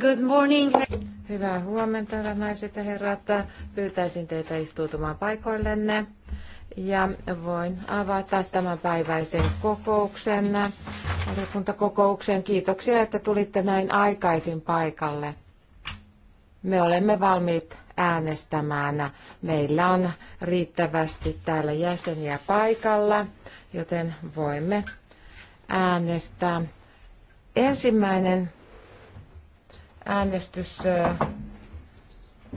Good morning. Hyvää huomenta, hyvät naiset ja herrat. Pyytäisin teitä istuutumaan paikoillenne. Ja voin avata tämän päiväisen kokouksen, valiokuntakokouksen. Kiitoksia, että tulitte näin aikaisin paikalle. Me olemme valmiit äänestämään. Meillä on riittävästi täällä jäseniä paikalla, joten voimme äänestää. Ensimmäinen äänestys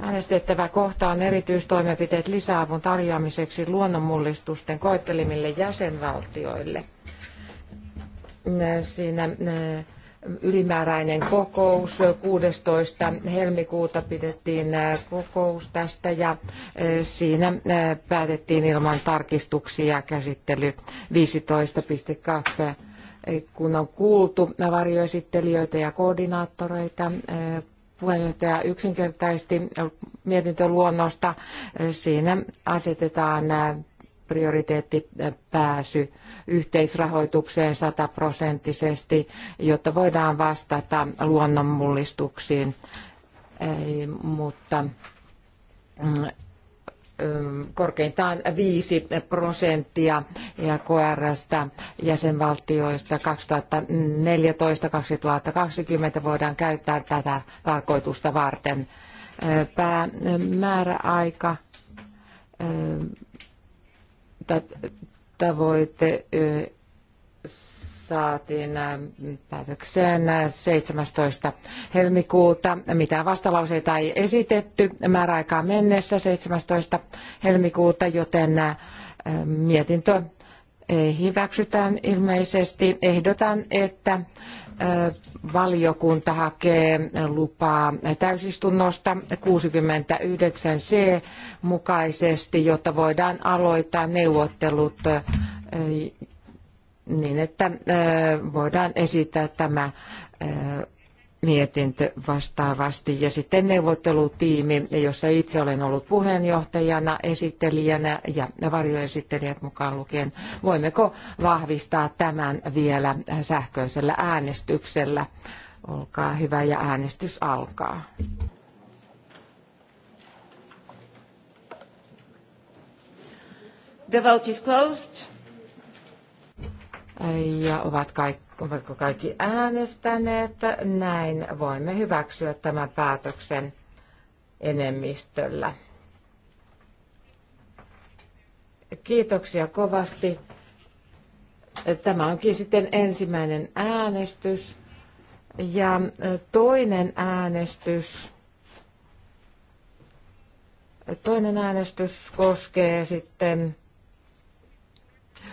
Äänestettävä kohta on erityistoimenpiteet lisäavun tarjoamiseksi luonnonmullistusten koettelimille jäsenvaltioille. Siinä ylimääräinen kokous 16. helmikuuta pidettiin kokous tästä ja siinä päätettiin ilman tarkistuksia käsittely 15.2 kun on kuultu varjoesittelijöitä ja koordinaattoreita, eh, puheenjohtaja yksinkertaisesti mietintöluonnosta. Eh, siinä asetetaan eh, prioriteetti pääsy yhteisrahoitukseen sataprosenttisesti, jotta voidaan vastata luonnonmullistuksiin. Mutta mm, korkeintaan 5 prosenttia EKRstä jäsenvaltioista 2014-2020 voidaan käyttää tätä tarkoitusta varten. Päämääräaika tavoite saatiin päätökseen 17. helmikuuta. Mitään vastalauseita ei esitetty määräaikaan mennessä 17. helmikuuta, joten mietintö hyväksytään ilmeisesti. Ehdotan, että valiokunta hakee lupaa täysistunnosta 69c mukaisesti, jotta voidaan aloittaa neuvottelut niin, että voidaan esittää tämä mietintö vastaavasti. Ja sitten neuvottelutiimi, jossa itse olen ollut puheenjohtajana, esittelijänä ja varjoesittelijät mukaan lukien. Voimmeko vahvistaa tämän vielä sähköisellä äänestyksellä? Olkaa hyvä ja äänestys alkaa. The vote is closed. Ja ovat kaikki, ovatko kaikki äänestäneet? Näin voimme hyväksyä tämän päätöksen enemmistöllä. Kiitoksia kovasti. Tämä onkin sitten ensimmäinen äänestys. Ja toinen äänestys, toinen äänestys koskee sitten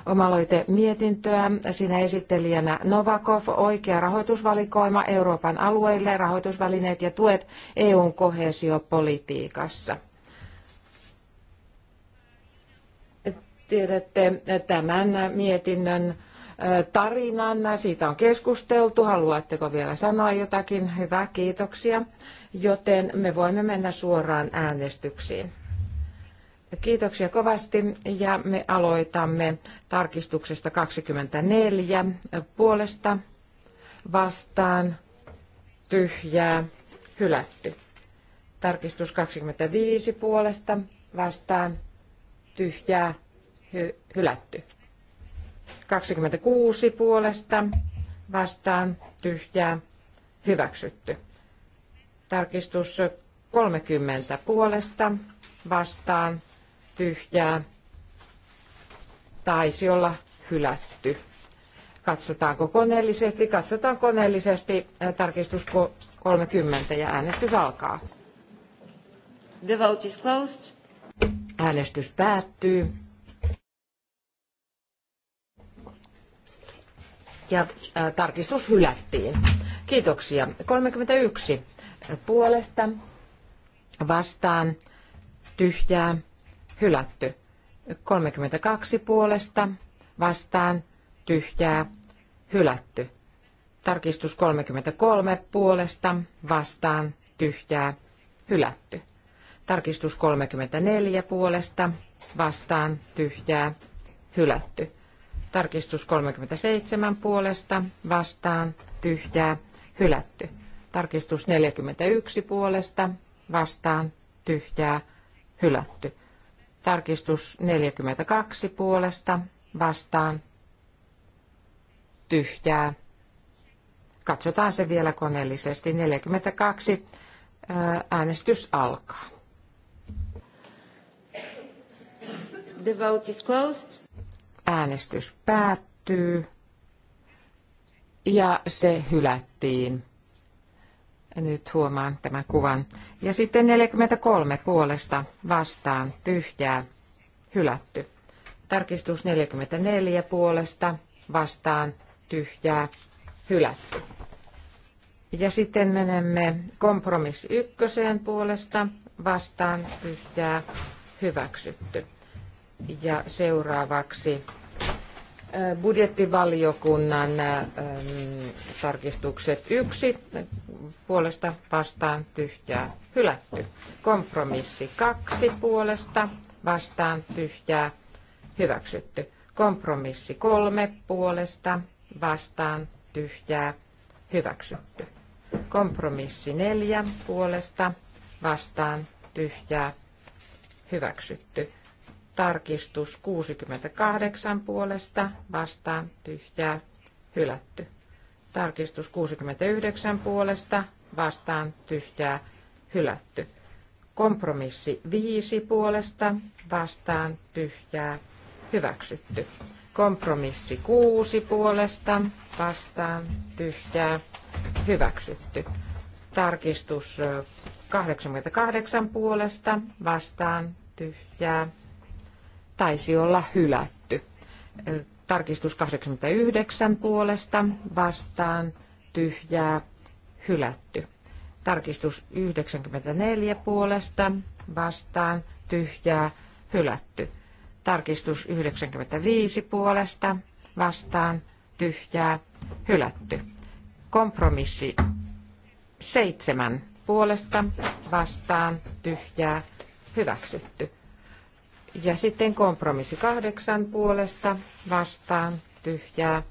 omaloite mietintöä. Siinä esittelijänä Novakov, oikea rahoitusvalikoima Euroopan alueille, rahoitusvälineet ja tuet EUn kohesiopolitiikassa. Tiedätte tämän mietinnön tarinan. Siitä on keskusteltu. Haluatteko vielä sanoa jotakin? Hyvä, kiitoksia. Joten me voimme mennä suoraan äänestyksiin. Kiitoksia kovasti ja me aloitamme tarkistuksesta 24 puolesta vastaan tyhjää hylätty. Tarkistus 25 puolesta vastaan tyhjää hy- hylätty. 26 puolesta vastaan tyhjää hyväksytty. Tarkistus 30 puolesta vastaan tyhjää. Taisi olla hylätty. Katsotaanko koneellisesti? Katsotaan koneellisesti äh, tarkistus 30 ja äänestys alkaa. The vote is closed. Äänestys päättyy. Ja äh, tarkistus hylättiin. Kiitoksia. 31 puolesta vastaan tyhjää hylätty. 32 puolesta vastaan tyhjää hylätty. Tarkistus 33 puolesta vastaan tyhjää hylätty. Tarkistus 34 puolesta vastaan tyhjää hylätty. Tarkistus 37 puolesta vastaan tyhjää hylätty. Tarkistus 41 puolesta vastaan tyhjää hylätty Tarkistus 42 puolesta vastaan. Tyhjää. Katsotaan se vielä koneellisesti. 42. Äänestys alkaa. The vote is closed. Äänestys päättyy. Ja se hylättiin. Nyt huomaan tämän kuvan. Ja sitten 43 puolesta vastaan tyhjää hylätty. Tarkistus 44 puolesta vastaan tyhjää hylätty. Ja sitten menemme kompromiss ykköseen puolesta vastaan tyhjää hyväksytty. Ja seuraavaksi budjettivaliokunnan ähm, tarkistukset yksi puolesta vastaan tyhjää hylätty. Kompromissi kaksi puolesta vastaan tyhjää hyväksytty. Kompromissi kolme puolesta vastaan tyhjää hyväksytty. Kompromissi neljä puolesta vastaan tyhjää hyväksytty. Tarkistus 68 puolesta vastaan tyhjää hylätty. Tarkistus 69 puolesta vastaan tyhjää hylätty. Kompromissi 5 puolesta vastaan tyhjää hyväksytty. Kompromissi 6 puolesta vastaan tyhjää hyväksytty. Tarkistus 88 puolesta vastaan tyhjää taisi olla hylätty. Tarkistus 89 puolesta vastaan tyhjää hylätty. Tarkistus 94 puolesta vastaan tyhjää hylätty. Tarkistus 95 puolesta vastaan tyhjää hylätty. Kompromissi 7 puolesta vastaan tyhjää hyväksytty. Ja sitten kompromissi kahdeksan puolesta vastaan tyhjää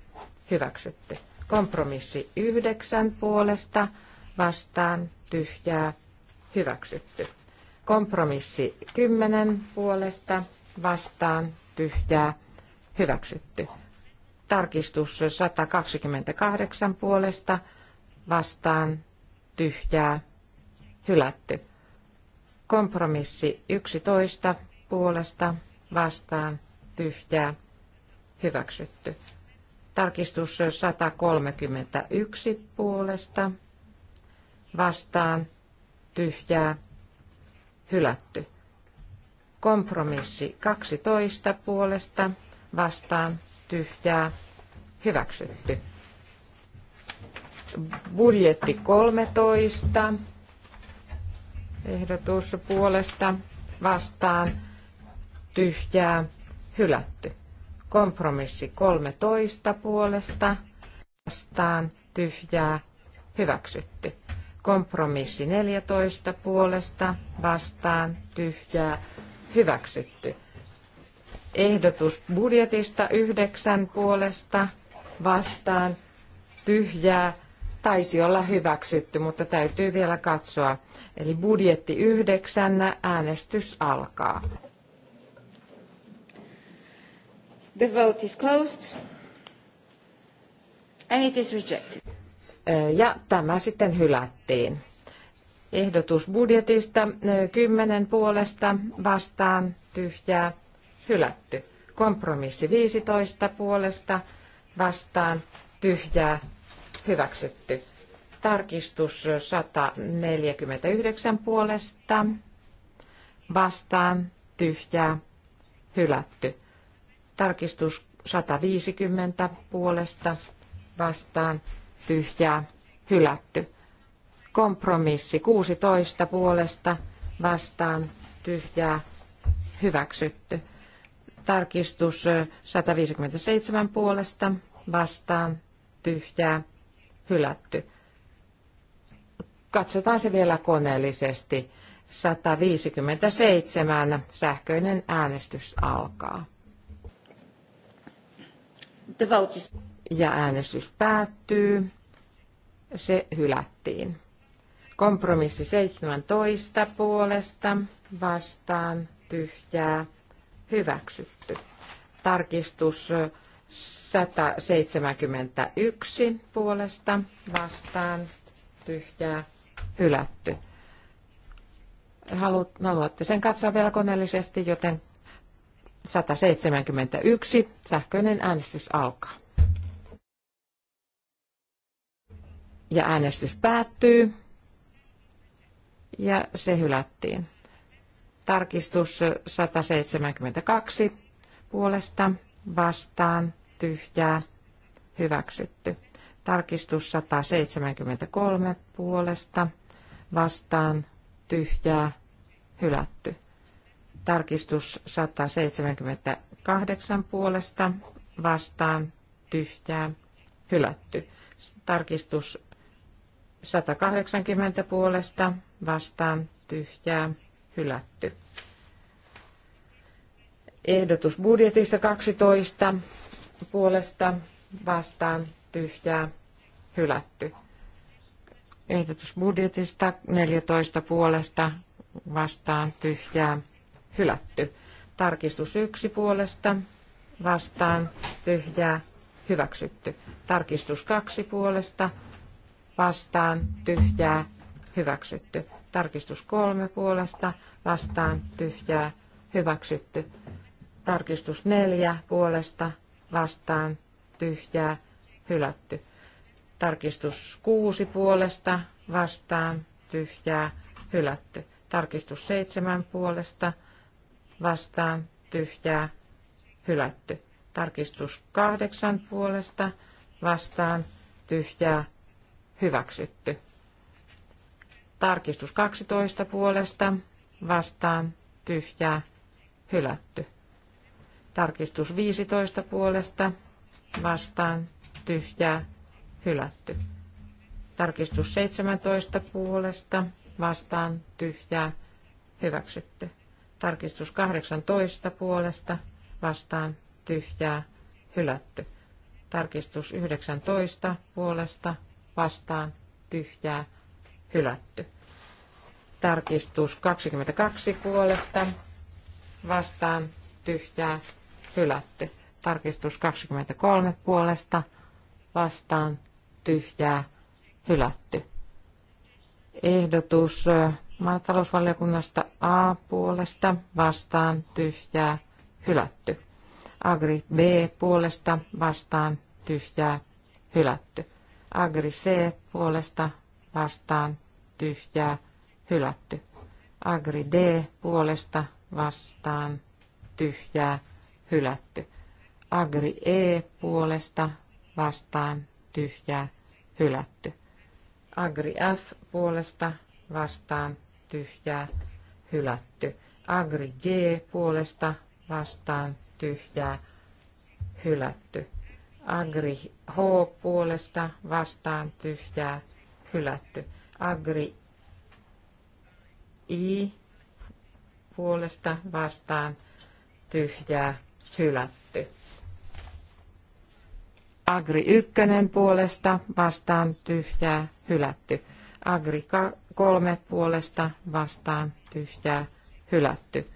hyväksytty. Kompromissi yhdeksän puolesta vastaan tyhjää hyväksytty. Kompromissi kymmenen puolesta vastaan tyhjää hyväksytty. Tarkistus 128 puolesta vastaan tyhjää hylätty. Kompromissi 11 puolesta vastaan tyhjää hyväksytty. Tarkistus 131 puolesta vastaan tyhjää hylätty. Kompromissi 12 puolesta vastaan tyhjää hyväksytty. Budjetti 13 ehdotus puolesta vastaan tyhjää, hylätty. Kompromissi 13 puolesta vastaan tyhjää, hyväksytty. Kompromissi 14 puolesta vastaan tyhjää, hyväksytty. Ehdotus budjetista 9 puolesta vastaan tyhjää, taisi olla hyväksytty, mutta täytyy vielä katsoa. Eli budjetti 9, äänestys alkaa. The vote is closed. And it is rejected. Ja tämä sitten hylättiin. Ehdotus budjetista 10 puolesta vastaan tyhjää hylätty. Kompromissi 15 puolesta vastaan tyhjää hyväksytty. Tarkistus 149 puolesta vastaan tyhjää hylätty. Tarkistus 150 puolesta vastaan tyhjää hylätty. Kompromissi 16 puolesta vastaan tyhjää hyväksytty. Tarkistus 157 puolesta vastaan tyhjää hylätty. Katsotaan se vielä koneellisesti. 157 sähköinen äänestys alkaa. The vote is... Ja äänestys päättyy. Se hylättiin. Kompromissi 17 puolesta vastaan tyhjää hyväksytty. Tarkistus 171 puolesta vastaan tyhjää hylätty. Haluatte sen katsoa vielä koneellisesti, joten 171. Sähköinen äänestys alkaa. Ja äänestys päättyy. Ja se hylättiin. Tarkistus 172 puolesta vastaan tyhjää hyväksytty. Tarkistus 173 puolesta vastaan tyhjää hylätty. Tarkistus 178 puolesta vastaan tyhjää hylätty. Tarkistus 180 puolesta vastaan tyhjää hylätty. Ehdotus budjetista 12 puolesta vastaan tyhjää hylätty. Ehdotus budjetista 14 puolesta vastaan tyhjää hylätty. Tarkistus yksi puolesta vastaan tyhjää hyväksytty. Tarkistus kaksi puolesta vastaan tyhjää hyväksytty. Tarkistus kolme puolesta vastaan tyhjää hyväksytty. Tarkistus neljä puolesta vastaan tyhjää hylätty. Tarkistus kuusi puolesta vastaan tyhjää hylätty. Tarkistus seitsemän puolesta vastaan tyhjää hylätty. Tarkistus kahdeksan puolesta vastaan tyhjää hyväksytty. Tarkistus 12 puolesta vastaan tyhjää hylätty. Tarkistus 15 puolesta vastaan tyhjää hylätty. Tarkistus 17 puolesta vastaan tyhjää hyväksytty. Tarkistus 18 puolesta vastaan tyhjää hylätty. Tarkistus 19 puolesta vastaan tyhjää hylätty. Tarkistus 22 puolesta vastaan tyhjää hylätty. Tarkistus 23 puolesta vastaan tyhjää hylätty. Ehdotus maatalousvaliokunnasta A puolesta vastaan tyhjää hylätty. Agri B puolesta vastaan tyhjää hylätty. Agri C puolesta vastaan tyhjää hylätty. Agri D puolesta vastaan tyhjää hylätty. Agri E puolesta vastaan tyhjää hylätty. Agri F puolesta vastaan tyhjää, hylätty. Agri G puolesta vastaan tyhjää, hylätty. Agri H puolesta vastaan tyhjää, hylätty. Agri I puolesta vastaan tyhjää, hylätty. Agri ykkönen puolesta vastaan tyhjää, hylätty. Agri 3 puolesta vastaan tyhjää hylätty.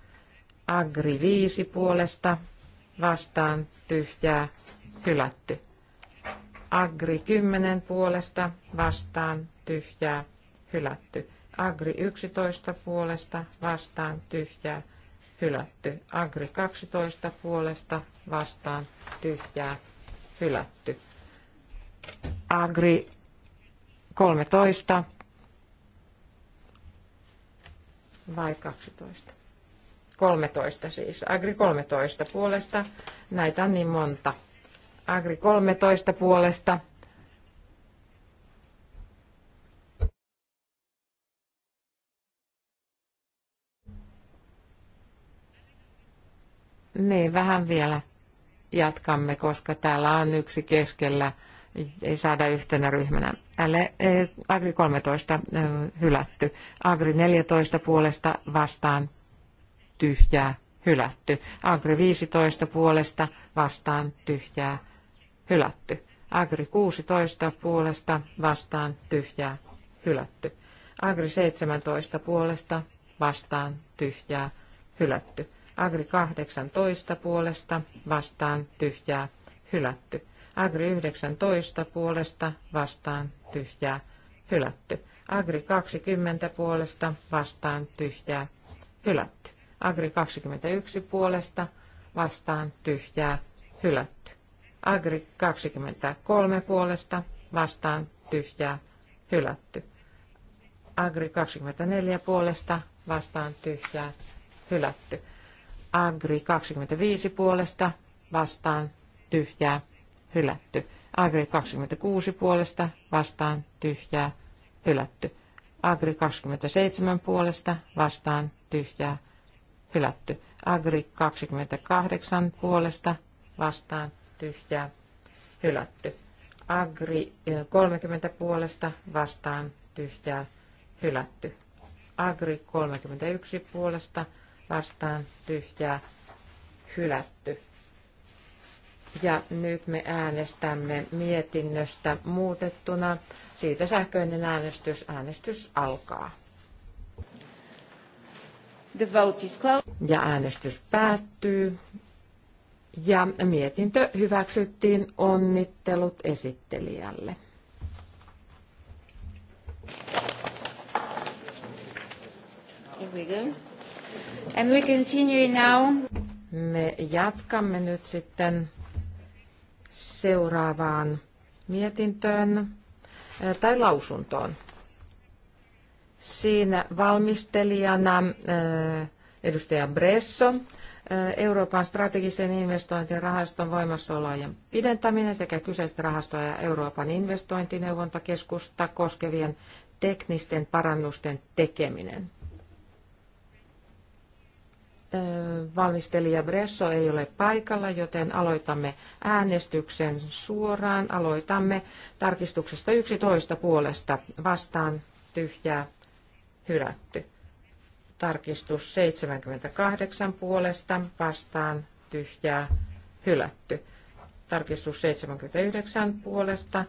Agri 5 puolesta vastaan tyhjää hylätty. Agri 10 puolesta vastaan tyhjää hylätty. Agri 11 puolesta vastaan tyhjää hylätty. Agri 12 puolesta vastaan tyhjää hylätty. Agri 13 vai 12? 13 siis. Agri 13 puolesta. Näitä on niin monta. Agri 13 puolesta. Niin, vähän vielä jatkamme, koska täällä on yksi keskellä ei saada yhtenä ryhmänä. Agri 13 hylätty. Agri 14 puolesta vastaan tyhjää hylätty. Agri 15 puolesta vastaan tyhjää hylätty. Agri 16 puolesta vastaan tyhjää hylätty. Agri 17 puolesta vastaan tyhjää hylätty. Agri 18 puolesta vastaan tyhjää hylätty. Agri 19 puolesta vastaan tyhjää hylätty. Agri 20 puolesta vastaan tyhjää hylätty. Agri 21 puolesta vastaan tyhjää hylätty. Agri 23 puolesta vastaan tyhjää hylätty. Agri 24 puolesta vastaan tyhjää hylätty. Agri 25 puolesta vastaan tyhjää hylätty. Agri 26 puolesta vastaan tyhjää hylätty. Agri 27 puolesta vastaan tyhjää hylätty. Agri 28 puolesta vastaan tyhjää hylätty. Agri 30 eh, puolesta vastaan tyhjää hylätty. Agri 31 puolesta vastaan tyhjää hylätty. Ja nyt me äänestämme mietinnöstä muutettuna. Siitä sähköinen äänestys. Äänestys alkaa. The vote is closed. Ja äänestys päättyy. Ja mietintö hyväksyttiin. Onnittelut esittelijälle. Here we go. And we continue now. Me jatkamme nyt sitten seuraavaan mietintöön tai lausuntoon. Siinä valmistelijana edustaja Bresso, Euroopan strategisen investointien rahaston voimassaolojen pidentäminen sekä kyseistä rahastoa ja Euroopan investointineuvontakeskusta koskevien teknisten parannusten tekeminen. Valmistelija Bresso ei ole paikalla, joten aloitamme äänestyksen suoraan. Aloitamme tarkistuksesta 11 puolesta vastaan tyhjää hylätty. Tarkistus 78 puolesta vastaan tyhjää hylätty. Tarkistus 79 puolesta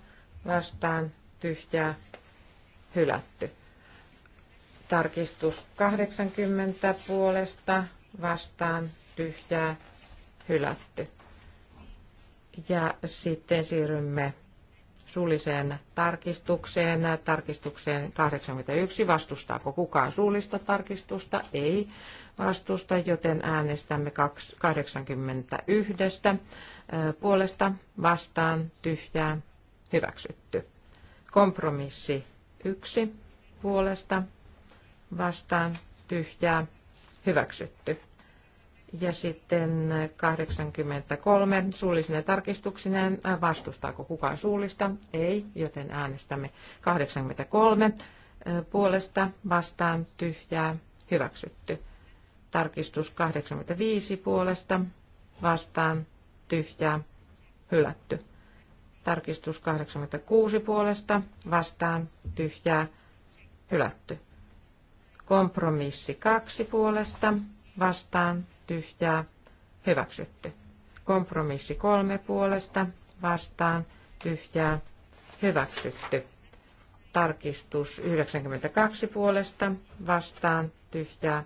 vastaan tyhjää hylätty. Tarkistus 80 puolesta vastaan tyhjää hylätty. Ja sitten siirrymme suulliseen tarkistukseen. Tarkistukseen 81. Vastustaako kukaan suullista tarkistusta? Ei vastusta, joten äänestämme 81 puolesta vastaan tyhjää hyväksytty. Kompromissi 1 puolesta vastaan tyhjää hyväksytty. Ja sitten 83 suullisine tarkistuksineen. Vastustaako kukaan suullista? Ei, joten äänestämme 83 puolesta vastaan tyhjää hyväksytty. Tarkistus 85 puolesta vastaan tyhjää hylätty. Tarkistus 86 puolesta vastaan tyhjää hylätty. Kompromissi kaksi puolesta vastaan tyhjää hyväksytty. Kompromissi kolme puolesta vastaan tyhjää hyväksytty. Tarkistus 92 puolesta vastaan tyhjää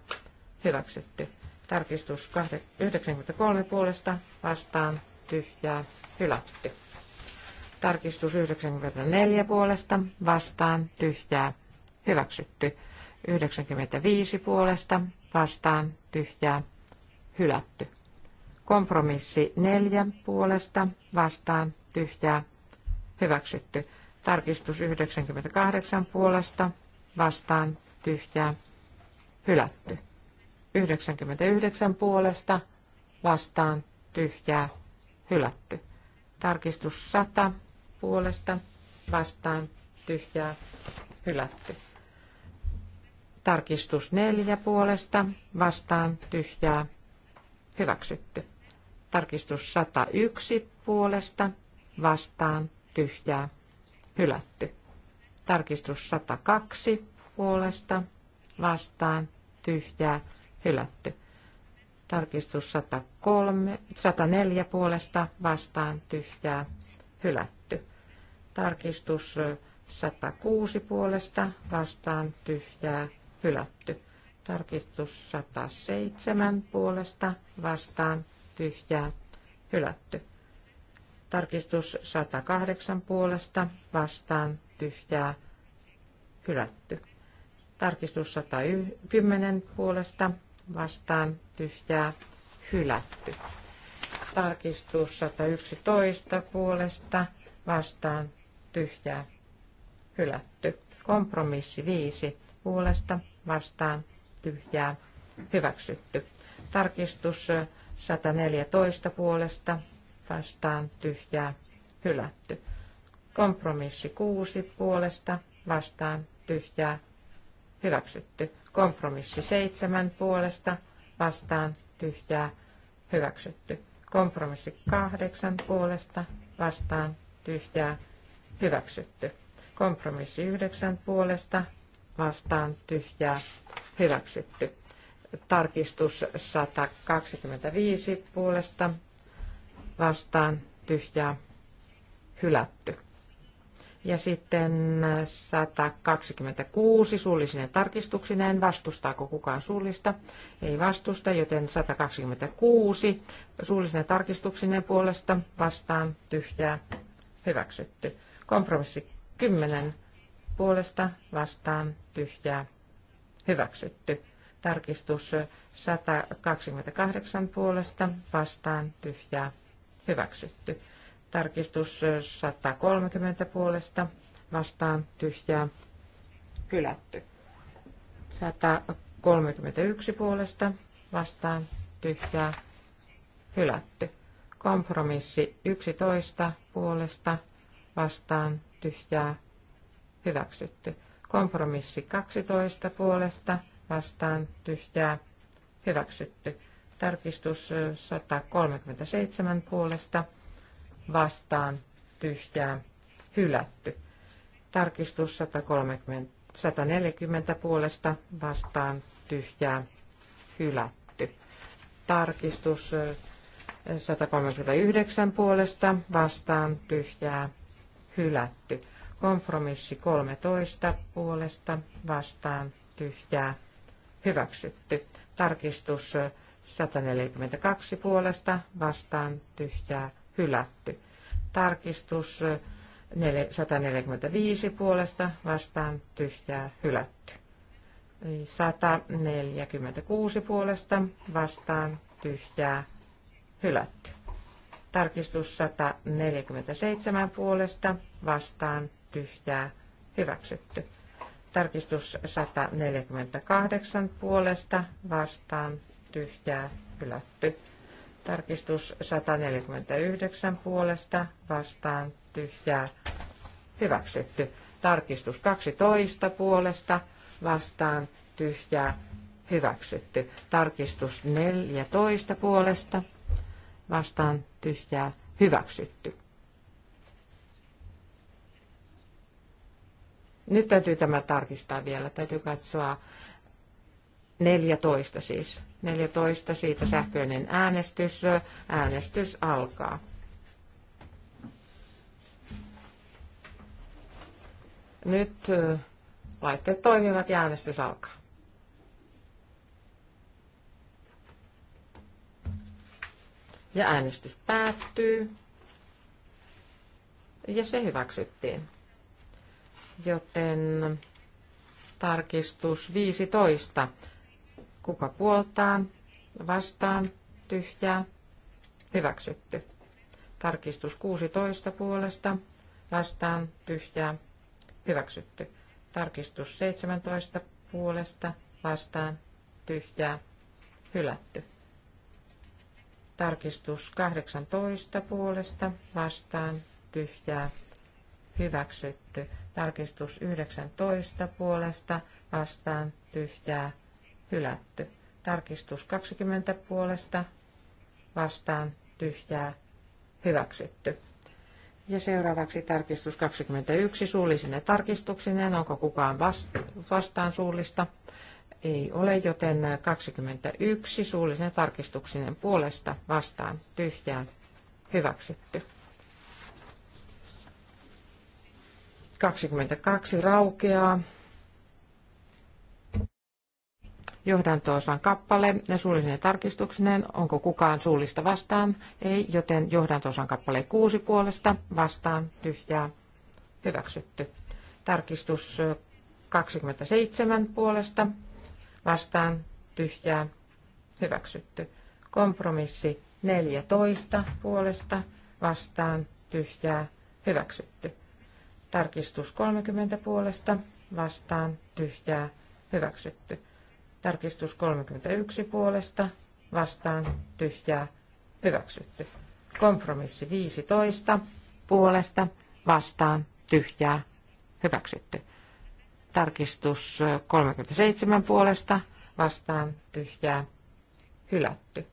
hyväksytty. Tarkistus 93 puolesta vastaan tyhjää hylätty. Tarkistus 94 puolesta vastaan tyhjää hyväksytty. 95 puolesta vastaan tyhjää hylätty. Kompromissi 4 puolesta vastaan tyhjää hyväksytty. Tarkistus 98 puolesta vastaan tyhjää hylätty. 99 puolesta vastaan tyhjää hylätty. Tarkistus 100 puolesta vastaan tyhjää hylätty. Tarkistus neljä puolesta, vastaan tyhjää, hyväksytty. Tarkistus 101 puolesta, vastaan tyhjää, hylätty. Tarkistus 102 puolesta, vastaan tyhjää, hylätty. Tarkistus 103, 104 puolesta, vastaan tyhjää, hylätty. Tarkistus 106 puolesta, vastaan tyhjää, hylätty. Tarkistus 107 puolesta vastaan tyhjää hylätty. Tarkistus 108 puolesta vastaan tyhjää hylätty. Tarkistus 110 puolesta vastaan tyhjää hylätty. Tarkistus 111 puolesta vastaan tyhjää hylätty. Kompromissi 5 puolesta vastaan tyhjää hyväksytty. Tarkistus 114 puolesta vastaan tyhjää hylätty. Kompromissi 6 puolesta vastaan tyhjää hyväksytty. Kompromissi 7 puolesta vastaan tyhjää hyväksytty. Kompromissi 8 puolesta vastaan tyhjää hyväksytty. Kompromissi 9 puolesta vastaan tyhjää hyväksytty. Tarkistus 125 puolesta vastaan tyhjää hylätty. Ja sitten 126 suullisine tarkistuksineen. Vastustaako kukaan suullista? Ei vastusta, joten 126 suullisine tarkistuksineen puolesta vastaan tyhjää hyväksytty. Kompromissi 10 puolesta vastaan tyhjää hyväksytty. Tarkistus 128 puolesta vastaan tyhjää hyväksytty. Tarkistus 130 puolesta vastaan tyhjää hylätty. 131 puolesta vastaan tyhjää hylätty. Kompromissi 11 puolesta vastaan tyhjää hyväksytty. Kompromissi 12 puolesta vastaan tyhjää hyväksytty. Tarkistus 137 puolesta vastaan tyhjää hylätty. Tarkistus 130, 140 puolesta vastaan tyhjää hylätty. Tarkistus 139 puolesta vastaan tyhjää hylätty. Kompromissi 13 puolesta vastaan tyhjää hyväksytty. Tarkistus 142 puolesta vastaan tyhjää hylätty. Tarkistus 145 puolesta vastaan tyhjää hylätty. 146 puolesta vastaan tyhjää hylätty. Tarkistus 147 puolesta vastaan tyhjää hyväksytty. Tarkistus 148 puolesta vastaan tyhjää hylätty. Tarkistus 149 puolesta vastaan tyhjää hyväksytty. Tarkistus 12 puolesta vastaan tyhjää hyväksytty. Tarkistus 14 puolesta vastaan tyhjää hyväksytty. Nyt täytyy tämä tarkistaa vielä. Täytyy katsoa 14 siis. 14 siitä sähköinen äänestys. Äänestys alkaa. Nyt laitteet toimivat ja äänestys alkaa. Ja äänestys päättyy. Ja se hyväksyttiin. Joten tarkistus 15. Kuka puoltaa? Vastaan. Tyhjää. Hyväksytty. Tarkistus 16 puolesta. Vastaan. Tyhjää. Hyväksytty. Tarkistus 17 puolesta. Vastaan. Tyhjää. Hylätty. Tarkistus 18 puolesta. Vastaan. Tyhjää. Hyväksytty Tarkistus 19 puolesta vastaan tyhjää hylätty. Tarkistus 20 puolesta vastaan tyhjää hyväksytty. Ja seuraavaksi tarkistus 21 suullisine tarkistuksineen. No, onko kukaan vastaan suullista? Ei ole, joten 21 suullisen tarkistuksineen puolesta vastaan tyhjään hyväksytty. 22 raukeaa. Johdanto-osan kappale ja suullinen tarkistuksinen. Onko kukaan suullista vastaan? Ei, joten johdanto-osan kappale 6 puolesta vastaan tyhjää hyväksytty. Tarkistus 27 puolesta vastaan tyhjää hyväksytty. Kompromissi 14 puolesta vastaan tyhjää hyväksytty. Tarkistus 30 puolesta vastaan tyhjää hyväksytty. Tarkistus 31 puolesta vastaan tyhjää hyväksytty. Kompromissi 15 puolesta vastaan tyhjää hyväksytty. Tarkistus 37 puolesta vastaan tyhjää hylätty.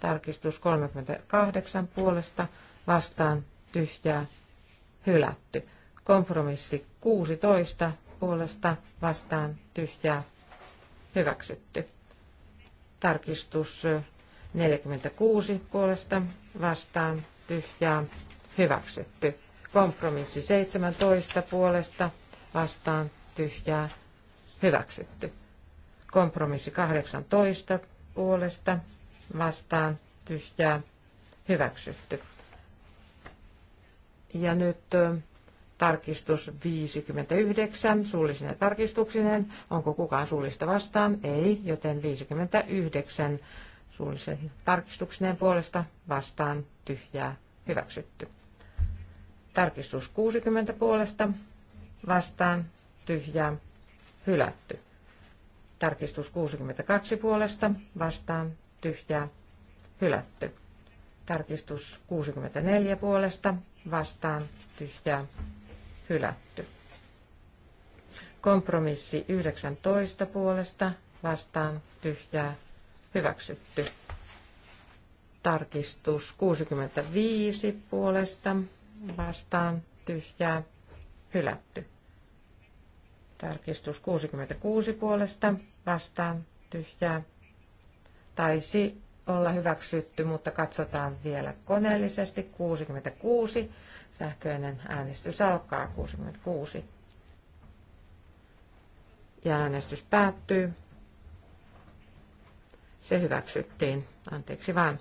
Tarkistus 38 puolesta vastaan tyhjää hylätty. Kompromissi 16 puolesta vastaan tyhjää hyväksytty. Tarkistus 46 puolesta vastaan tyhjää hyväksytty. Kompromissi 17 puolesta vastaan tyhjää hyväksytty. Kompromissi 18 puolesta vastaan tyhjää hyväksytty. Ja nyt Tarkistus 59 suullisine tarkistuksineen. Onko kukaan suullista vastaan? Ei, joten 59 suullisen tarkistuksineen puolesta vastaan tyhjää hyväksytty. Tarkistus 60 puolesta vastaan tyhjää hylätty. Tarkistus 62 puolesta vastaan tyhjää hylätty. Tarkistus 64 puolesta vastaan tyhjää hylätty. Kompromissi 19 puolesta vastaan tyhjää hyväksytty. Tarkistus 65 puolesta vastaan tyhjää hylätty. Tarkistus 66 puolesta vastaan tyhjää. Taisi olla hyväksytty, mutta katsotaan vielä koneellisesti. 66 Sähköinen äänestys alkaa 66. Ja äänestys päättyy. Se hyväksyttiin. Anteeksi vaan.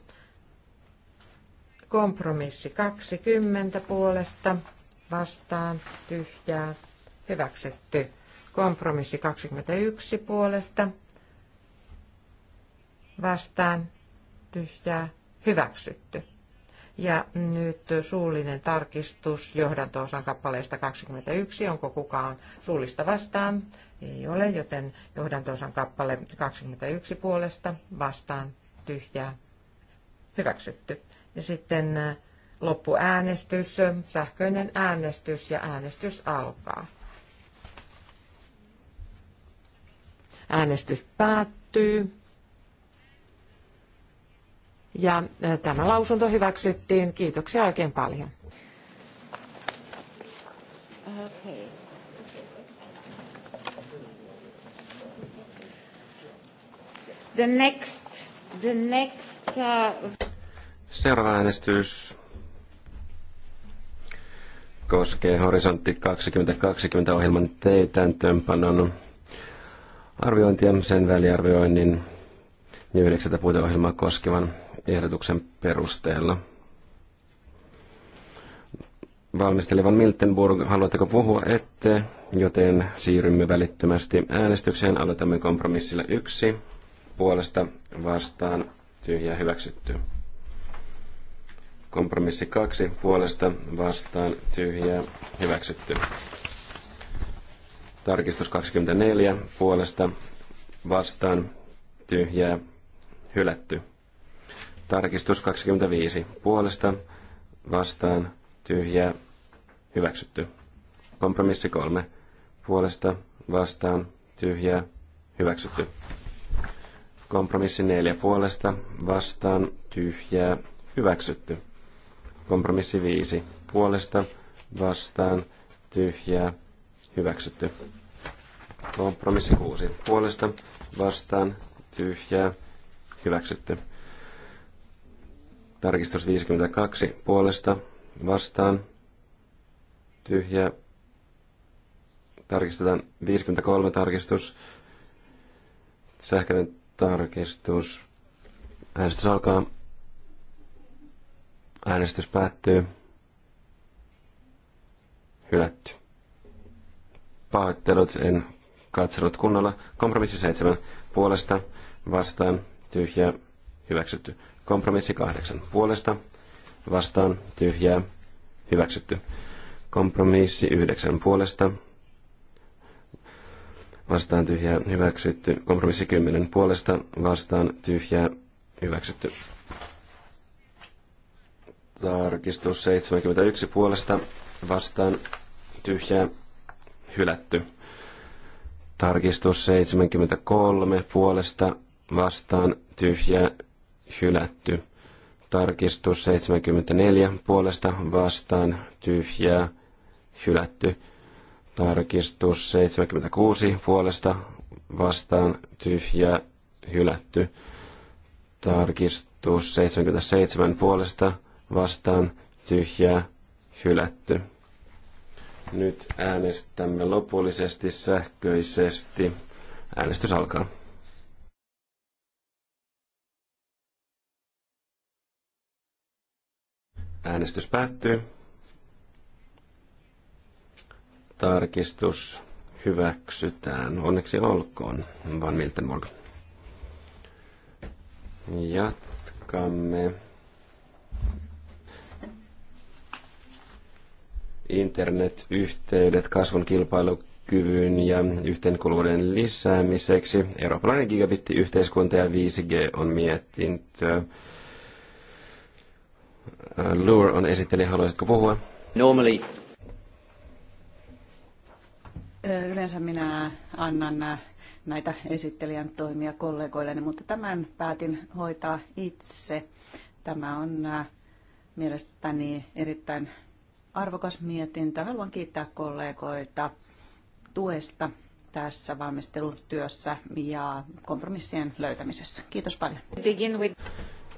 Kompromissi 20 puolesta vastaan tyhjää hyväksytty. Kompromissi 21 puolesta vastaan tyhjää hyväksytty. Ja nyt suullinen tarkistus johdanto-osan kappaleesta 21. Onko kukaan suullista vastaan? Ei ole, joten johdanto-osan kappale 21 puolesta vastaan tyhjää hyväksytty. Ja sitten äh, loppuäänestys, sähköinen äänestys ja äänestys alkaa. Äänestys päättyy. Ja tämä lausunto hyväksyttiin. Kiitoksia oikein paljon. The next, the next, uh... Seuraava äänestys koskee Horisontti 2020 ohjelman täytäntöönpanon arviointia, sen väliarvioinnin ja yhdeksättä puiteohjelmaa koskevan ehdotuksen perusteella. Valmistelevan Miltenburg, haluatteko puhua ette, joten siirrymme välittömästi äänestykseen. Aloitamme kompromissilla yksi. Puolesta vastaan tyhjä hyväksytty. Kompromissi kaksi. Puolesta vastaan tyhjä hyväksytty. Tarkistus 24. Puolesta vastaan tyhjä hylätty. Tarkistus 25. Puolesta vastaan tyhjää hyväksytty. Kompromissi 3. Puolesta vastaan tyhjää hyväksytty. Kompromissi 4. Puolesta vastaan tyhjää hyväksytty. Kompromissi 5. Puolesta vastaan tyhjää hyväksytty. Kompromissi 6. Puolesta vastaan tyhjää hyväksytty. Tarkistus 52 puolesta vastaan. Tyhjä. Tarkistetaan 53 tarkistus. Sähköinen tarkistus. Äänestys alkaa. Äänestys päättyy. Hylätty. Pahoittelut, en katsellut kunnolla. Kompromissi 7 puolesta vastaan. Tyhjä. Hyväksytty. Kompromissi kahdeksan puolesta vastaan tyhjää hyväksytty. Kompromissi yhdeksän puolesta vastaan tyhjää hyväksytty. Kompromissi kymmenen puolesta vastaan tyhjää hyväksytty. Tarkistus 71 puolesta vastaan tyhjää hylätty. Tarkistus 73 puolesta vastaan tyhjää hylätty. Tarkistus 74 puolesta vastaan tyhjää hylätty. Tarkistus 76 puolesta vastaan tyhjää hylätty. Tarkistus 77 puolesta vastaan tyhjää hylätty. Nyt äänestämme lopullisesti sähköisesti. Äänestys alkaa. Äänestys päättyy. Tarkistus hyväksytään. Onneksi olkoon, Van Miltenborg. Jatkamme. Internetyhteydet kasvun kilpailukyvyn ja yhteenkuuluvuuden lisäämiseksi. Eurooppalainen gigabittiyhteiskunta ja 5G on mietintö. Lure on esittelijä, haluaisitko puhua? Normally. Yleensä minä annan äh, näitä esittelijän toimia kollegoilleni, mutta tämän päätin hoitaa itse. Tämä on äh, mielestäni erittäin arvokas mietintö. Haluan kiittää kollegoita tuesta tässä valmistelutyössä ja kompromissien löytämisessä. Kiitos paljon.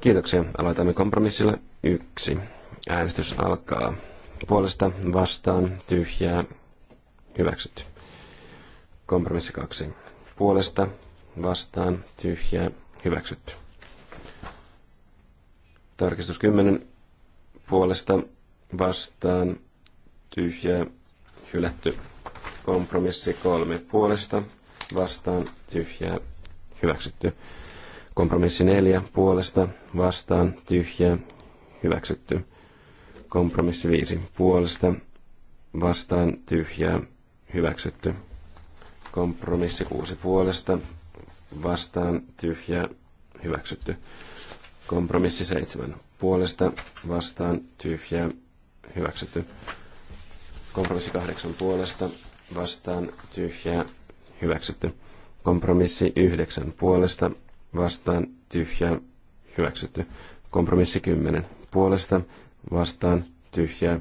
Kiitoksia. Aloitamme kompromissilla yksi. Äänestys alkaa. Puolesta vastaan tyhjää hyväksytty. Kompromissi kaksi. Puolesta vastaan tyhjää hyväksytty. Tarkistus 10. Puolesta vastaan tyhjää hylätty. Kompromissi kolme. Puolesta vastaan tyhjää hyväksytty. Kompromissi neljä puolesta vastaan tyhjää hyväksytty. Kompromissi viisi puolesta vastaan tyhjää hyväksytty. Kompromissi kuusi puolesta vastaan tyhjää hyväksytty. Kompromissi seitsemän puolesta vastaan tyhjää hyväksytty. Kompromissi kahdeksan puolesta vastaan tyhjää hyväksytty. Kompromissi yhdeksän puolesta vastaan tyhjää hyväksytty. Kompromissi 10 puolesta vastaan tyhjää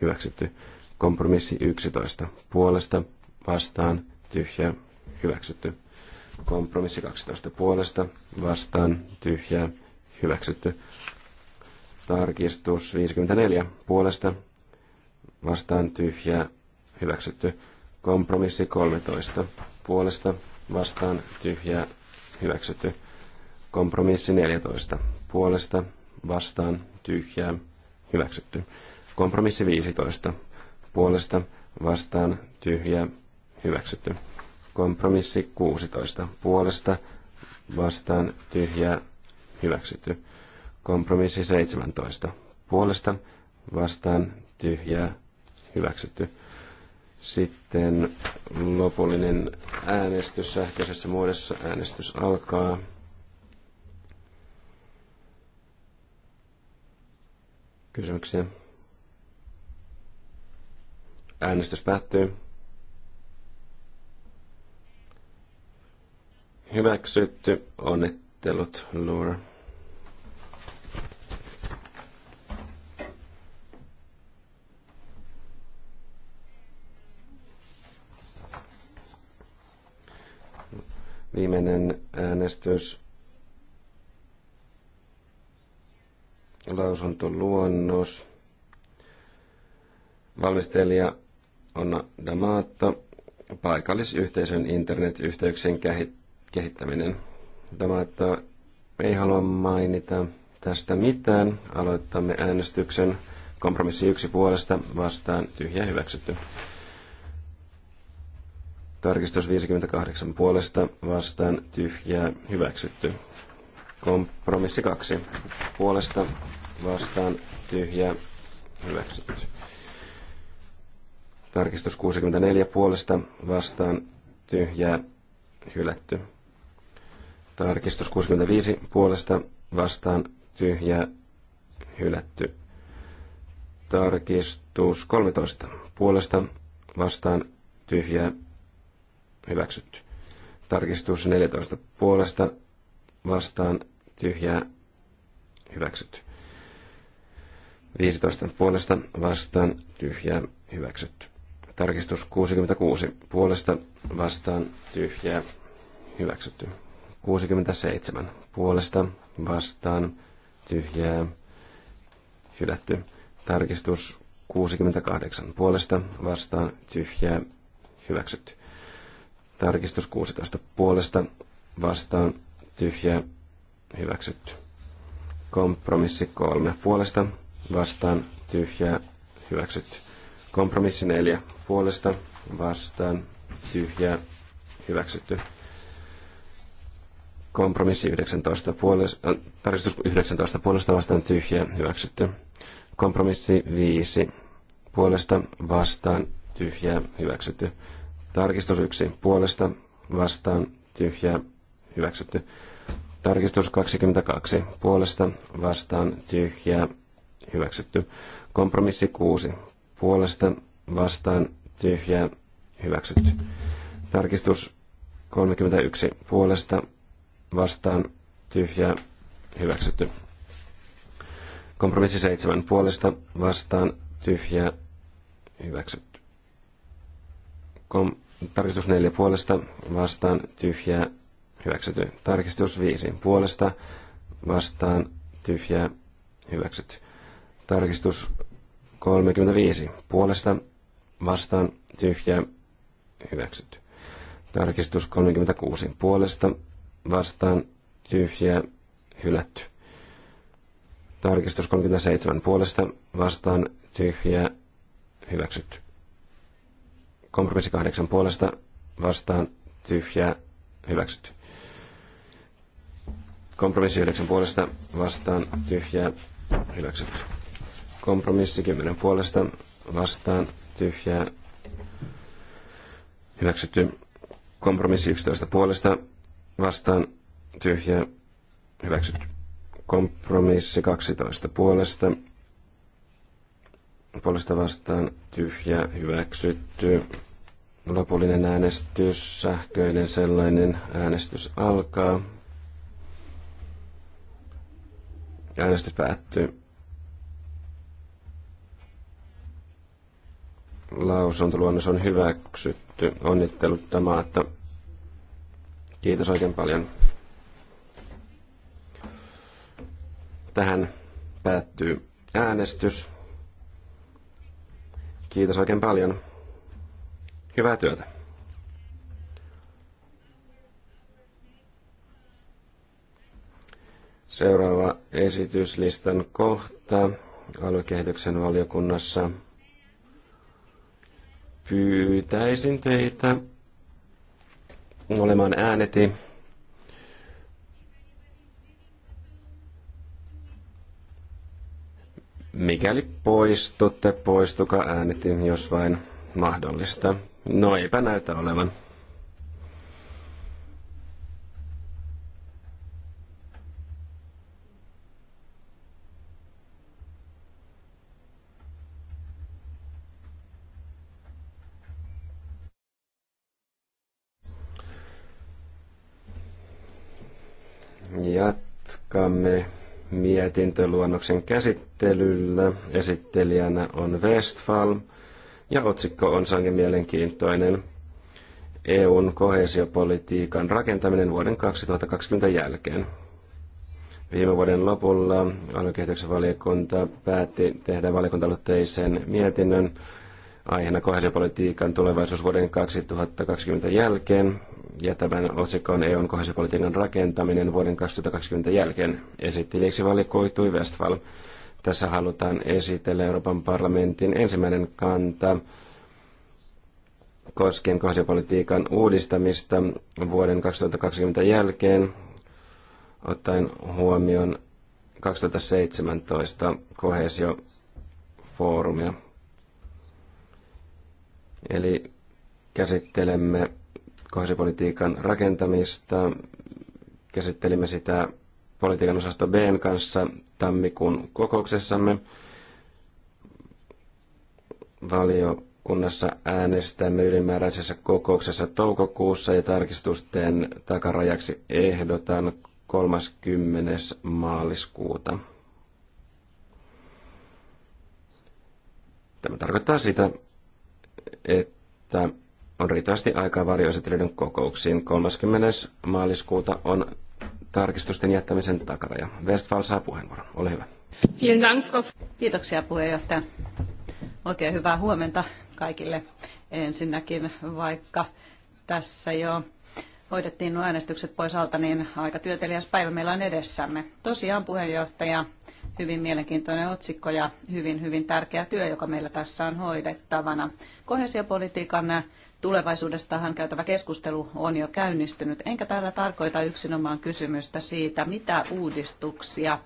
hyväksytty. Kompromissi 11 puolesta vastaan tyhjää hyväksytty. Kompromissi 12 puolesta vastaan tyhjää hyväksytty. Tarkistus 54 puolesta vastaan tyhjää hyväksytty. Kompromissi 13 puolesta vastaan tyhjää hyväksytty. Kompromissi 14. Puolesta, vastaan, tyhjää, hyväksytty. Kompromissi 15. Puolesta, vastaan, tyhjää, hyväksytty. Kompromissi 16. Puolesta, vastaan, tyhjää, hyväksytty. Kompromissi 17. Puolesta, vastaan, tyhjää, hyväksytty sitten lopullinen äänestys sähköisessä muodossa. Äänestys alkaa. Kysymyksiä? Äänestys päättyy. Hyväksytty. Onnittelut, Laura. Viimeinen äänestys. Lausuntoluonnos. Valmistelija Onna Damaatto. Paikallisyhteisön internetyhteyksien kehittäminen. Damaatto ei halua mainita tästä mitään. Aloitamme äänestyksen. Kompromissi yksi puolesta vastaan tyhjä hyväksytty. Tarkistus 58 puolesta vastaan tyhjää hyväksytty. Kompromissi 2 puolesta vastaan tyhjää hyväksytty. Tarkistus 64 puolesta vastaan tyhjää hylätty. Tarkistus 65 puolesta vastaan tyhjää hylätty. Tarkistus 13 puolesta vastaan tyhjää hyväksytty. Tarkistus 14 puolesta vastaan tyhjää hyväksytty. 15 puolesta vastaan tyhjää hyväksytty. Tarkistus 66 puolesta vastaan tyhjää hyväksytty. 67 puolesta vastaan tyhjää hylätty. Tarkistus 68 puolesta vastaan tyhjää hyväksytty. Tarkistus 16 puolesta vastaan tyhjä hyväksytty. Kompromissi 3 puolesta vastaan tyhjä hyväksytty. Kompromissi 4 puolesta vastaan tyhjä hyväksytty. Kompromissi 19 puolesta, äh, tarkistus 19 puolesta vastaan tyhjä hyväksytty. Kompromissi 5 puolesta vastaan tyhjä hyväksytty. Tarkistus 1 puolesta vastaan tyhjää hyväksytty. Tarkistus 22 puolesta vastaan tyhjää hyväksytty. Kompromissi 6 puolesta vastaan tyhjää hyväksytty. Tarkistus 31 puolesta vastaan tyhjää hyväksytty. Kompromissi 7 puolesta vastaan tyhjää hyväksytty. Kom- Tarkistus 4 puolesta vastaan tyhjää hyväksytty. Tarkistus 5 puolesta vastaan tyhjää hyväksytty. Tarkistus 35 puolesta vastaan tyhjää hyväksytty. Tarkistus 36 puolesta vastaan tyhjää hylätty. Tarkistus 37 puolesta vastaan tyhjää hyväksytty. Kompromissi kahdeksan puolesta vastaan tyhjää hyväksytty. Kompromissi yhdeksän puolesta vastaan tyhjää hyväksytty. Kompromissi kymmenen puolesta vastaan tyhjää hyväksytty. Kompromissi 11 puolesta vastaan tyhjää hyväksytty. Kompromissi 12 puolesta puolesta vastaan tyhjä hyväksytty. Lopullinen äänestys, sähköinen sellainen, äänestys alkaa. Äänestys päättyy. Lausuntoluonnos on hyväksytty. Onnittelut tämä, että kiitos oikein paljon. Tähän päättyy äänestys. Kiitos oikein paljon. Hyvää työtä. Seuraava esityslistan kohta aluekehityksen valiokunnassa. Pyytäisin teitä olemaan ääneti. Mikäli poistutte, poistukaa ääneti, jos vain mahdollista. No eipä näytä olevan. Jatkamme mietintöluonnoksen käsittelyllä. Esittelijänä on Westfall ja otsikko on sangen mielenkiintoinen. EUn kohesiopolitiikan rakentaminen vuoden 2020 jälkeen. Viime vuoden lopulla aluekehityksen valiokunta päätti tehdä valiokuntaloitteisen mietinnön aiheena kohesiopolitiikan tulevaisuus vuoden 2020 jälkeen. Ja tämän otsikon EUn kohesiopolitiikan rakentaminen vuoden 2020 jälkeen esittelijäksi valikoitui Westfall. Tässä halutaan esitellä Euroopan parlamentin ensimmäinen kanta koskien kohdallisuuspolitiikan uudistamista vuoden 2020 jälkeen, ottaen huomioon 2017 kohesiofoorumia. Eli käsittelemme kohesiopolitiikan rakentamista, käsittelimme sitä politiikan osasto Bn kanssa tammikuun kokouksessamme. Valiokunnassa äänestämme ylimääräisessä kokouksessa toukokuussa ja tarkistusten takarajaksi ehdotan 30. maaliskuuta. Tämä tarkoittaa sitä, että on riittävästi aikaa varjoesittelyiden kokouksiin. 30. maaliskuuta on tarkistusten jättämisen takaraja. Westfall saa puheenvuoron. Ole hyvä. Kiitoksia puheenjohtaja. Oikein hyvää huomenta kaikille ensinnäkin, vaikka tässä jo hoidettiin nuo äänestykset pois alta, niin aika työtelijäs päivä meillä on edessämme. Tosiaan puheenjohtaja, hyvin mielenkiintoinen otsikko ja hyvin, hyvin tärkeä työ, joka meillä tässä on hoidettavana. Kohesiopolitiikan tulevaisuudestahan käytävä keskustelu on jo käynnistynyt, enkä tällä tarkoita yksinomaan kysymystä siitä, mitä uudistuksia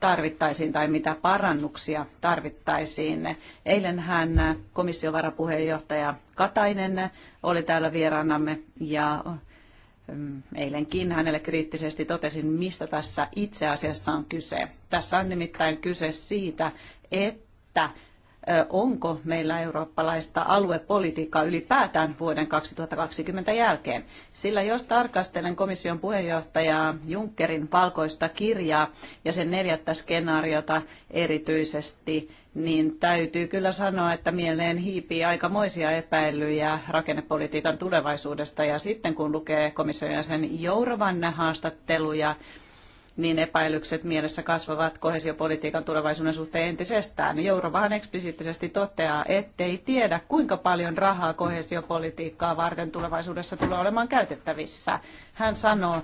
tarvittaisiin tai mitä parannuksia tarvittaisiin. Eilenhän komission varapuheenjohtaja Katainen oli täällä vieraanamme ja mm, eilenkin hänelle kriittisesti totesin, mistä tässä itse asiassa on kyse. Tässä on nimittäin kyse siitä, että onko meillä eurooppalaista aluepolitiikkaa ylipäätään vuoden 2020 jälkeen. Sillä jos tarkastelen komission puheenjohtajaa Junckerin valkoista kirjaa ja sen neljättä skenaariota erityisesti, niin täytyy kyllä sanoa, että mieleen hiipii aikamoisia epäilyjä rakennepolitiikan tulevaisuudesta. Ja sitten kun lukee komission jäsen Jourovan haastatteluja, niin epäilykset mielessä kasvavat kohesiopolitiikan tulevaisuuden suhteen entisestään. Eurovahan eksplisiittisesti toteaa, ettei tiedä kuinka paljon rahaa kohesiopolitiikkaa varten tulevaisuudessa tulee olemaan käytettävissä. Hän sanoo,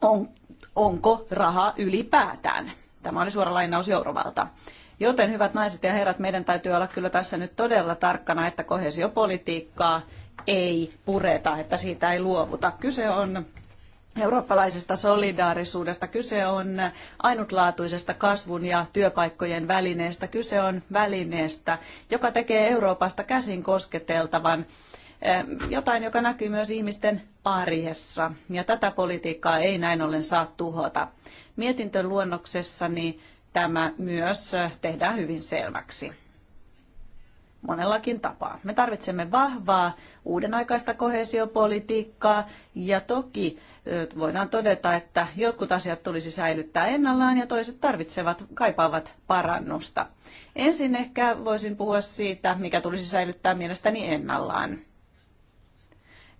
on, onko raha ylipäätään. Tämä oli suora lainaus Eurovalta. Joten hyvät naiset ja herrat, meidän täytyy olla kyllä tässä nyt todella tarkkana, että kohesiopolitiikkaa ei pureta, että siitä ei luovuta. Kyse on Eurooppalaisesta solidaarisuudesta kyse on ainutlaatuisesta kasvun ja työpaikkojen välineestä. Kyse on välineestä, joka tekee Euroopasta käsin kosketeltavan eh, jotain, joka näkyy myös ihmisten arjessa. Ja tätä politiikkaa ei näin ollen saa tuhota. Mietintöluonnoksessani tämä myös eh, tehdään hyvin selväksi. Monellakin tapaa. Me tarvitsemme vahvaa, uudenaikaista kohesiopolitiikkaa ja toki voidaan todeta, että jotkut asiat tulisi säilyttää ennallaan ja toiset tarvitsevat, kaipaavat parannusta. Ensin ehkä voisin puhua siitä, mikä tulisi säilyttää mielestäni ennallaan.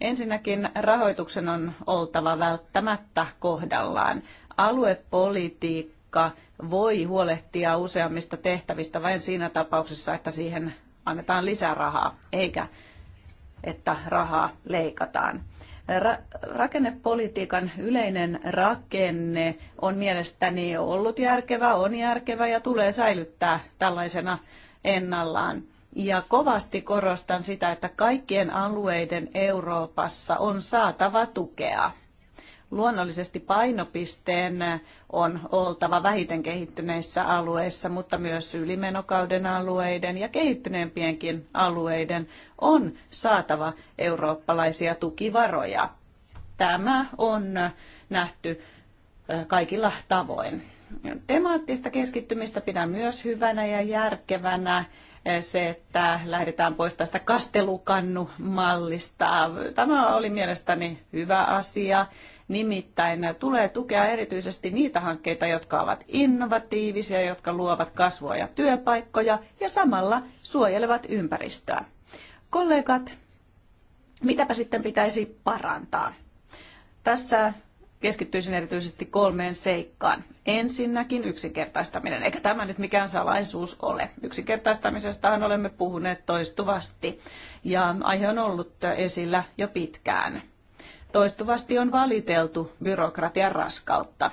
Ensinnäkin rahoituksen on oltava välttämättä kohdallaan. Aluepolitiikka voi huolehtia useammista tehtävistä vain siinä tapauksessa, että siihen annetaan lisärahaa, eikä että rahaa leikataan rakennepolitiikan yleinen rakenne on mielestäni ollut järkevä, on järkevä ja tulee säilyttää tällaisena ennallaan. Ja kovasti korostan sitä, että kaikkien alueiden Euroopassa on saatava tukea. Luonnollisesti painopisteen on oltava vähiten kehittyneissä alueissa, mutta myös ylimenokauden alueiden ja kehittyneempienkin alueiden on saatava eurooppalaisia tukivaroja. Tämä on nähty kaikilla tavoin. Temaattista keskittymistä pidän myös hyvänä ja järkevänä se, että lähdetään pois tästä kastelukannumallista. Tämä oli mielestäni hyvä asia. Nimittäin tulee tukea erityisesti niitä hankkeita, jotka ovat innovatiivisia, jotka luovat kasvua ja työpaikkoja ja samalla suojelevat ympäristöä. Kollegat, mitäpä sitten pitäisi parantaa? Tässä keskittyisin erityisesti kolmeen seikkaan. Ensinnäkin yksinkertaistaminen, eikä tämä nyt mikään salaisuus ole. Yksinkertaistamisestahan olemme puhuneet toistuvasti ja aihe on ollut esillä jo pitkään toistuvasti on valiteltu byrokratian raskautta.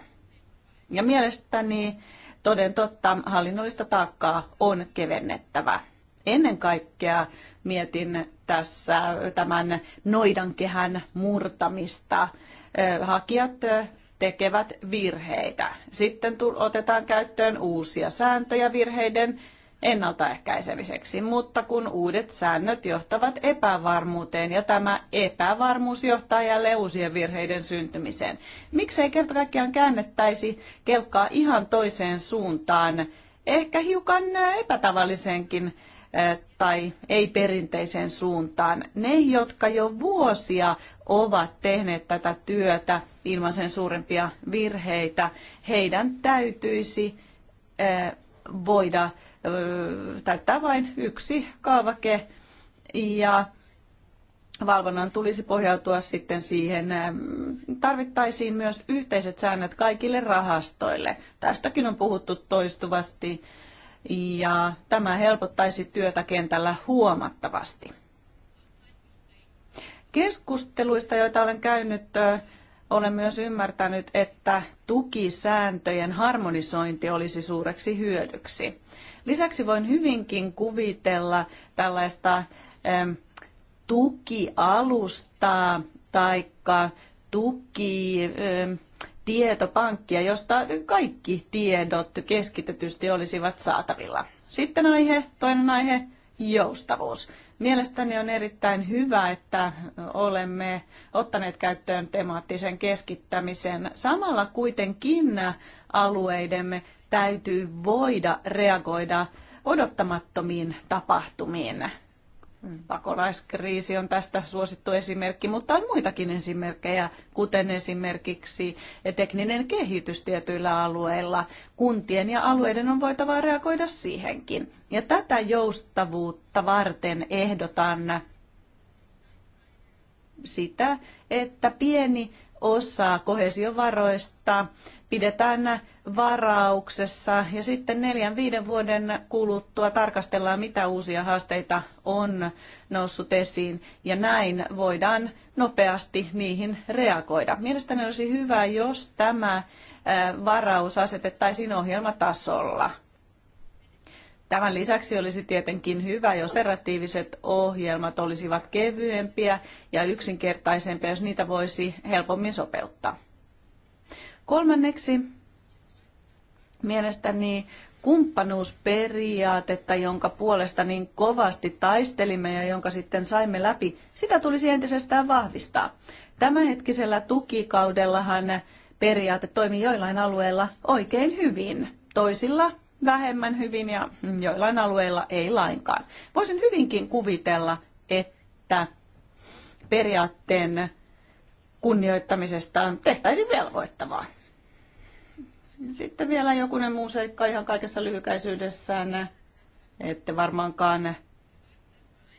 Ja mielestäni toden totta hallinnollista taakkaa on kevennettävä. Ennen kaikkea mietin tässä tämän noidankehän murtamista. Hakijat tekevät virheitä. Sitten otetaan käyttöön uusia sääntöjä virheiden ennaltaehkäisemiseksi, mutta kun uudet säännöt johtavat epävarmuuteen ja tämä epävarmuus johtaa jälleen uusien virheiden syntymiseen. Miksei kerta kaikkiaan käännettäisi kelkkaa ihan toiseen suuntaan, ehkä hiukan äh, epätavallisenkin äh, tai ei-perinteiseen suuntaan. Ne, jotka jo vuosia ovat tehneet tätä työtä ilman sen suurempia virheitä, heidän täytyisi äh, voida täyttää vain yksi kaavake ja valvonnan tulisi pohjautua sitten siihen. Tarvittaisiin myös yhteiset säännöt kaikille rahastoille. Tästäkin on puhuttu toistuvasti ja tämä helpottaisi työtä kentällä huomattavasti. Keskusteluista, joita olen käynyt, olen myös ymmärtänyt, että tukisääntöjen harmonisointi olisi suureksi hyödyksi. Lisäksi voin hyvinkin kuvitella tällaista tukialustaa tai tuki tietopankkia, josta kaikki tiedot keskitetysti olisivat saatavilla. Sitten aihe, toinen aihe, joustavuus. Mielestäni on erittäin hyvä, että olemme ottaneet käyttöön temaattisen keskittämisen. Samalla kuitenkin alueidemme täytyy voida reagoida odottamattomiin tapahtumiin. Pakolaiskriisi on tästä suosittu esimerkki, mutta on muitakin esimerkkejä, kuten esimerkiksi tekninen kehitys tietyillä alueilla. Kuntien ja alueiden on voitava reagoida siihenkin. Ja tätä joustavuutta varten ehdotan sitä, että pieni osa kohesiovaroista pidetään varauksessa ja sitten neljän viiden vuoden kuluttua tarkastellaan, mitä uusia haasteita on noussut esiin ja näin voidaan nopeasti niihin reagoida. Mielestäni olisi hyvä, jos tämä varaus asetettaisiin ohjelmatasolla. Tämän lisäksi olisi tietenkin hyvä, jos operatiiviset ohjelmat olisivat kevyempiä ja yksinkertaisempia, jos niitä voisi helpommin sopeuttaa. Kolmanneksi mielestäni kumppanuusperiaatetta, jonka puolesta niin kovasti taistelimme ja jonka sitten saimme läpi, sitä tulisi entisestään vahvistaa. Tämänhetkisellä tukikaudellahan periaate toimii joillain alueilla oikein hyvin, toisilla vähemmän hyvin ja joillain alueilla ei lainkaan. Voisin hyvinkin kuvitella, että periaatteen kunnioittamisesta tehtäisiin velvoittavaa. Sitten vielä jokunen muu seikka ihan kaikessa lyhykäisyydessään. Ette varmaankaan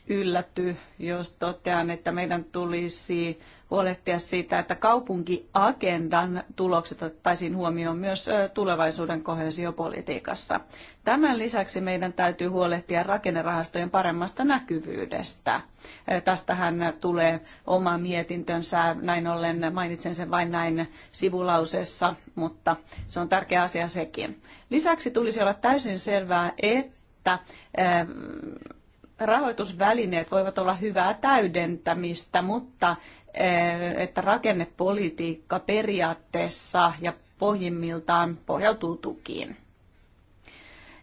ylläty, jos totean, että meidän tulisi huolehtia siitä, että kaupunkiagendan tulokset ottaisiin huomioon myös tulevaisuuden kohesiopolitiikassa. Tämän lisäksi meidän täytyy huolehtia rakennerahastojen paremmasta näkyvyydestä. Tästähän tulee oma mietintönsä, näin ollen mainitsen sen vain näin sivulauseessa, mutta se on tärkeä asia sekin. Lisäksi tulisi olla täysin selvää, että rahoitusvälineet voivat olla hyvää täydentämistä, mutta Eh, että rakennepolitiikka periaatteessa ja pohjimmiltaan pohjautuu tukiin.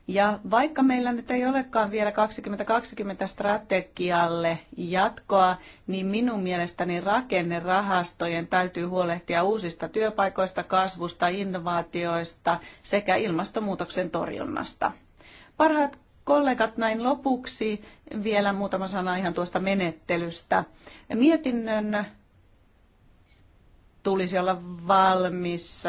Ja vaikka meillä nyt ei olekaan vielä 2020 strategialle jatkoa, niin minun mielestäni rakennerahastojen täytyy huolehtia uusista työpaikoista, kasvusta, innovaatioista sekä ilmastonmuutoksen torjunnasta. Parhaat kollegat, näin lopuksi vielä muutama sana ihan tuosta menettelystä. Mietinnön tulisi olla valmis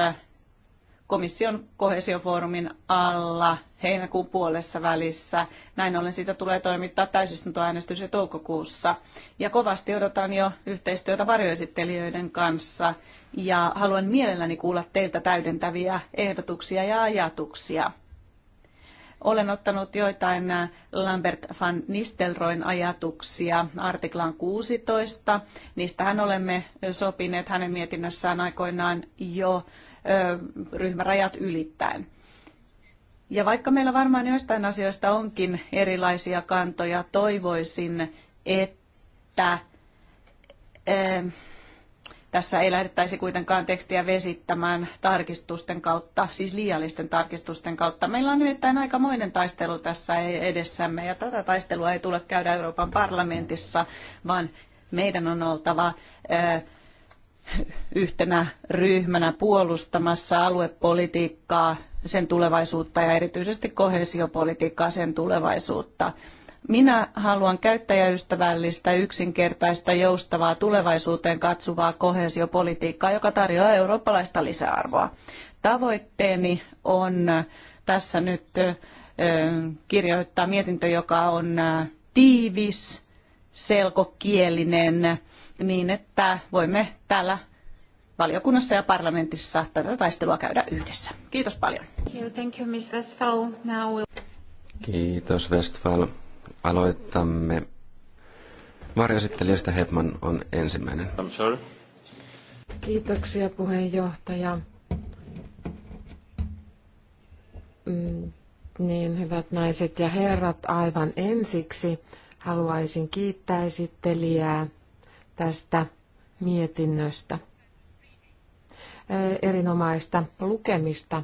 komission kohesiofoorumin alla heinäkuun puolessa välissä. Näin ollen siitä tulee toimittaa täysistuntoäänestys jo toukokuussa. Ja kovasti odotan jo yhteistyötä varjoesittelijöiden kanssa ja haluan mielelläni kuulla teiltä täydentäviä ehdotuksia ja ajatuksia. Olen ottanut joitain äh, Lambert van Nistelroin ajatuksia artiklan 16. Niistähän olemme sopineet hänen mietinnössään aikoinaan jo ryhmärajat ylittäen. Ja vaikka meillä varmaan joistain asioista onkin erilaisia kantoja, toivoisin, että tässä ei lähdettäisi kuitenkaan tekstiä vesittämään tarkistusten kautta, siis liiallisten tarkistusten kautta. Meillä on nimittäin aikamoinen taistelu tässä edessämme ja tätä taistelua ei tule käydä Euroopan parlamentissa, vaan meidän on oltava yhtenä ryhmänä puolustamassa aluepolitiikkaa, sen tulevaisuutta ja erityisesti koheesiopolitiikkaa sen tulevaisuutta. Minä haluan käyttäjäystävällistä, yksinkertaista, joustavaa, tulevaisuuteen katsovaa kohesiopolitiikkaa, joka tarjoaa eurooppalaista lisäarvoa. Tavoitteeni on tässä nyt kirjoittaa mietintö, joka on tiivis, selkokielinen, niin että voimme täällä valiokunnassa ja parlamentissa tätä taistelua käydä yhdessä. Kiitos paljon. Kiitos Westfall. Aloitamme. Varjosittelijästä Hepman on ensimmäinen. I'm sorry. Kiitoksia puheenjohtaja. Mm, niin, hyvät naiset ja herrat, aivan ensiksi haluaisin kiittää esittelijää tästä mietinnöstä. Erinomaista lukemista.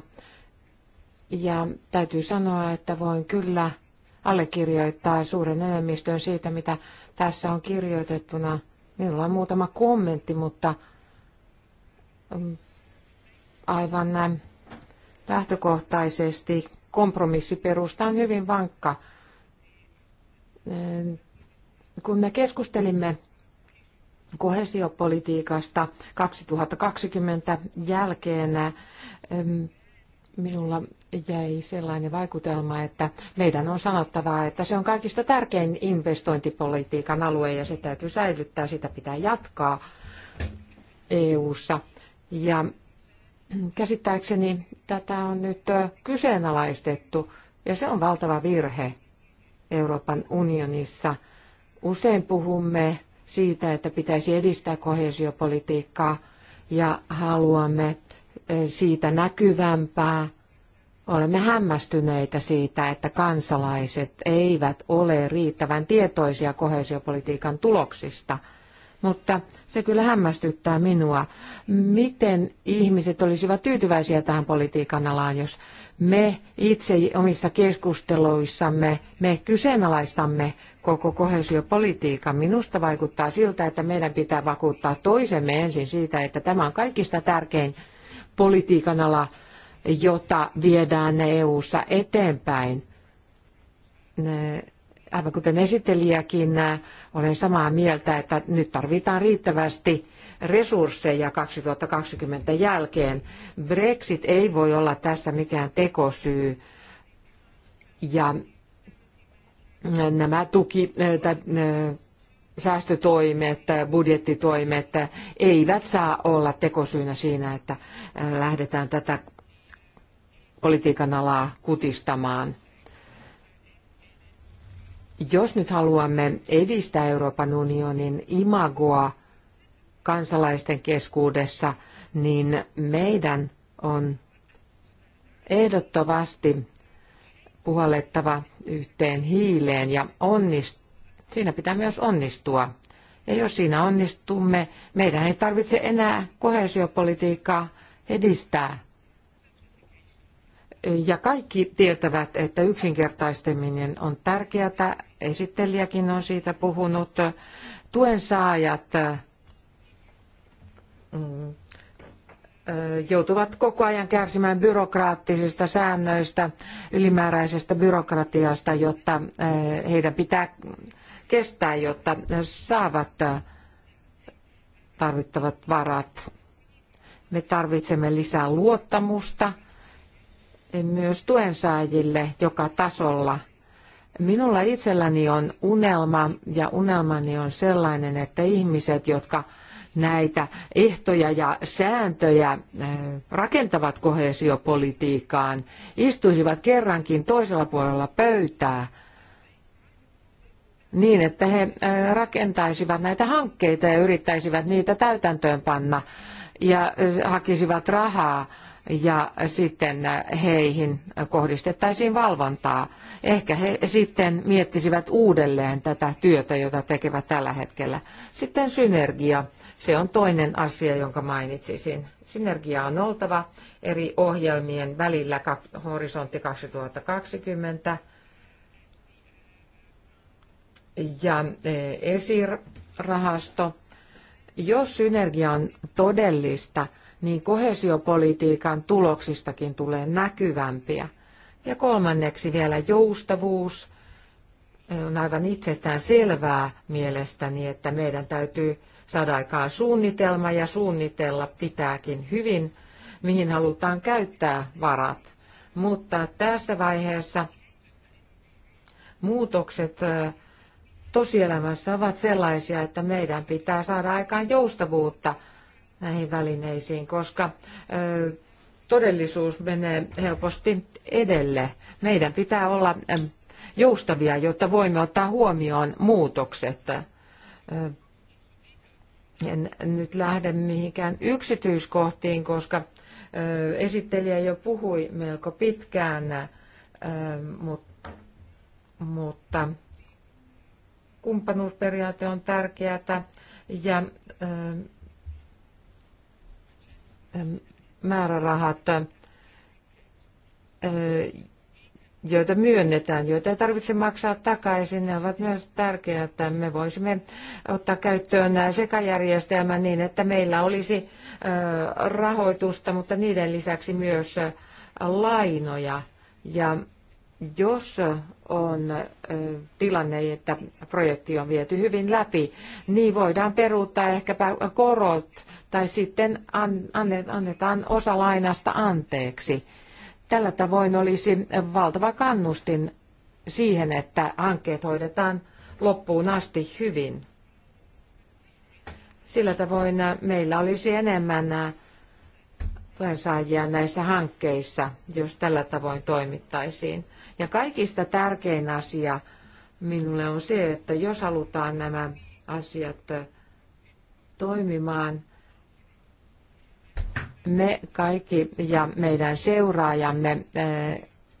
Ja täytyy sanoa, että voin kyllä allekirjoittaa suuren enemmistön siitä, mitä tässä on kirjoitettuna. Minulla on muutama kommentti, mutta mm, aivan ähm, lähtökohtaisesti kompromissiperusta on hyvin vankka. Ähm, kun me keskustelimme kohesiopolitiikasta 2020 jälkeen, ähm, minulla jäi sellainen vaikutelma, että meidän on sanottava, että se on kaikista tärkein investointipolitiikan alue ja se täytyy säilyttää, sitä pitää jatkaa EU-ssa. Ja käsittääkseni tätä on nyt kyseenalaistettu ja se on valtava virhe Euroopan unionissa. Usein puhumme siitä, että pitäisi edistää kohesiopolitiikkaa ja haluamme siitä näkyvämpää. Olemme hämmästyneitä siitä, että kansalaiset eivät ole riittävän tietoisia kohesiopolitiikan tuloksista. Mutta se kyllä hämmästyttää minua. Miten ihmiset olisivat tyytyväisiä tähän politiikan alaan, jos me itse omissa keskusteluissamme, me kyseenalaistamme koko kohesiopolitiikan. Minusta vaikuttaa siltä, että meidän pitää vakuuttaa toisemme ensin siitä, että tämä on kaikista tärkein politiikan ala, jota viedään EU-ssa eteenpäin. Aivan kuten esittelijäkin, olen samaa mieltä, että nyt tarvitaan riittävästi resursseja 2020 jälkeen. Brexit ei voi olla tässä mikään tekosyy. Ja nämä tuki- tai säästötoimet, budjettitoimet eivät saa olla tekosyynä siinä, että äh, lähdetään tätä politiikan alaa kutistamaan. Jos nyt haluamme edistää Euroopan unionin imagoa kansalaisten keskuudessa, niin meidän on ehdottomasti puhallettava yhteen hiileen ja onnistua Siinä pitää myös onnistua. Ja jos siinä onnistumme, meidän ei tarvitse enää kohesiopolitiikkaa edistää. Ja kaikki tietävät, että yksinkertaistaminen on tärkeää. Esittelijäkin on siitä puhunut. Tuen saajat mm, joutuvat koko ajan kärsimään byrokraattisista säännöistä, ylimääräisestä byrokratiasta, jotta heidän pitää kestää, jotta saavat äh, tarvittavat varat. Me tarvitsemme lisää luottamusta eh, myös tuensaajille joka tasolla. Minulla itselläni on unelma ja unelmani on sellainen, että ihmiset, jotka näitä ehtoja ja sääntöjä eh, rakentavat koheesiopolitiikkaan, istuisivat kerrankin toisella puolella pöytää – niin, että he rakentaisivat näitä hankkeita ja yrittäisivät niitä täytäntöönpanna ja hakisivat rahaa ja sitten heihin kohdistettaisiin valvontaa. Ehkä he sitten miettisivät uudelleen tätä työtä, jota tekevät tällä hetkellä. Sitten synergia, se on toinen asia, jonka mainitsisin. Synergia on oltava eri ohjelmien välillä Horisontti 2020 ja e, esirahasto, Jos synergia on todellista, niin kohesiopolitiikan tuloksistakin tulee näkyvämpiä. Ja kolmanneksi vielä joustavuus. E, on aivan itsestään selvää mielestäni, että meidän täytyy saada aikaan suunnitelma ja suunnitella pitääkin hyvin, mihin halutaan käyttää varat. Mutta tässä vaiheessa muutokset e, tosielämässä ovat sellaisia, että meidän pitää saada aikaan joustavuutta näihin välineisiin, koska todellisuus menee helposti edelle. Meidän pitää olla joustavia, jotta voimme ottaa huomioon muutokset. En nyt lähde mihinkään yksityiskohtiin, koska esittelijä jo puhui melko pitkään, mutta kumppanuusperiaate on tärkeää ja määrärahat, joita myönnetään, joita ei tarvitse maksaa takaisin, ne ovat myös tärkeää, että me voisimme ottaa käyttöön sekä järjestelmän niin, että meillä olisi rahoitusta, mutta niiden lisäksi myös lainoja ja jos on tilanne, että projekti on viety hyvin läpi, niin voidaan peruuttaa ehkäpä korot tai sitten annetaan osa lainasta anteeksi. Tällä tavoin olisi valtava kannustin siihen, että hankkeet hoidetaan loppuun asti hyvin. Sillä tavoin meillä olisi enemmän tuensaajia näissä hankkeissa, jos tällä tavoin toimittaisiin. Ja kaikista tärkein asia minulle on se, että jos halutaan nämä asiat toimimaan, me kaikki ja meidän seuraajamme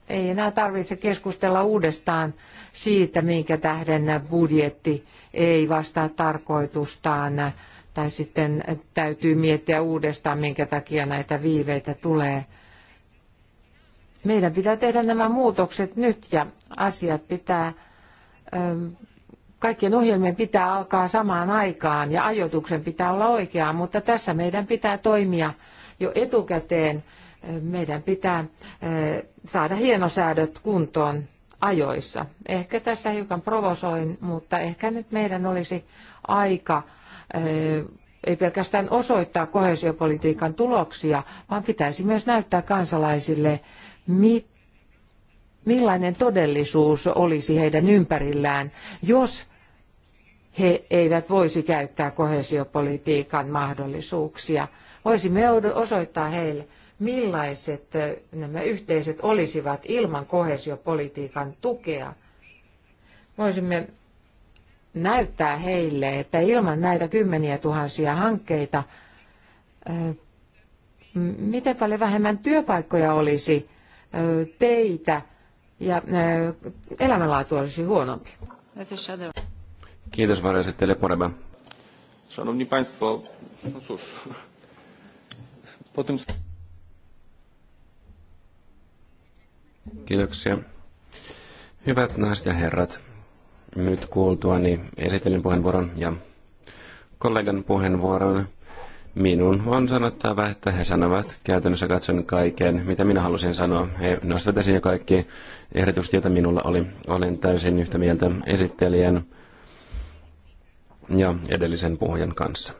ei enää tarvitse keskustella uudestaan siitä, minkä tähden budjetti ei vastaa tarkoitustaan tai sitten täytyy miettiä uudestaan, minkä takia näitä viiveitä tulee. Meidän pitää tehdä nämä muutokset nyt ja asiat pitää, kaikkien ohjelmien pitää alkaa samaan aikaan ja ajoituksen pitää olla oikeaa, mutta tässä meidän pitää toimia jo etukäteen. Meidän pitää saada hienosäädöt kuntoon ajoissa. Ehkä tässä hiukan provosoin, mutta ehkä nyt meidän olisi aika ei pelkästään osoittaa kohesiopolitiikan tuloksia, vaan pitäisi myös näyttää kansalaisille, mit, millainen todellisuus olisi heidän ympärillään, jos he eivät voisi käyttää kohesiopolitiikan mahdollisuuksia. Voisimme osoittaa heille, millaiset nämä yhteisöt olisivat ilman kohesiopolitiikan tukea. Voisimme näyttää heille, että ilman näitä kymmeniä tuhansia hankkeita, miten paljon vähemmän työpaikkoja olisi, teitä ja elämänlaatu olisi huonompi. Kiitos varjoesittelijä Poreba. Szanowni Państwo, no cóż, po tym... Kiitoksia. Hyvät naiset ja herrat, nyt niin esittelin puheenvuoron ja kollegan puheenvuoron. Minun on sanottava, että he sanovat käytännössä katson kaiken, mitä minä halusin sanoa. He nostivat esiin jo kaikki ehdotukset, joita minulla oli. Olen täysin yhtä mieltä esittelijän ja edellisen puhujan kanssa.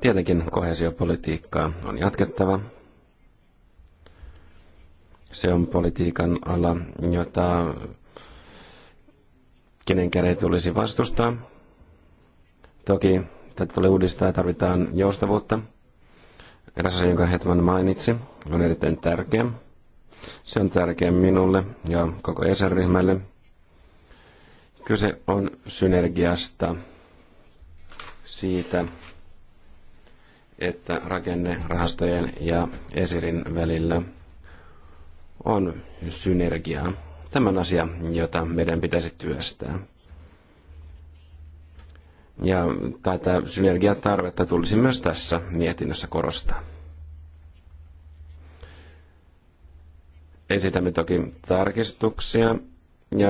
Tietenkin kohesiopolitiikkaa on jatkettava, se on politiikan ala, jota kenenkään ei tulisi vastustaa. Toki tätä tulee uudistaa ja tarvitaan joustavuutta. Eräs asia, jonka Hetman mainitsi, on erittäin tärkeä. Se on tärkeä minulle ja koko ESR-ryhmälle. Kyse on synergiasta siitä, että rakenne, rahastojen ja esirin välillä – on synergiaa. tämän asia, jota meidän pitäisi työstää. Ja tätä synergiatarvetta tulisi myös tässä mietinnössä korostaa. Esitämme toki tarkistuksia ja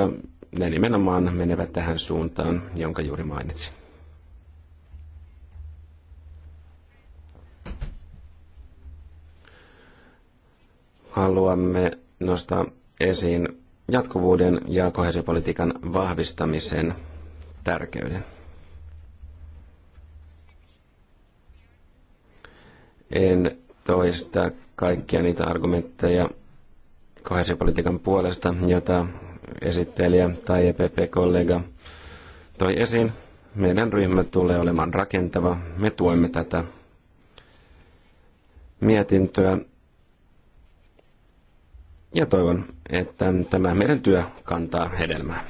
ne nimenomaan menevät tähän suuntaan, jonka juuri mainitsin. Haluamme nostaa esiin jatkuvuuden ja kohesiopolitiikan vahvistamisen tärkeyden. En toista kaikkia niitä argumentteja kohesiopolitiikan puolesta, jota esittelijä tai EPP-kollega toi esiin. Meidän ryhmä tulee olemaan rakentava. Me tuemme tätä mietintöä ja toivon, että tämä meidän työ kantaa hedelmää.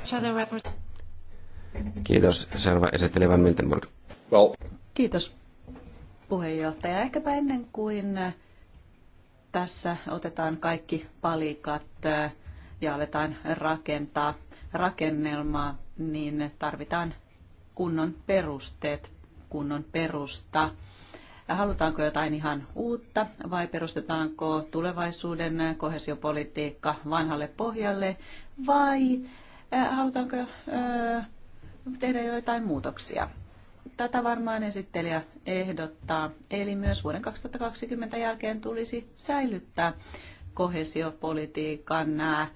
Kiitos, seuraava esittelevä Van Miltenburg. Well. Kiitos, puheenjohtaja. Ehkäpä ennen kuin tässä otetaan kaikki palikat äh, ja aletaan rakentaa rakennelmaa, niin tarvitaan kunnon perusteet, kunnon perusta Halutaanko jotain ihan uutta vai perustetaanko tulevaisuuden kohesiopolitiikka vanhalle pohjalle vai halutaanko tehdä jotain muutoksia? Tätä varmaan esittelijä ehdottaa, eli myös vuoden 2020 jälkeen tulisi säilyttää kohesiopolitiikan nämä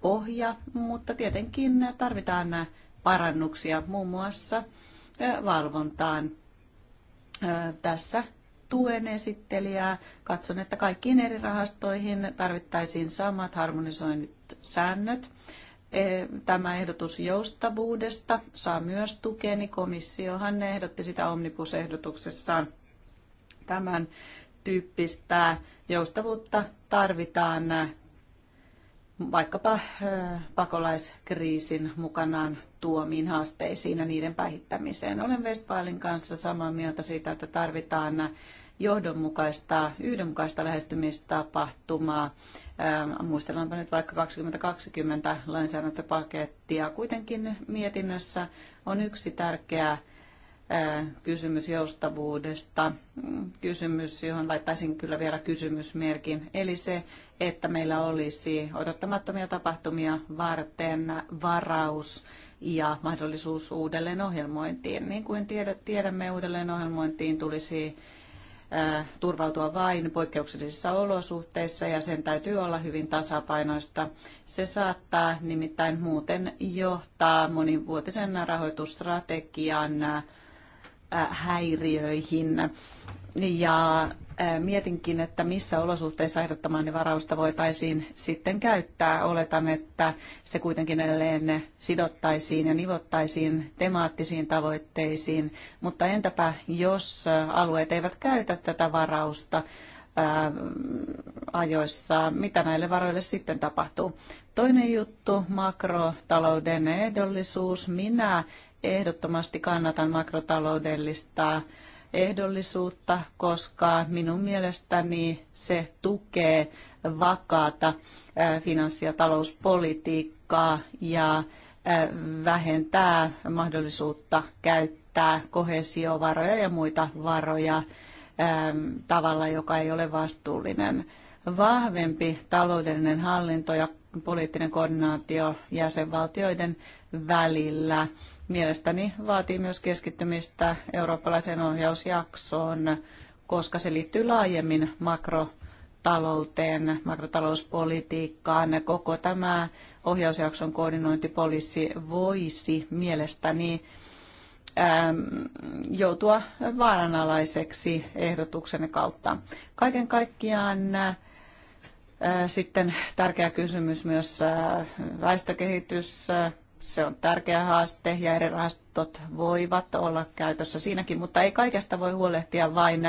pohja, mutta tietenkin tarvitaan parannuksia muun muassa valvontaan tässä tuen esittelijää. Katson, että kaikkiin eri rahastoihin tarvittaisiin samat harmonisoinnit säännöt. E, tämä ehdotus joustavuudesta saa myös tukeni. Komissiohan ehdotti sitä omnibusehdotuksessaan. Tämän tyyppistä joustavuutta tarvitaan vaikkapa pakolaiskriisin mukanaan tuomiin haasteisiin ja niiden päihittämiseen. Olen Westfalin kanssa samaa mieltä siitä, että tarvitaan johdonmukaista, yhdenmukaista lähestymistapahtumaa. Ähm, muistellaanpa nyt vaikka 2020 lainsäädäntöpakettia. Kuitenkin mietinnössä on yksi tärkeä äh, kysymys joustavuudesta, kysymys, johon laittaisin kyllä vielä kysymysmerkin, eli se, että meillä olisi odottamattomia tapahtumia varten varaus ja mahdollisuus uudelleenohjelmointiin. Niin kuin tiedämme, uudelleenohjelmointiin tulisi turvautua vain poikkeuksellisissa olosuhteissa ja sen täytyy olla hyvin tasapainoista. Se saattaa nimittäin muuten johtaa monivuotisen rahoitusstrategian häiriöihin ja Mietinkin, että missä olosuhteissa ehdottamaanne varausta voitaisiin sitten käyttää. Oletan, että se kuitenkin edelleen sidottaisiin ja nivottaisiin temaattisiin tavoitteisiin. Mutta entäpä jos alueet eivät käytä tätä varausta, ajoissa, mitä näille varoille sitten tapahtuu. Toinen juttu, makrotalouden ehdollisuus. Minä ehdottomasti kannatan makrotaloudellista ehdollisuutta, koska minun mielestäni se tukee vakaata finanssi- ja talouspolitiikkaa ja vähentää mahdollisuutta käyttää kohesiovaroja ja muita varoja tavalla, joka ei ole vastuullinen. Vahvempi taloudellinen hallinto ja poliittinen koordinaatio jäsenvaltioiden välillä mielestäni vaatii myös keskittymistä eurooppalaiseen ohjausjaksoon, koska se liittyy laajemmin makrotalouteen, makrotalouspolitiikkaan. Koko tämä ohjausjakson koordinointipoliisi voisi mielestäni ähm, joutua vaaranalaiseksi ehdotuksen kautta. Kaiken kaikkiaan äh, sitten tärkeä kysymys myös äh, väestökehitys, se on tärkeä haaste ja eri rahastot voivat olla käytössä siinäkin, mutta ei kaikesta voi huolehtia vain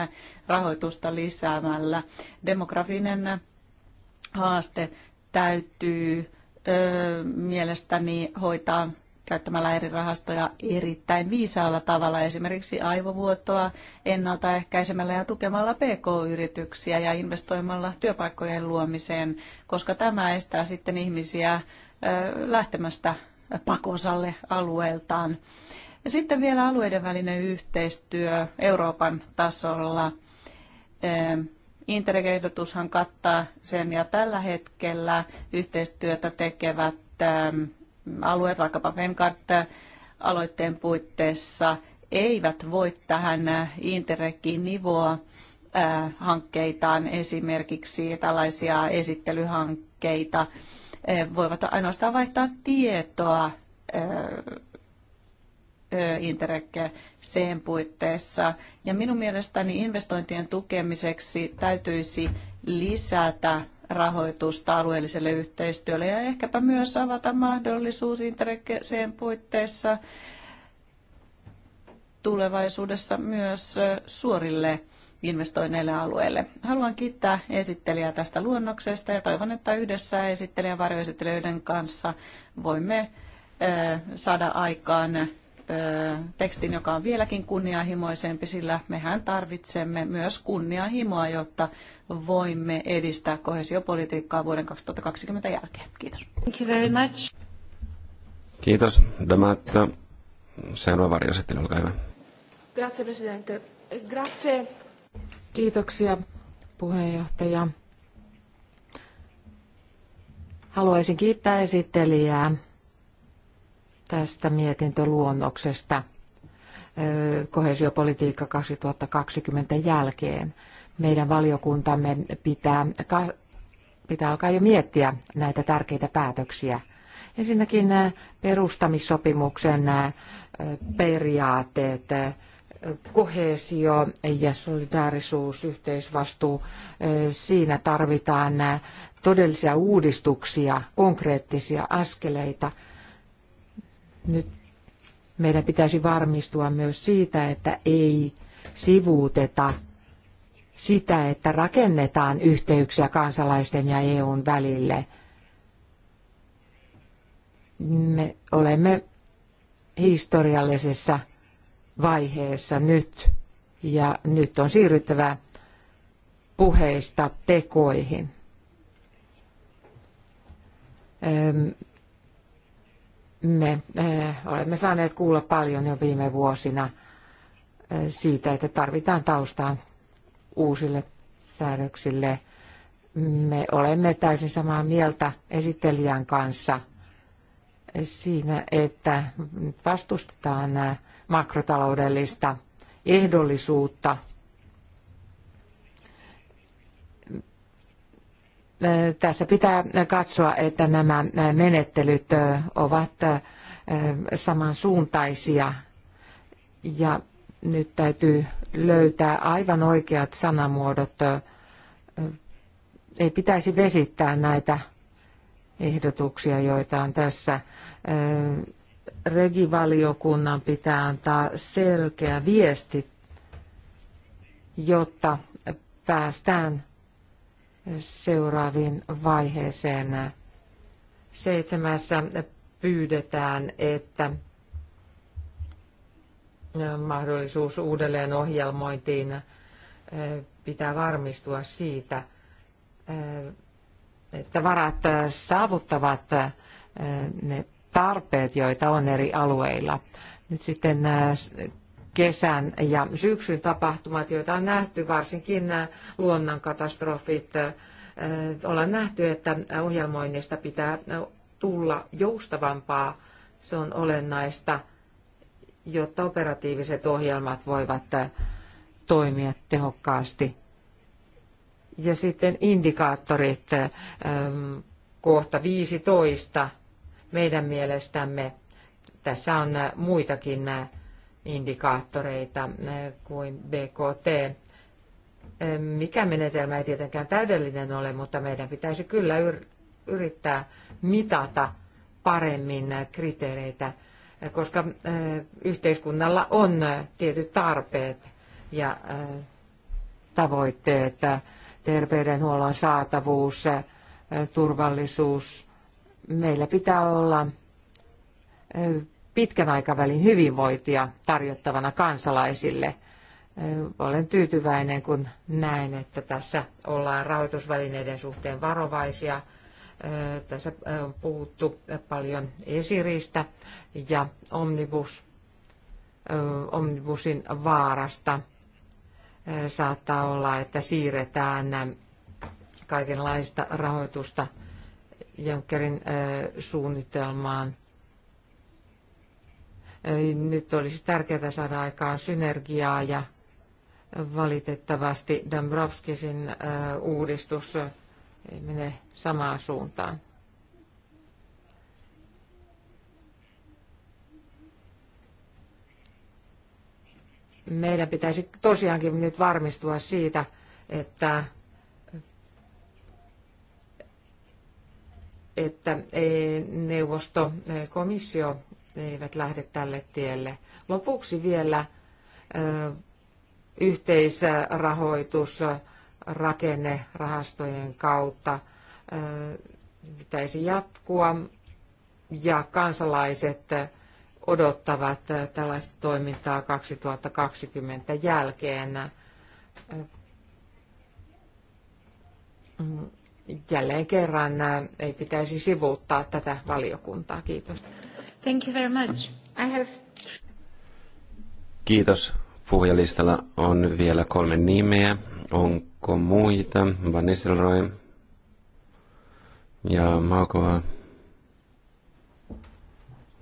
rahoitusta lisäämällä. Demografinen haaste täytyy ö, mielestäni hoitaa käyttämällä eri rahastoja erittäin viisaalla tavalla, esimerkiksi aivovuotoa ennaltaehkäisemällä ja tukemalla pk-yrityksiä ja investoimalla työpaikkojen luomiseen, koska tämä estää sitten ihmisiä lähtemästä pakosalle alueeltaan. ja Sitten vielä alueiden välinen yhteistyö Euroopan tasolla. Ehm, Interregehdotushan kattaa sen ja tällä hetkellä yhteistyötä tekevät ehm, alueet, vaikkapa Venkart eh, aloitteen puitteissa, eivät voi tähän eh, Interregiin nivoa eh, hankkeitaan, esimerkiksi tällaisia esittelyhankkeita, voivat ainoastaan vaihtaa tietoa interrekkeen sen puitteissa. Ja minun mielestäni investointien tukemiseksi täytyisi lisätä rahoitusta alueelliselle yhteistyölle ja ehkäpä myös avata mahdollisuus interrekkeen puitteissa tulevaisuudessa myös suorille investoineille alueille. Haluan kiittää esittelijää tästä luonnoksesta ja toivon, että yhdessä esittelijän varjoesittelijöiden kanssa voimme saada aikaan tekstin, joka on vieläkin kunnianhimoisempi, sillä mehän tarvitsemme myös kunnianhimoa, jotta voimme edistää kohesiopolitiikkaa vuoden 2020 jälkeen. Kiitos. Thank you very much. Kiitos. Damatta. Seuraava varjoesittely, olkaa hyvä. Grazie, Presidente. Grazie Kiitoksia puheenjohtaja. Haluaisin kiittää esittelijää tästä mietintöluonnoksesta kohesiopolitiikka 2020 jälkeen. Meidän valiokuntamme pitää, pitää alkaa jo miettiä näitä tärkeitä päätöksiä. Ensinnäkin perustamissopimuksen periaatteet kohesio ja solidaarisuus, yhteisvastuu, siinä tarvitaan todellisia uudistuksia, konkreettisia askeleita. Nyt meidän pitäisi varmistua myös siitä, että ei sivuuteta sitä, että rakennetaan yhteyksiä kansalaisten ja EUn välille. Me olemme historiallisessa vaiheessa nyt ja nyt on siirryttävä puheista tekoihin. Me olemme saaneet kuulla paljon jo viime vuosina siitä, että tarvitaan taustaa uusille säädöksille. Me olemme täysin samaa mieltä esittelijän kanssa siinä, että vastustetaan makrotaloudellista ehdollisuutta. Tässä pitää katsoa, että nämä menettelyt ovat samansuuntaisia ja nyt täytyy löytää aivan oikeat sanamuodot. Ei pitäisi vesittää näitä ehdotuksia, joita on tässä regivaliokunnan pitää antaa selkeä viesti, jotta päästään seuraaviin vaiheeseen. Seitsemässä pyydetään, että mahdollisuus uudelleen ohjelmointiin pitää varmistua siitä, että varat saavuttavat ne tarpeet, joita on eri alueilla. Nyt sitten nämä äh, kesän ja syksyn tapahtumat, joita on nähty, varsinkin nämä äh, luonnonkatastrofit, äh, ollaan nähty, että ohjelmoinnista pitää tulla joustavampaa. Se on olennaista, jotta operatiiviset ohjelmat voivat toimia tehokkaasti. Ja sitten indikaattorit kohta 15 meidän mielestämme tässä on äh, muitakin äh, indikaattoreita äh, kuin BKT. Mikä menetelmä ei tietenkään täydellinen ole, mutta meidän pitäisi kyllä yrittää mitata paremmin kriteereitä, koska yhteiskunnalla on tietyt tarpeet ja tavoitteet, terveydenhuollon saatavuus, turvallisuus, meillä pitää olla pitkän aikavälin hyvinvointia tarjottavana kansalaisille. Olen tyytyväinen, kun näen, että tässä ollaan rahoitusvälineiden suhteen varovaisia. Tässä on puhuttu paljon esiristä ja omnibus, omnibusin vaarasta. Saattaa olla, että siirretään kaikenlaista rahoitusta – Junckerin suunnitelmaan. Nyt olisi tärkeää saada aikaan synergiaa ja valitettavasti Dombrovskisin uudistus ei mene samaan suuntaan. Meidän pitäisi tosiaankin nyt varmistua siitä, että että e, neuvosto, e, komissio eivät lähde tälle tielle. Lopuksi vielä e, yhteisrahoitus rakennerahastojen kautta pitäisi jatkua ja kansalaiset odottavat tällaista toimintaa 2020 jälkeen jälleen kerran ei pitäisi sivuuttaa tätä valiokuntaa. Kiitos. Thank you very much. I have... Kiitos. Puhujalistalla on vielä kolme nimeä. Onko muita? Van Nistelrooy ja Maukova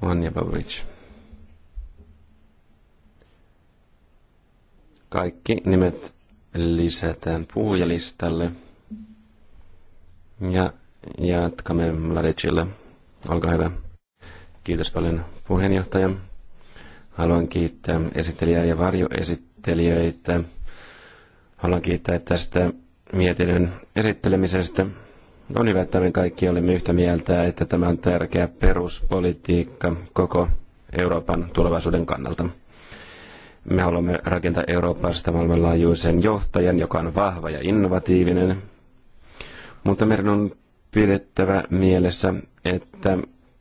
Vanja Pavlic. Kaikki nimet lisätään puhujalistalle. Ja jatkamme Mladicilla. Olkaa hyvä. Kiitos paljon puheenjohtaja. Haluan kiittää esittelijää ja varjoesittelijöitä. Haluan kiittää tästä mietinnön esittelemisestä. On hyvä, että me kaikki olemme yhtä mieltä, että tämä on tärkeä peruspolitiikka koko Euroopan tulevaisuuden kannalta. Me haluamme rakentaa Euroopasta maailmanlaajuisen johtajan, joka on vahva ja innovatiivinen, mutta meidän on pidettävä mielessä, että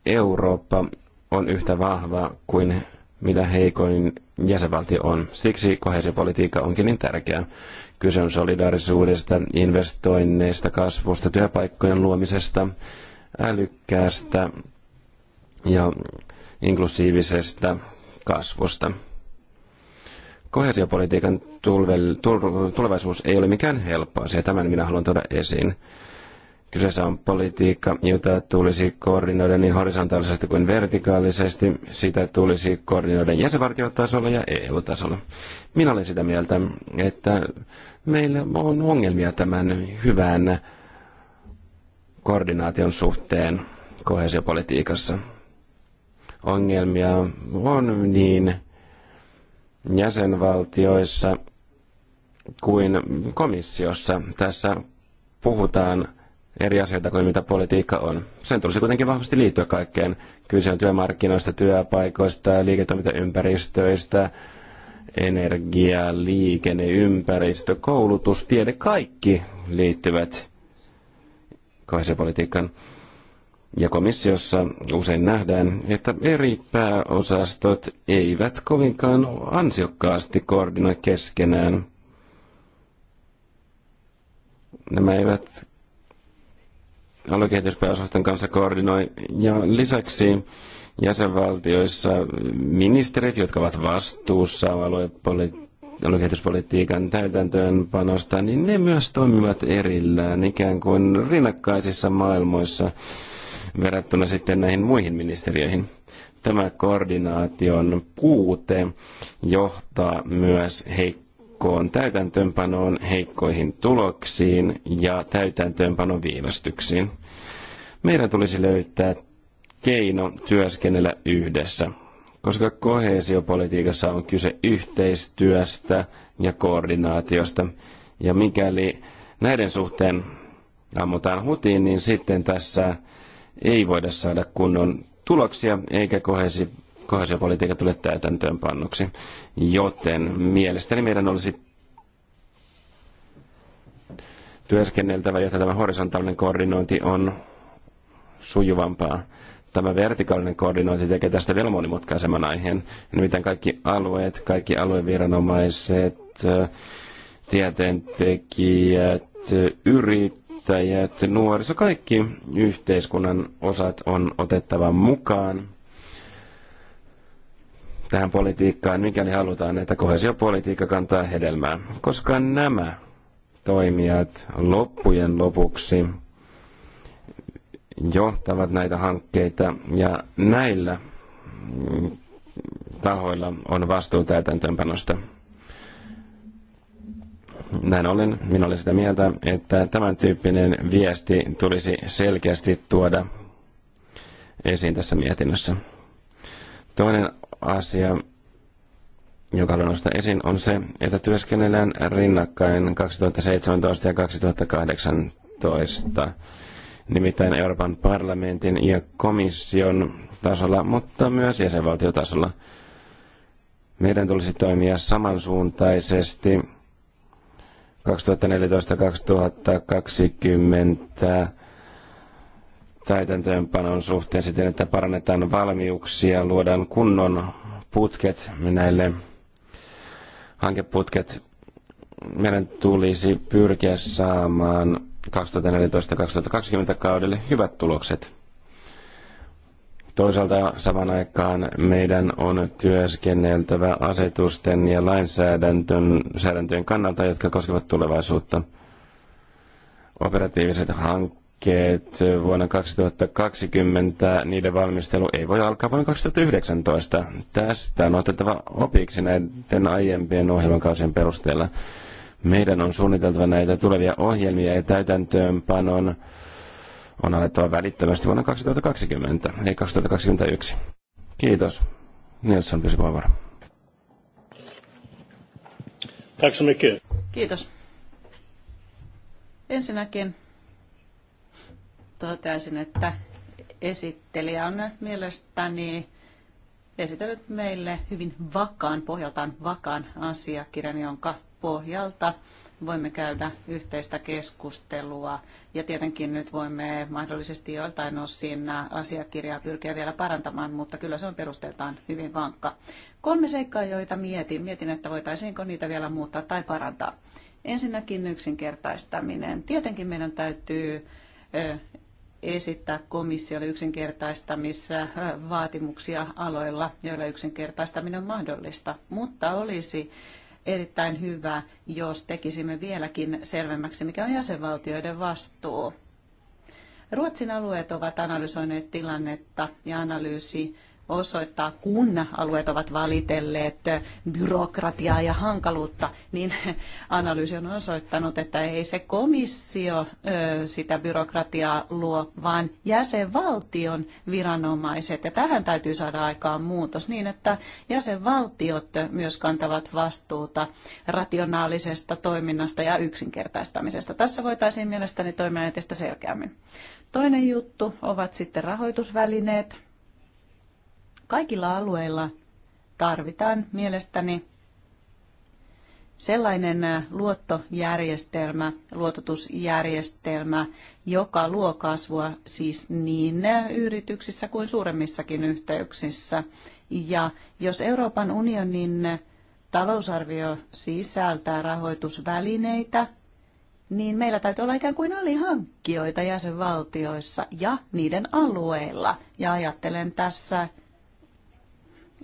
Eurooppa on yhtä vahva kuin mitä heikoin jäsenvaltio on. Siksi kohesiopolitiikka onkin niin tärkeää. Kyse on solidaarisuudesta, investoinneista, kasvusta, työpaikkojen luomisesta, älykkäästä ja inklusiivisesta kasvusta. Kohesiopolitiikan tulevaisuus ei ole mikään helppo asia, tämän minä haluan tuoda esiin. Kyseessä on politiikka, jota tulisi koordinoida niin horisontaalisesti kuin vertikaalisesti. Sitä tulisi koordinoida jäsenvaltiotasolla ja EU-tasolla. Minä olen sitä mieltä, että meillä on ongelmia tämän hyvän koordinaation suhteen kohesiopolitiikassa. Ongelmia on niin jäsenvaltioissa kuin komissiossa. Tässä puhutaan eri asioita kuin mitä politiikka on. Sen tulisi kuitenkin vahvasti liittyä kaikkeen. Kyse on työmarkkinoista, työpaikoista, liiketoimintaympäristöistä, energia, liikenne, ympäristö, koulutus, tiede, kaikki liittyvät kohesiopolitiikan ja komissiossa usein nähdään, että eri pääosastot eivät kovinkaan ansiokkaasti koordinoi keskenään. Nämä eivät aluekehityspääosaston kanssa koordinoi. Ja lisäksi jäsenvaltioissa ministerit, jotka ovat vastuussa aluepolitiikasta, aluekehityspolitiikan täytäntöönpanosta, niin ne myös toimivat erillään ikään kuin rinnakkaisissa maailmoissa verrattuna sitten näihin muihin ministeriöihin. Tämä koordinaation puute johtaa myös heikkoon heikkoon täytäntöönpanoon, heikkoihin tuloksiin ja täytäntöönpanon viivästyksiin. Meidän tulisi löytää keino työskennellä yhdessä, koska kohesiopolitiikassa on kyse yhteistyöstä ja koordinaatiosta. Ja mikäli näiden suhteen ammutaan hutiin, niin sitten tässä ei voida saada kunnon tuloksia, eikä kohesi kohesiopolitiikka tule täytäntöönpannuksi. Joten mielestäni meidän olisi työskenneltävä, jotta tämä horisontaalinen koordinointi on sujuvampaa. Tämä vertikaalinen koordinointi tekee tästä vielä monimutkaisemman aiheen. Nimittäin kaikki alueet, kaikki alueviranomaiset, tieteentekijät, yrittäjät, nuoriso, kaikki yhteiskunnan osat on otettava mukaan tähän politiikkaan, mikäli halutaan, että kohesiopolitiikka kantaa hedelmää. Koska nämä toimijat loppujen lopuksi johtavat näitä hankkeita ja näillä tahoilla on vastuu täytäntöönpanosta. Näin ollen minä olen sitä mieltä, että tämän tyyppinen viesti tulisi selkeästi tuoda esiin tässä mietinnössä. Toinen asia, joka haluan nostaa esiin, on se, että työskennellään rinnakkain 2017 ja 2018, nimittäin Euroopan parlamentin ja komission tasolla, mutta myös jäsenvaltiotasolla. Meidän tulisi toimia samansuuntaisesti 2014-2020 täytäntöönpanon suhteen siten, että parannetaan valmiuksia, luodaan kunnon putket näille hankeputket. Meidän tulisi pyrkiä saamaan 2014-2020 kaudelle hyvät tulokset. Toisaalta saman aikaan meidän on työskenneltävä asetusten ja lainsäädäntöjen kannalta, jotka koskevat tulevaisuutta. Operatiiviset hank hankkeet vuonna 2020, niiden valmistelu ei voi alkaa vuonna 2019. Tästä on otettava opiksi näiden aiempien ohjelmakausien perusteella. Meidän on suunniteltava näitä tulevia ohjelmia ja täytäntöönpanon on alettava välittömästi vuonna 2020, ei 2021. Kiitos. Nilsson, pysy puheenvuoro. Kiitos. Ensinnäkin toteaisin, että esittelijä on mielestäni esitellyt meille hyvin vakaan, pohjaltaan vakaan asiakirjan, jonka pohjalta voimme käydä yhteistä keskustelua. Ja tietenkin nyt voimme mahdollisesti joiltain osin asiakirjaa pyrkiä vielä parantamaan, mutta kyllä se on perusteeltaan hyvin vankka. Kolme seikkaa, joita mietin. Mietin, että voitaisiinko niitä vielä muuttaa tai parantaa. Ensinnäkin yksinkertaistaminen. Tietenkin meidän täytyy esittää komissiolle yksinkertaistamisvaatimuksia vaatimuksia aloilla, joilla yksinkertaistaminen on mahdollista, mutta olisi erittäin hyvä, jos tekisimme vieläkin selvemmäksi, mikä on jäsenvaltioiden vastuu. Ruotsin alueet ovat analysoineet tilannetta ja analyysi osoittaa, kun alueet ovat valitelleet byrokratiaa ja hankaluutta, niin analyysi on osoittanut, että ei se komissio sitä byrokratiaa luo, vaan jäsenvaltion viranomaiset. Ja tähän täytyy saada aikaan muutos niin, että jäsenvaltiot myös kantavat vastuuta rationaalisesta toiminnasta ja yksinkertaistamisesta. Tässä voitaisiin mielestäni toimia entistä selkeämmin. Toinen juttu ovat sitten rahoitusvälineet Kaikilla alueilla tarvitaan mielestäni sellainen äh, luottojärjestelmä, luototusjärjestelmä, joka luo kasvua siis niin äh, yrityksissä kuin suuremmissakin yhteyksissä. Ja jos Euroopan unionin äh, talousarvio sisältää rahoitusvälineitä, niin meillä täytyy olla ikään kuin alihankkijoita jäsenvaltioissa ja niiden alueilla. Ja ajattelen tässä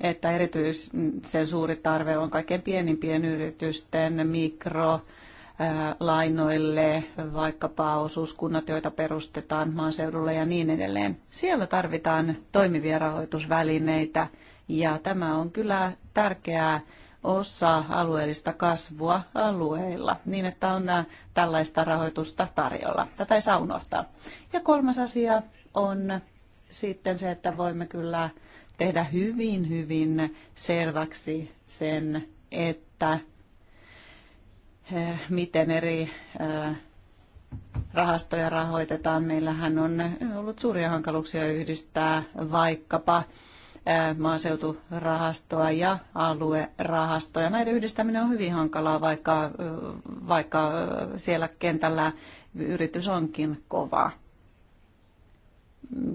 että erityisen suuri tarve on kaikkein pienimpien yritysten mikro, lainoille, vaikkapa osuuskunnat, joita perustetaan maaseudulla ja niin edelleen. Siellä tarvitaan toimivia rahoitusvälineitä ja tämä on kyllä tärkeää osa alueellista kasvua alueilla, niin että on äh, tällaista rahoitusta tarjolla. Tätä ei saa unohtaa. Ja kolmas asia on sitten se, että voimme kyllä tehdä hyvin, hyvin selväksi sen, että eh, miten eri eh, rahastoja rahoitetaan. Meillähän on ollut suuria hankaluuksia yhdistää vaikkapa eh, maaseuturahastoa ja aluerahastoja. Näiden yhdistäminen on hyvin hankalaa, vaikka, vaikka siellä kentällä yritys onkin kova.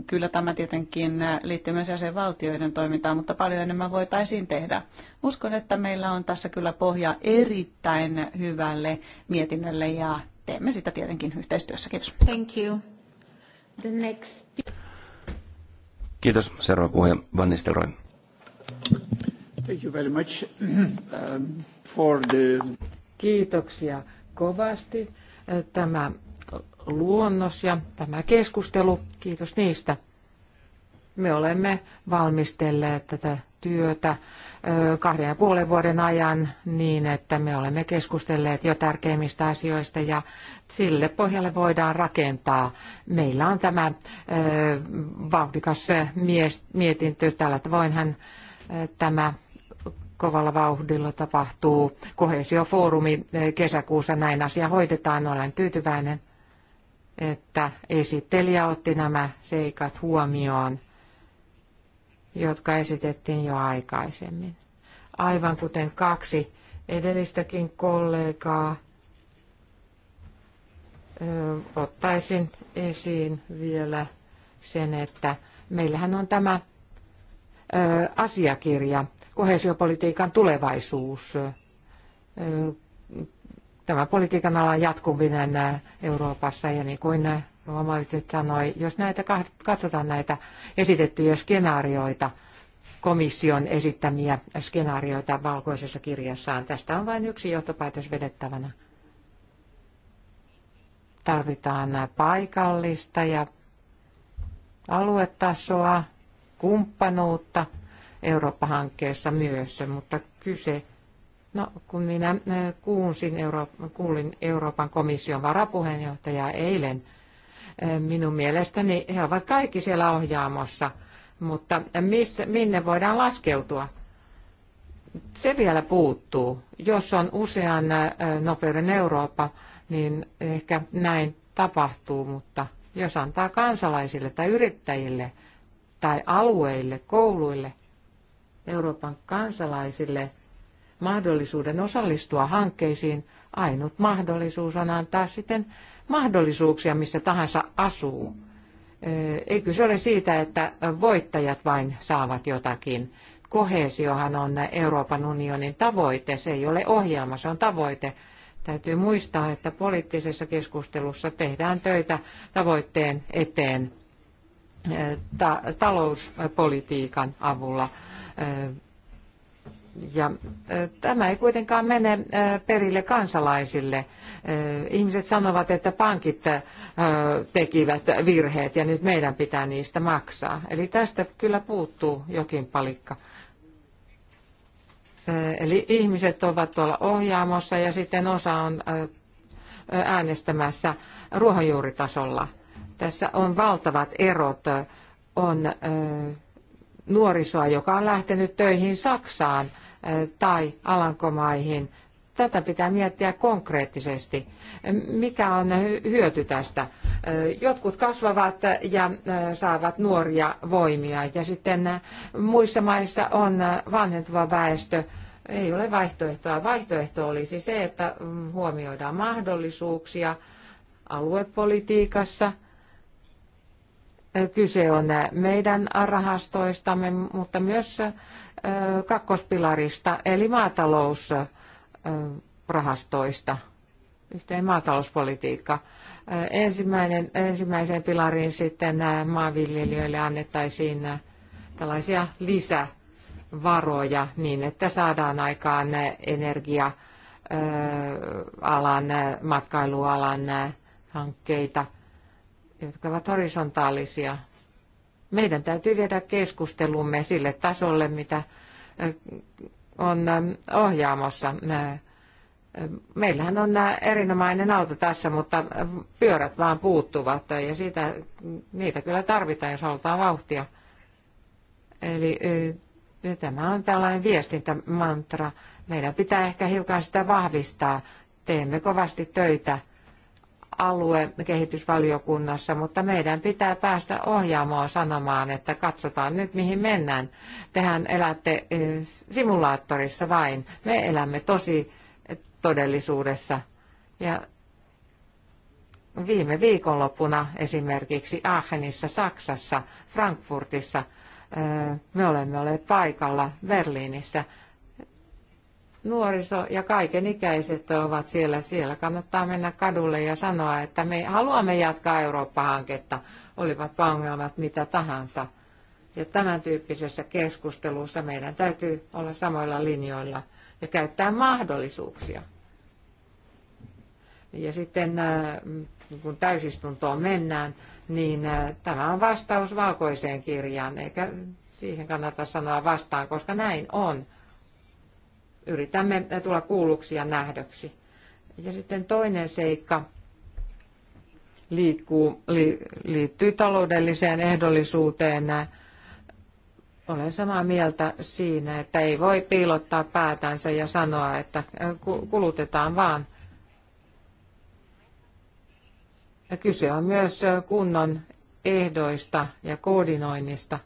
Kyllä tämä tietenkin liittyy myös jäsenvaltioiden toimintaan, mutta paljon enemmän voitaisiin tehdä. Uskon, että meillä on tässä kyllä pohja erittäin hyvälle mietinnölle ja teemme sitä tietenkin yhteistyössä. Kiitos. Thank you. The next... Kiitos. Seuraava puhuja, Van Nistelrooy. Thank you very much um, for the... Kiitoksia kovasti. Tämä luonnos ja tämä keskustelu. Kiitos niistä. Me olemme valmistelleet tätä työtä kahden ja puolen vuoden ajan niin, että me olemme keskustelleet jo tärkeimmistä asioista ja sille pohjalle voidaan rakentaa. Meillä on tämä vauhdikas mietintö. Tällä tavoinhan tämä kovalla vauhdilla tapahtuu. Kohesiofoorumi kesäkuussa näin asia hoidetaan. Olen tyytyväinen että esittelijä otti nämä seikat huomioon, jotka esitettiin jo aikaisemmin. Aivan kuten kaksi edellistäkin kollegaa, ottaisin esiin vielä sen, että meillähän on tämä asiakirja, kohesiopolitiikan tulevaisuus, tämä politiikan ala jatkuminen Euroopassa ja niin kuin Romalityt sanoi, jos näitä katsotaan näitä esitettyjä skenaarioita, komission esittämiä skenaarioita valkoisessa kirjassaan, tästä on vain yksi johtopäätös vedettävänä. Tarvitaan paikallista ja aluetasoa, kumppanuutta Eurooppa-hankkeessa myös, mutta kyse No, kun minä kuunsin Euro- kuulin Euroopan komission varapuheenjohtajaa eilen, minun mielestäni he ovat kaikki siellä ohjaamossa, mutta miss, minne voidaan laskeutua? Se vielä puuttuu. Jos on usean nopeuden Eurooppa, niin ehkä näin tapahtuu, mutta jos antaa kansalaisille tai yrittäjille tai alueille, kouluille, Euroopan kansalaisille mahdollisuuden osallistua hankkeisiin, ainut mahdollisuus on antaa sitten mahdollisuuksia, missä tahansa asuu. Eikö se ole siitä, että voittajat vain saavat jotakin. Kohesiohan on Euroopan unionin tavoite, se ei ole ohjelma, se on tavoite. Täytyy muistaa, että poliittisessa keskustelussa tehdään töitä tavoitteen eteen ta- talouspolitiikan avulla ja tämä ei kuitenkaan mene perille kansalaisille. Ihmiset sanovat, että pankit tekivät virheet ja nyt meidän pitää niistä maksaa. Eli tästä kyllä puuttuu jokin palikka. Eli ihmiset ovat tuolla ohjaamossa ja sitten osa on äänestämässä ruohonjuuritasolla. Tässä on valtavat erot. On nuorisoa, joka on lähtenyt töihin Saksaan – tai Alankomaihin. Tätä pitää miettiä konkreettisesti. Mikä on hyöty tästä? Jotkut kasvavat ja saavat nuoria voimia ja sitten muissa maissa on vanhentuva väestö. Ei ole vaihtoehtoa. Vaihtoehto olisi se, että huomioidaan mahdollisuuksia aluepolitiikassa – Kyse on meidän rahastoistamme, mutta myös kakkospilarista, eli maatalousrahastoista, yhteen maatalouspolitiikka. Ensimmäinen, ensimmäiseen pilariin sitten maanviljelijöille annettaisiin tällaisia lisävaroja niin, että saadaan aikaan energia alan, matkailualan hankkeita, jotka ovat horisontaalisia meidän täytyy viedä keskustelumme sille tasolle, mitä on ohjaamossa. Meillähän on erinomainen auto tässä, mutta pyörät vaan puuttuvat ja siitä, niitä kyllä tarvitaan, jos halutaan vauhtia. Eli tämä on tällainen viestintämantra. Meidän pitää ehkä hiukan sitä vahvistaa. Teemme kovasti töitä kehitysvaliokunnassa, mutta meidän pitää päästä ohjaamoon sanomaan, että katsotaan nyt mihin mennään. Tehän elätte eh, simulaattorissa vain. Me elämme tosi todellisuudessa. Ja viime viikonloppuna esimerkiksi Aachenissa, Saksassa, Frankfurtissa, eh, me olemme olleet paikalla Berliinissä – nuoriso ja kaikenikäiset ovat siellä. Siellä kannattaa mennä kadulle ja sanoa, että me haluamme jatkaa Eurooppa-hanketta, olivat ongelmat mitä tahansa. Ja tämän tyyppisessä keskustelussa meidän täytyy olla samoilla linjoilla ja käyttää mahdollisuuksia. Ja sitten äh, kun täysistuntoon mennään, niin äh, tämä on vastaus valkoiseen kirjaan, eikä siihen kannata sanoa vastaan, koska näin on yritämme tulla kuulluksi ja nähdöksi. Ja sitten toinen seikka liikkuu, li, liittyy taloudelliseen ehdollisuuteen. Olen samaa mieltä siinä, että ei voi piilottaa päätänsä ja sanoa, että kulutetaan vaan. Ja kyse on myös kunnon ehdoista ja koordinoinnista.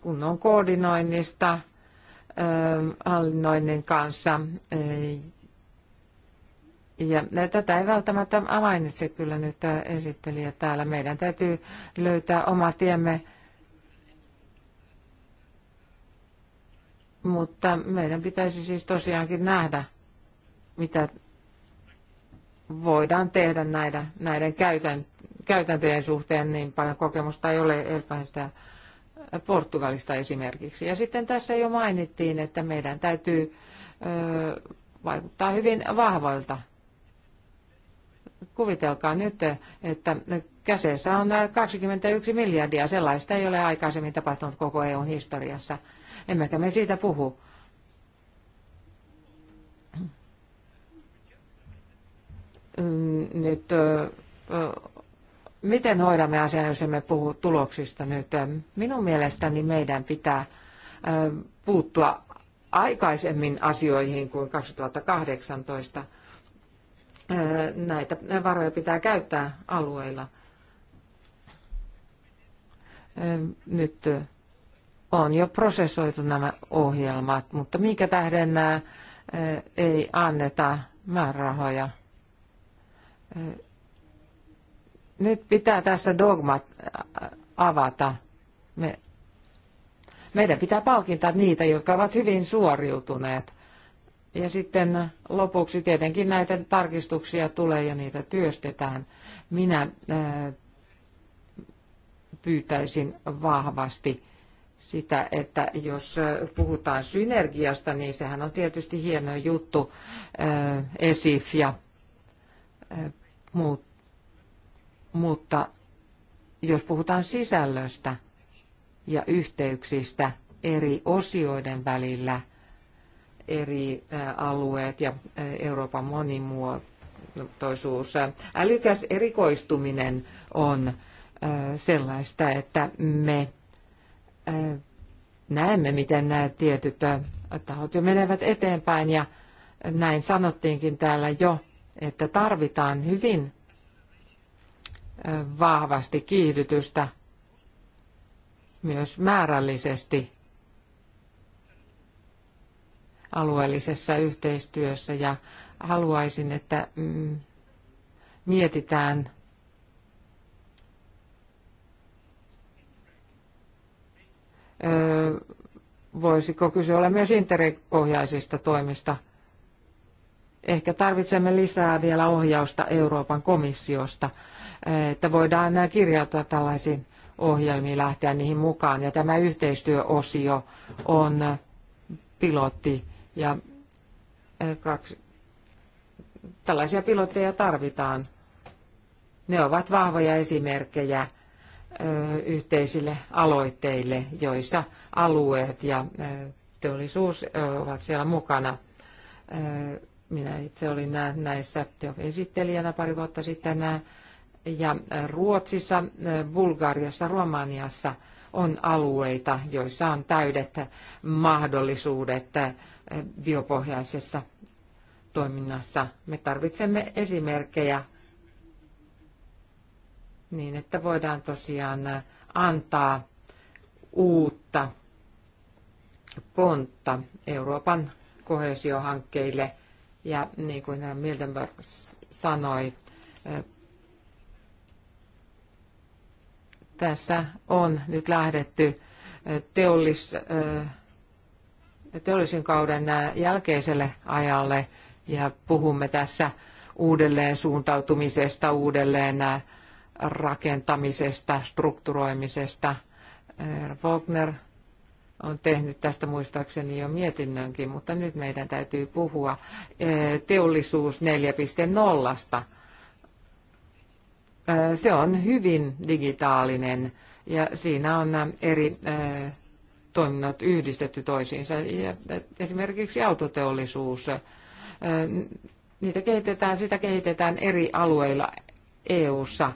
kunnon koordinoinnista hallinnoinnin kanssa. Ja tätä ei välttämättä mainitse kyllä nyt esittelijä täällä. Meidän täytyy löytää oma tiemme, mutta meidän pitäisi siis tosiaankin nähdä, mitä voidaan tehdä näiden, näiden käytäntöjen suhteen. Niin paljon kokemusta ei ole, elpäin Portugalista esimerkiksi. Ja sitten tässä jo mainittiin, että meidän täytyy vaikuttaa hyvin vahvoilta. Kuvitelkaa nyt, että käseessä on 21 miljardia. Sellaista ei ole aikaisemmin tapahtunut koko EUn historiassa. Emmekä me siitä puhu. Nyt miten hoidamme asian, jos emme puhu tuloksista nyt? Minun mielestäni meidän pitää puuttua aikaisemmin asioihin kuin 2018. Näitä varoja pitää käyttää alueilla. Nyt on jo prosessoitu nämä ohjelmat, mutta minkä tähden nämä ei anneta määrärahoja nyt pitää tässä dogmat äh, avata. Me, meidän pitää palkintaa niitä, jotka ovat hyvin suoriutuneet. Ja sitten lopuksi tietenkin näitä tarkistuksia tulee ja niitä työstetään. Minä ää, äh, pyytäisin vahvasti sitä, että jos äh, puhutaan synergiasta, niin sehän on tietysti hieno juttu, ää, ESIF ja ää, muut mutta jos puhutaan sisällöstä ja yhteyksistä eri osioiden välillä, eri alueet ja Euroopan monimuotoisuus, älykäs erikoistuminen on sellaista, että me näemme, miten nämä tietyt tahot jo menevät eteenpäin ja näin sanottiinkin täällä jo, että tarvitaan hyvin vahvasti kiihdytystä myös määrällisesti alueellisessa yhteistyössä ja haluaisin, että mm, mietitään voisiko kyse olla myös interpohjaisista toimista. Ehkä tarvitsemme lisää vielä ohjausta Euroopan komissiosta että voidaan kirjautua tällaisiin ohjelmiin, lähteä niihin mukaan. Ja tämä yhteistyöosio on pilotti ja kaksi, tällaisia pilotteja tarvitaan. Ne ovat vahvoja esimerkkejä yhteisille aloitteille, joissa alueet ja teollisuus ovat siellä mukana. Minä itse olin näissä jo esittelijänä pari vuotta sitten ja Ruotsissa, Bulgariassa, Romaniassa on alueita, joissa on täydet mahdollisuudet biopohjaisessa toiminnassa. Me tarvitsemme esimerkkejä niin, että voidaan tosiaan antaa uutta pontta Euroopan kohesiohankkeille. Ja niin kuin Mildenberg sanoi, tässä on nyt lähdetty teollis, teollisen kauden jälkeiselle ajalle ja puhumme tässä uudelleen suuntautumisesta, uudelleen rakentamisesta, strukturoimisesta. Wagner on tehnyt tästä muistaakseni jo mietinnönkin, mutta nyt meidän täytyy puhua teollisuus 4.0 se on hyvin digitaalinen ja siinä on eri toiminnot yhdistetty toisiinsa. Ja esimerkiksi autoteollisuus, niitä kehitetään, sitä kehitetään eri alueilla EU-ssa.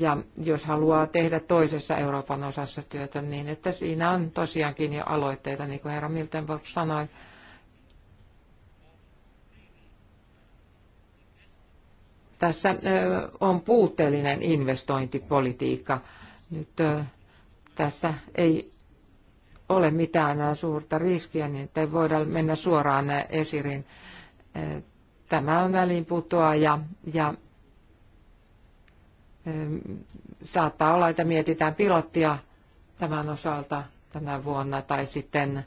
Ja jos haluaa tehdä toisessa Euroopan osassa työtä, niin että siinä on tosiaankin jo aloitteita, niin kuin herra Miltenborg sanoi. Tässä on puutteellinen investointipolitiikka. Nyt tässä ei ole mitään suurta riskiä, niin ei voida mennä suoraan esirin. Tämä on väliinputoa ja, ja saattaa olla, että mietitään pilottia tämän osalta tänä vuonna tai sitten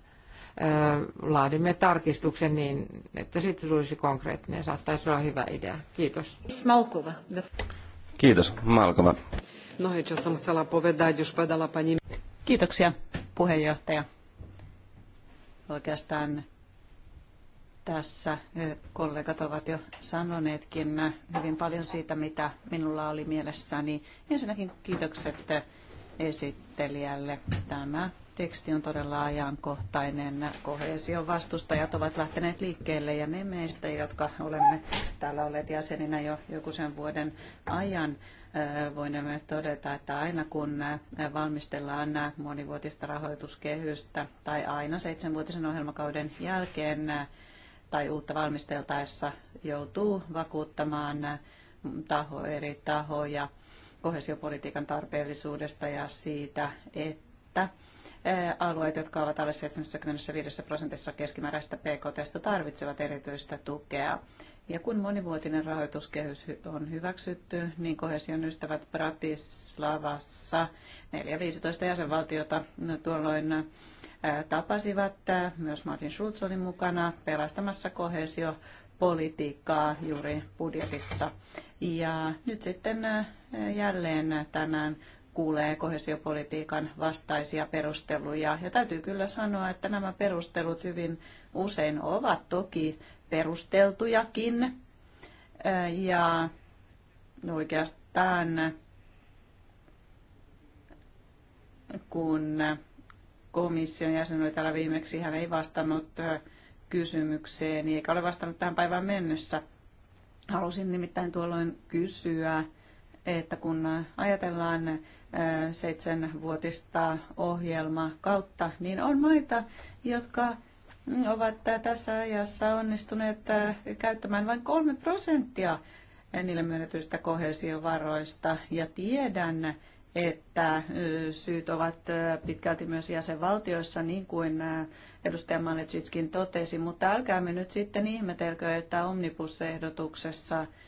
laadimme tarkistuksen niin, että siitä tulisi konkreettinen. Saattaisi olla hyvä idea. Kiitos. Malkova. Kiitos. Malkova. No Kiitoksia, puheenjohtaja. Oikeastaan tässä kollegat ovat jo sanoneetkin hyvin paljon siitä, mitä minulla oli mielessäni. Ensinnäkin kiitokset esittelijälle. Tämä teksti on todella ajankohtainen. Kohesion vastustajat ovat lähteneet liikkeelle ja ne meistä, jotka olemme täällä olleet jäseninä jo joku sen vuoden ajan, äh, voimme todeta, että aina kun äh, valmistellaan äh, monivuotista rahoituskehystä tai aina seitsemänvuotisen ohjelmakauden jälkeen tai uutta valmisteltaessa joutuu vakuuttamaan taho, eri tahoja kohesiopolitiikan tarpeellisuudesta ja siitä, että alueet, jotka ovat alle 75 prosentissa keskimääräistä PKT, tarvitsevat erityistä tukea. Ja kun monivuotinen rahoituskehys on hyväksytty, niin kohesion ystävät Bratislavassa 4-15 jäsenvaltiota tuolloin tapasivat. Myös Martin Schulz oli mukana pelastamassa kohesio politiikkaa juuri budjetissa. Ja nyt sitten jälleen tänään kuulee kohesiopolitiikan vastaisia perusteluja. Ja täytyy kyllä sanoa, että nämä perustelut hyvin usein ovat toki perusteltujakin. Ja oikeastaan kun komission jäsen oli täällä viimeksi, hän ei vastannut kysymykseen, eikä ole vastannut tähän päivään mennessä. Halusin nimittäin tuolloin kysyä, että kun ajatellaan seitsemänvuotista ohjelmaa kautta, niin on maita, jotka ovat tässä ajassa onnistuneet äh, käyttämään vain kolme prosenttia niille myönnetyistä kohesiovaroista. Ja tiedän, että äh, syyt ovat äh, pitkälti myös jäsenvaltioissa, niin kuin edustaja Malecitskin totesi, mutta älkäämme nyt sitten ihmetelkö, että omnibusehdotuksessa ehdotuksessa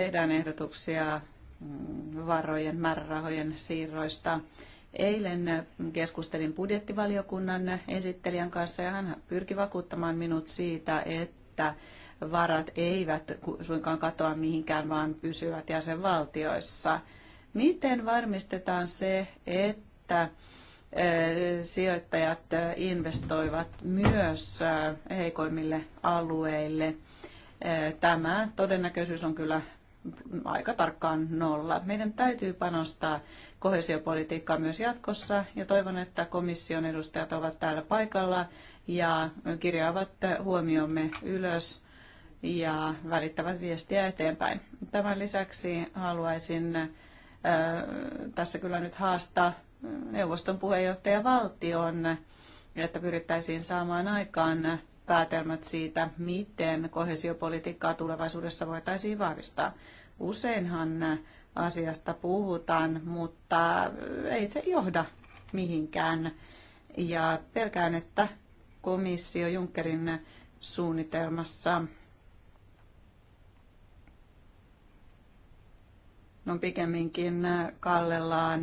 tehdään ehdotuksia mm, varojen, määrärahojen siirroista. Eilen keskustelin budjettivaliokunnan esittelijän kanssa ja hän pyrki vakuuttamaan minut siitä, että varat eivät suinkaan katoa mihinkään, vaan pysyvät jäsenvaltioissa. Miten varmistetaan se, että sijoittajat investoivat myös heikoimmille alueille? Tämä todennäköisyys on kyllä aika tarkkaan nolla. Meidän täytyy panostaa kohesiopolitiikkaa myös jatkossa ja toivon, että komission edustajat ovat täällä paikalla ja kirjaavat huomiomme ylös ja välittävät viestiä eteenpäin. Tämän lisäksi haluaisin tässä kyllä nyt haastaa neuvoston puheenjohtajavaltion, että pyrittäisiin saamaan aikaan päätelmät siitä, miten kohesiopolitiikkaa tulevaisuudessa voitaisiin vahvistaa. Useinhan asiasta puhutaan, mutta ei se johda mihinkään. Ja pelkään, että komissio Junckerin suunnitelmassa on pikemminkin kallellaan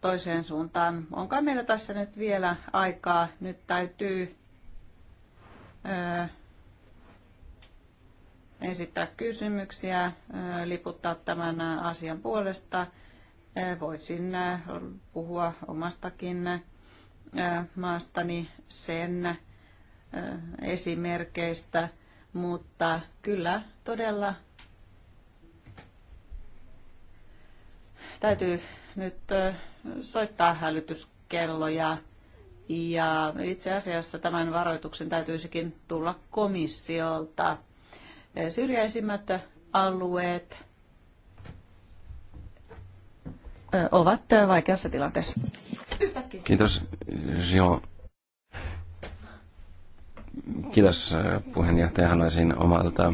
toiseen suuntaan. Onko meillä tässä nyt vielä aikaa? Nyt täytyy esittää kysymyksiä, liputtaa tämän asian puolesta. Voisin puhua omastakin maastani sen esimerkeistä, mutta kyllä todella täytyy nyt soittaa hälytyskelloja ja itse asiassa tämän varoituksen täytyisikin tulla komissiolta. Syrjäisimmät alueet ovat vaikeassa tilanteessa. Yhtäkkiä. Kiitos, Jo. Kiitos puheenjohtaja. Haluaisin omalta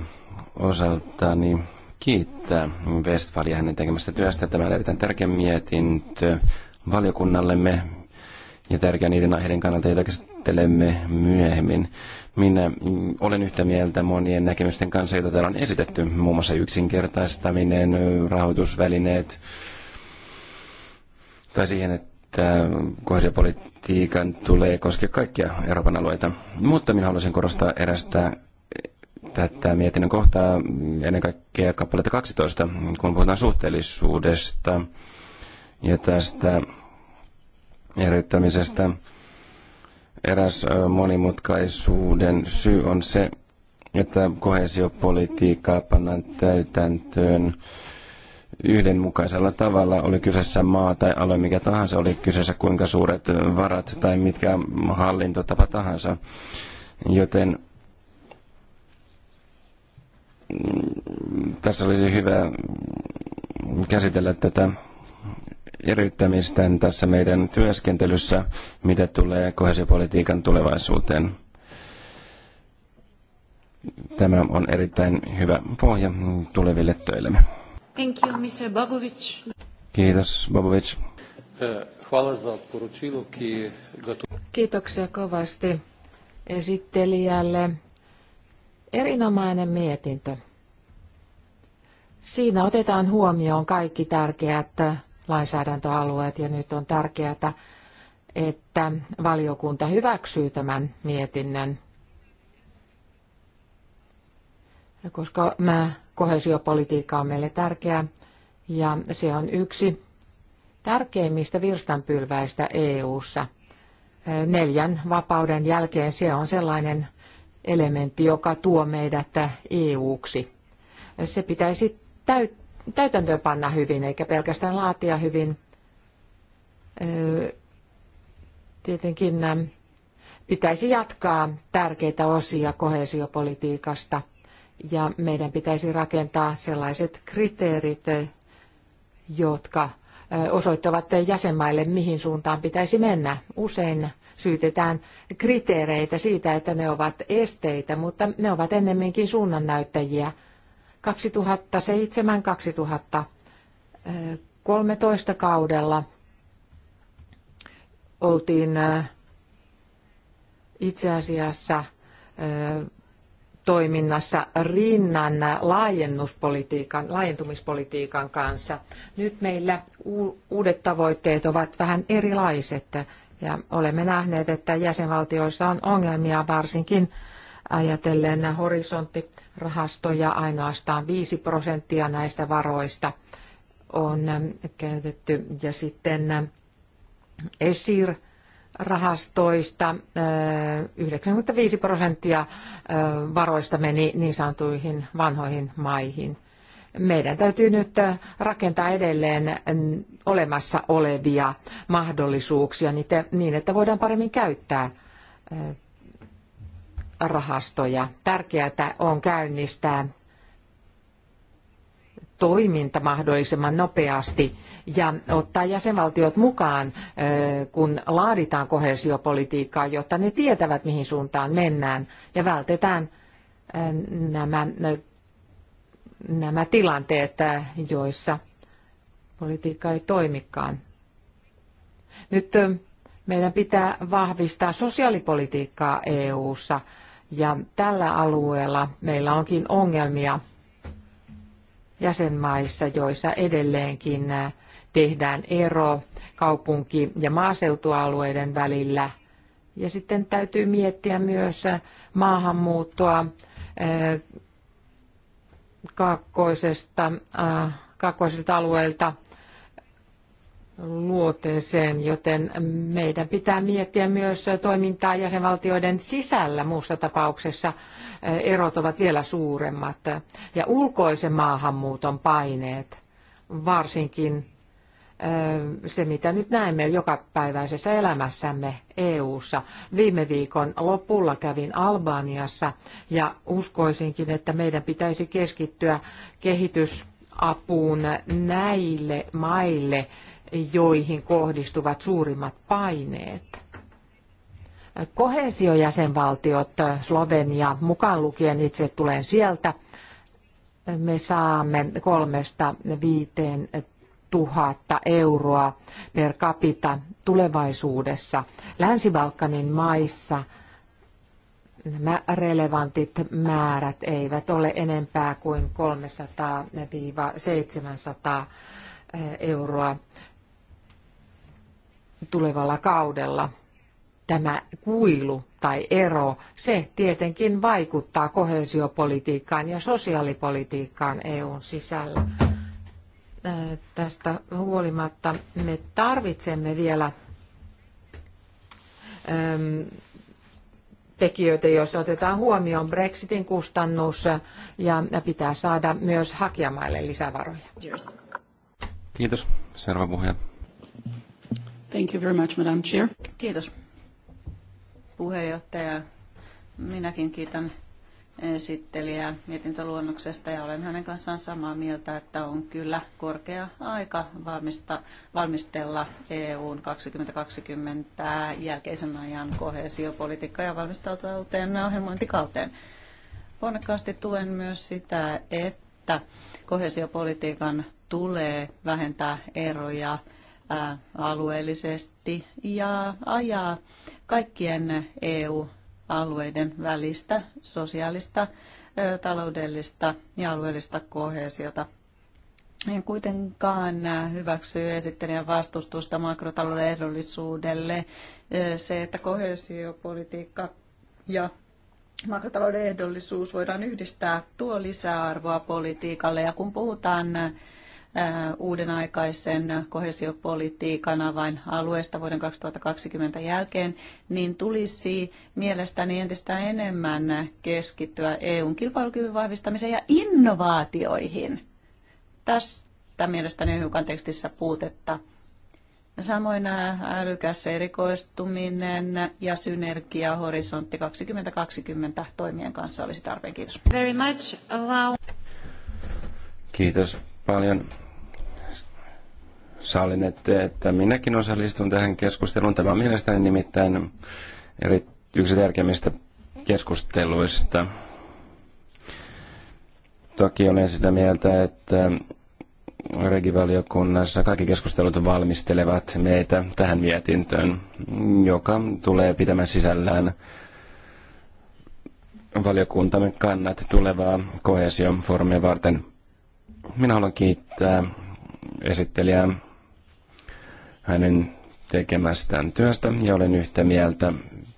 osaltani kiittää Westfalia hänen tekemästä työstä. Tämä on erittäin tärkeä mietintö valiokunnallemme ja tärkeä niiden aiheiden kannalta, joita käsittelemme myöhemmin. Minä olen yhtä mieltä monien näkemysten kanssa, joita täällä on esitetty, muun muassa yksinkertaistaminen, rahoitusvälineet, tai siihen, että kohesiopolitiikan tulee koskea kaikkia Euroopan alueita. Mutta minä haluaisin korostaa erästä tätä mietinnön kohtaa, ennen kaikkea kappaletta 12, kun puhutaan suhteellisuudesta ja tästä eriyttämisestä. Eräs monimutkaisuuden syy on se, että kohesiopolitiikkaa pannaan täytäntöön yhdenmukaisella tavalla, oli kyseessä maa tai alue mikä tahansa, oli kyseessä kuinka suuret varat tai mitkä hallintotapa tahansa. Joten mm, tässä olisi hyvä käsitellä tätä eriyttämistä tässä meidän työskentelyssä, mitä tulee kohesiopolitiikan tulevaisuuteen. Tämä on erittäin hyvä pohja tuleville töillemme. Thank you, Mr. Bobovic. Kiitos, Bobovic. Eh, Kiitoksia kovasti esittelijälle. Erinomainen mietintö. Siinä otetaan huomioon kaikki tärkeät lainsäädäntöalueet ja nyt on tärkeää, että valiokunta hyväksyy tämän mietinnön, koska mä, kohesiopolitiikka on meille tärkeä ja se on yksi tärkeimmistä virstanpylväistä EU:ssa. Neljän vapauden jälkeen se on sellainen elementti, joka tuo meidät EU-ksi. Se pitäisi täyttää täytäntöön panna hyvin, eikä pelkästään laatia hyvin. Tietenkin pitäisi jatkaa tärkeitä osia kohesiopolitiikasta ja meidän pitäisi rakentaa sellaiset kriteerit, jotka osoittavat jäsenmaille, mihin suuntaan pitäisi mennä. Usein syytetään kriteereitä siitä, että ne ovat esteitä, mutta ne ovat ennemminkin suunnannäyttäjiä. näyttäjiä 2007-2013 kaudella oltiin itse asiassa toiminnassa rinnan laajennuspolitiikan, laajentumispolitiikan kanssa. Nyt meillä uudet tavoitteet ovat vähän erilaiset ja olemme nähneet, että jäsenvaltioissa on ongelmia varsinkin ajatellen horisonttirahastoja ainoastaan 5 prosenttia näistä varoista on käytetty ja sitten ESIR rahastoista 95 prosenttia eh, varoista meni niin sanotuihin vanhoihin maihin. Meidän täytyy nyt rakentaa edelleen olemassa olevia mahdollisuuksia niin, että voidaan paremmin käyttää eh, rahastoja. Tärkeää on käynnistää toiminta mahdollisimman nopeasti ja ottaa jäsenvaltiot mukaan, kun laaditaan koheesiopolitiikkaa, jotta ne tietävät, mihin suuntaan mennään ja vältetään nämä, nämä tilanteet, joissa politiikka ei toimikaan. Nyt meidän pitää vahvistaa sosiaalipolitiikkaa EU-ssa ja tällä alueella meillä onkin ongelmia jäsenmaissa, joissa edelleenkin tehdään ero kaupunki- ja maaseutualueiden välillä. Ja sitten täytyy miettiä myös maahanmuuttoa kaakkoisesta, kaakkoisilta alueilta luoteeseen, joten meidän pitää miettiä myös toimintaa jäsenvaltioiden sisällä. Muussa tapauksessa eh, erot ovat vielä suuremmat. Ja ulkoisen maahanmuuton paineet, varsinkin eh, se, mitä nyt näemme jokapäiväisessä elämässämme EU-ssa. Viime viikon lopulla kävin Albaniassa ja uskoisinkin, että meidän pitäisi keskittyä kehitysapuun näille maille, joihin kohdistuvat suurimmat paineet. Kohesiojäsenvaltiot, Slovenia mukaan lukien itse tulen sieltä, me saamme kolmesta viiteen tuhatta euroa per capita tulevaisuudessa. Länsi-Balkanin maissa nämä relevantit määrät eivät ole enempää kuin 300-700 euroa tulevalla kaudella. Tämä kuilu tai ero, se tietenkin vaikuttaa kohesiopolitiikkaan ja sosiaalipolitiikkaan EUn sisällä. Äh, tästä huolimatta me tarvitsemme vielä ähm, tekijöitä, joissa otetaan huomioon Brexitin kustannus ja pitää saada myös hakijamaille lisävaroja. Kiitos. Seuraava puhuja. Thank you very much, Madam Chair. Kiitos puheenjohtaja. Minäkin kiitän esittelijää mietintöluonnoksesta ja olen hänen kanssaan samaa mieltä, että on kyllä korkea aika valmista, valmistella EUn 2020 jälkeisen ajan kohesiopolitiikkaa ja valmistautua uuteen ohjelmointikauteen. Ponnekkaasti tuen myös sitä, että kohesiopolitiikan tulee vähentää eroja alueellisesti ja ajaa kaikkien EU-alueiden välistä sosiaalista, taloudellista ja alueellista kohesiota. En kuitenkaan hyväksy esittelijän vastustusta makrotalouden ehdollisuudelle. Se, että kohesiopolitiikka ja makrotalouden ehdollisuus voidaan yhdistää, tuo lisäarvoa politiikalle. Ja kun puhutaan Äh, uuden aikaisen kohesiopolitiikan alueesta vuoden 2020 jälkeen, niin tulisi mielestäni entistä enemmän keskittyä EUn kilpailukyvyn vahvistamiseen ja innovaatioihin. Tästä mielestäni hiukan tekstissä puutetta. Samoin äh, älykäs erikoistuminen ja synergia horisontti 2020 toimien kanssa olisi tarpeen. Kiitos. Very much. Allow. Kiitos paljon sallinette, että minäkin osallistun tähän keskusteluun. Tämä on mielestäni nimittäin eri, yksi tärkeimmistä keskusteluista. Toki olen sitä mieltä, että regivaliokunnassa kaikki keskustelut valmistelevat meitä tähän mietintöön, joka tulee pitämään sisällään valiokuntamme kannat tulevaa kohesioformia varten – minä haluan kiittää esittelijää hänen tekemästään työstä ja olen yhtä mieltä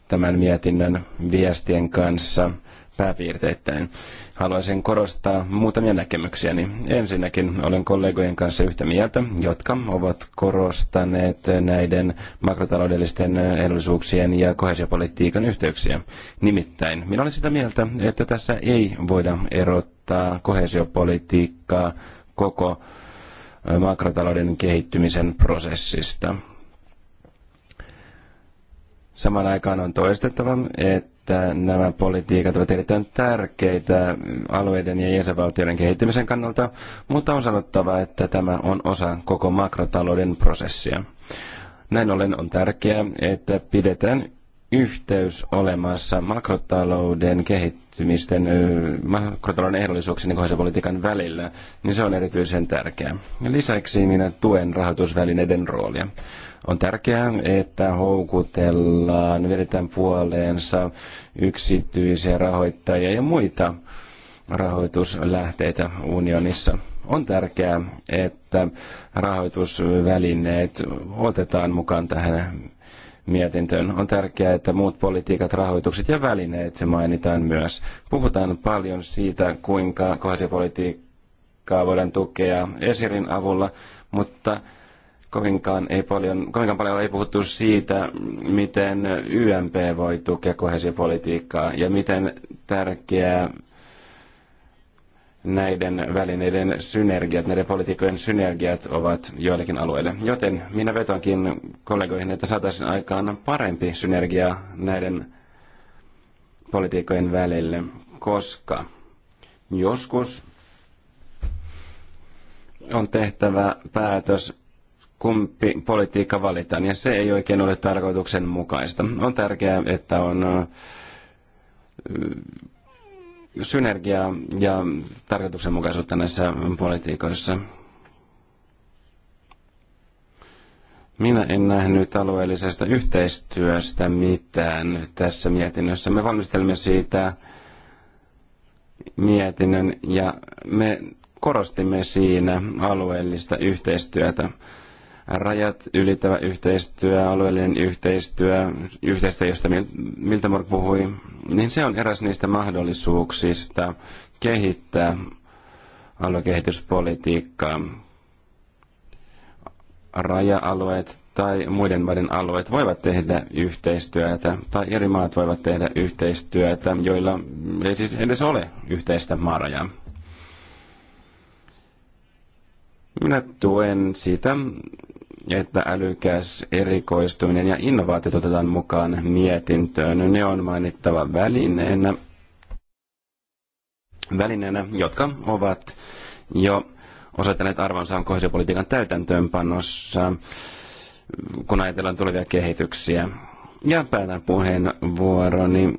tämän mietinnön viestien kanssa pääpiirteittäin. Haluaisin korostaa muutamia näkemyksiäni. Ensinnäkin olen kollegojen kanssa yhtä mieltä, jotka ovat korostaneet näiden makrotaloudellisten edullisuuksien ja kohesiopolitiikan yhteyksiä. Nimittäin minä olen sitä mieltä, että tässä ei voida erottaa rahoittaa kohesiopolitiikkaa koko makrotalouden kehittymisen prosessista. Samaan aikaan on toistettava, että nämä politiikat ovat erittäin tärkeitä alueiden ja jäsenvaltioiden kehittymisen kannalta, mutta on sanottava, että tämä on osa koko makrotalouden prosessia. Näin ollen on tärkeää, että pidetään yhteys olemassa makrotalouden kehittymisten, makrotalouden ehdollisuuksien ja kohdallisen välillä, niin se on erityisen tärkeää. Lisäksi minä tuen rahoitusvälineiden roolia. On tärkeää, että houkutellaan, vedetään puoleensa yksityisiä rahoittajia ja muita rahoituslähteitä unionissa. On tärkeää, että rahoitusvälineet otetaan mukaan tähän mietintöön. On tärkeää, että muut politiikat, rahoitukset ja välineet se mainitaan myös. Puhutaan paljon siitä, kuinka kohesipolitiikkaa voidaan tukea esirin avulla, mutta kovinkaan, ei paljon, kovinkaan paljon ei puhuttu siitä, miten YMP voi tukea kohesipolitiikkaa ja miten tärkeää näiden välineiden synergiat, näiden poliitikkojen synergiat ovat joillekin alueille. Joten minä vetoankin kollegoihin, että saataisiin aikaan parempi synergia näiden poliitikkojen välille, koska joskus on tehtävä päätös, kumpi politiikka valitaan, ja se ei oikein ole tarkoituksenmukaista. On tärkeää, että on synergiaa ja tarkoituksenmukaisuutta näissä politiikoissa. Minä en nähnyt alueellisesta yhteistyöstä mitään tässä mietinnössä. Me valmistelimme siitä mietinnön ja me korostimme siinä alueellista yhteistyötä rajat ylittävä yhteistyö, alueellinen yhteistyö, yhteistyö, josta Miltamorg puhui, niin se on eräs niistä mahdollisuuksista kehittää aluekehityspolitiikkaa. Raja-alueet tai muiden maiden alueet voivat tehdä yhteistyötä, tai eri maat voivat tehdä yhteistyötä, joilla ei siis edes ole yhteistä maarajaa. Minä tuen sitä, että älykäs erikoistuminen ja innovaatiot otetaan mukaan mietintöön. Ne on mainittava välineenä, välineenä jotka ovat jo osoittaneet arvonsa kohesiopolitiikan täytäntöönpanossa, kun ajatellaan tulevia kehityksiä. Ja päätän puheenvuoroni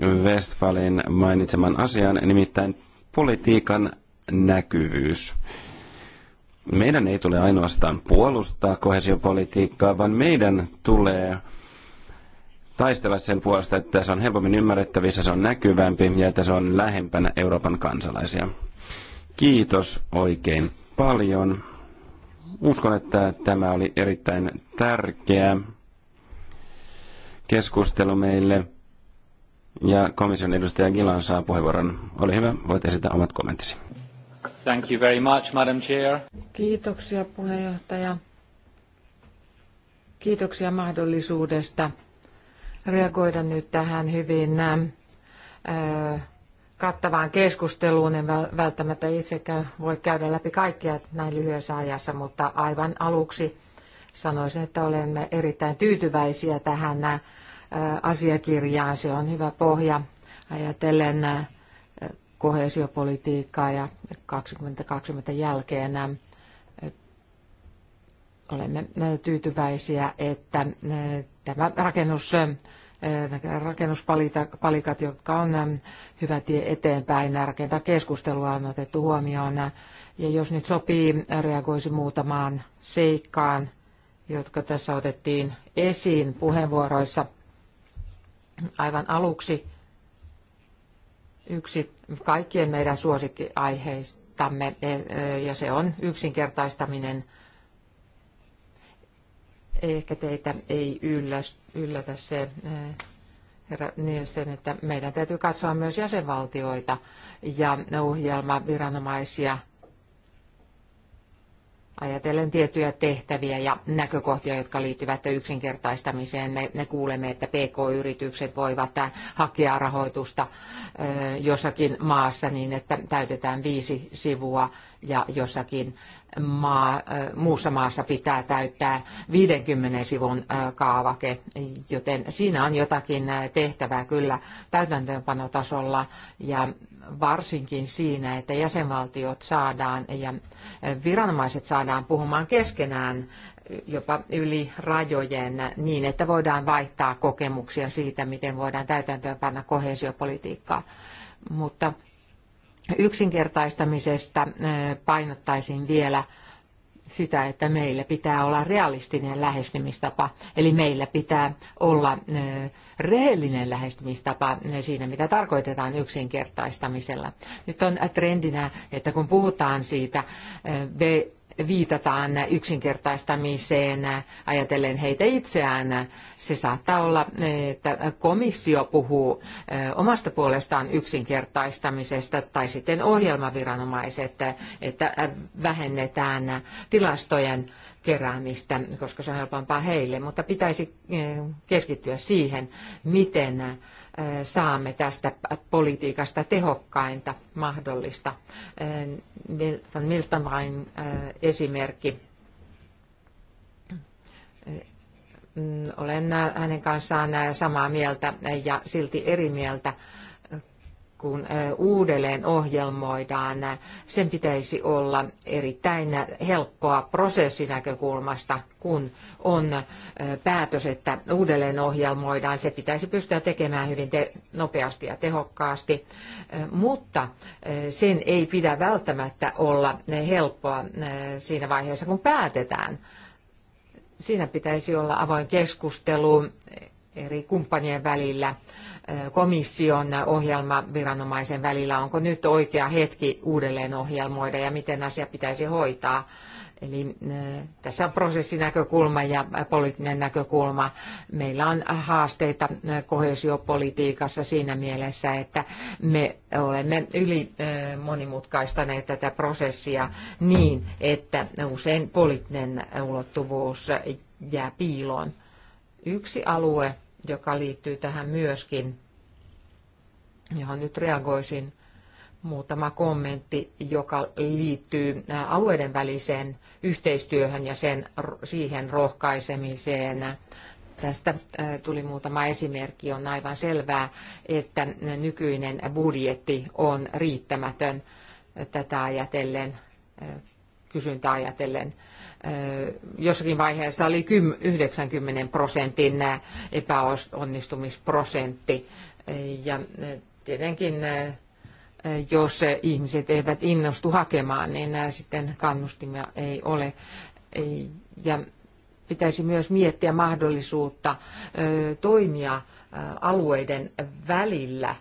Westfalin mainitseman asian, nimittäin politiikan näkyvyys meidän ei tule ainoastaan puolustaa kohesiopolitiikkaa, vaan meidän tulee taistella sen puolesta, että se on helpommin ymmärrettävissä, se on näkyvämpi ja että se on lähempänä Euroopan kansalaisia. Kiitos oikein paljon. Uskon, että tämä oli erittäin tärkeä keskustelu meille. Ja komission edustaja Gilan saa puheenvuoron. Oli hyvä, voit esittää omat kommenttisi. Thank you very much, Madam Chair. Kiitoksia puheenjohtaja. Kiitoksia mahdollisuudesta reagoida nyt tähän hyvin äh, kattavaan keskusteluun. En välttämättä itsekään voi käydä läpi kaikkia näin lyhyessä ajassa, mutta aivan aluksi sanoisin, että olemme erittäin tyytyväisiä tähän äh, asiakirjaan. Se on hyvä pohja ajatellen äh, kohesiopolitiikkaa ja 2020 jälkeen olemme tyytyväisiä, että tämä rakennus, rakennuspalikat, jotka on hyvä tie eteenpäin, rakentaa keskustelua on otettu huomioon. Ja jos nyt sopii, reagoisi muutamaan seikkaan, jotka tässä otettiin esiin puheenvuoroissa aivan aluksi yksi kaikkien meidän suosikkiaiheistamme, e, e, ja se on yksinkertaistaminen. Ehkä teitä ei yllätä se, e, herra Nielsen, että meidän täytyy katsoa myös jäsenvaltioita ja ohjelmaviranomaisia ajatellen tiettyjä tehtäviä ja näkökohtia, jotka liittyvät yksinkertaistamiseen. Me, me kuulemme, että PK-yritykset voivat hakea rahoitusta jossakin maassa niin, että täytetään viisi sivua ja jossakin maa, muussa maassa pitää täyttää 50 sivun kaavake, joten siinä on jotakin tehtävää kyllä täytäntöönpanotasolla ja varsinkin siinä, että jäsenvaltiot saadaan ja viranomaiset saadaan puhumaan keskenään jopa yli rajojen niin, että voidaan vaihtaa kokemuksia siitä, miten voidaan täytäntöönpanna kohesiopolitiikkaa. Mutta yksinkertaistamisesta eh, painottaisin vielä sitä, että meillä pitää olla realistinen lähestymistapa, eli meillä pitää olla rehellinen lähestymistapa siinä, mitä tarkoitetaan yksinkertaistamisella. Nyt on trendinä, että kun puhutaan siitä viitataan yksinkertaistamiseen ajatellen heitä itseään. Se saattaa olla, että komissio puhuu omasta puolestaan yksinkertaistamisesta tai sitten ohjelmaviranomaiset, että vähennetään tilastojen keräämistä, koska se on helpompaa heille, mutta pitäisi eh, keskittyä siihen, miten eh, saamme tästä politiikasta tehokkainta mahdollista. Eh, Van vain esimerkki. Mm, olen hänen kanssaan samaa mieltä ja silti eri mieltä kun uudelleen ohjelmoidaan, sen pitäisi olla erittäin helppoa prosessinäkökulmasta, kun on päätös, että uudelleen ohjelmoidaan. Se pitäisi pystyä tekemään hyvin nopeasti ja tehokkaasti, mutta sen ei pidä välttämättä olla helppoa siinä vaiheessa, kun päätetään. Siinä pitäisi olla avoin keskustelu eri kumppanien välillä, komission ohjelmaviranomaisen välillä, onko nyt oikea hetki uudelleen ohjelmoida ja miten asia pitäisi hoitaa. Eli tässä on prosessinäkökulma ja poliittinen näkökulma. Meillä on haasteita kohesiopolitiikassa siinä mielessä, että me olemme yli monimutkaistaneet tätä prosessia niin, että usein poliittinen ulottuvuus jää piiloon. Yksi alue, joka liittyy tähän myöskin, johon nyt reagoisin. Muutama kommentti, joka liittyy äh, alueiden väliseen yhteistyöhön ja sen, siihen rohkaisemiseen. Tästä äh, tuli muutama esimerkki. On aivan selvää, että nykyinen budjetti on riittämätön tätä ajatellen, äh, kysyntää ajatellen jossakin vaiheessa oli 90 prosentin epäonnistumisprosentti. Ja tietenkin jos ihmiset eivät innostu hakemaan, niin sitten kannustimia ei ole. Ja pitäisi myös miettiä mahdollisuutta toimia alueiden välillä.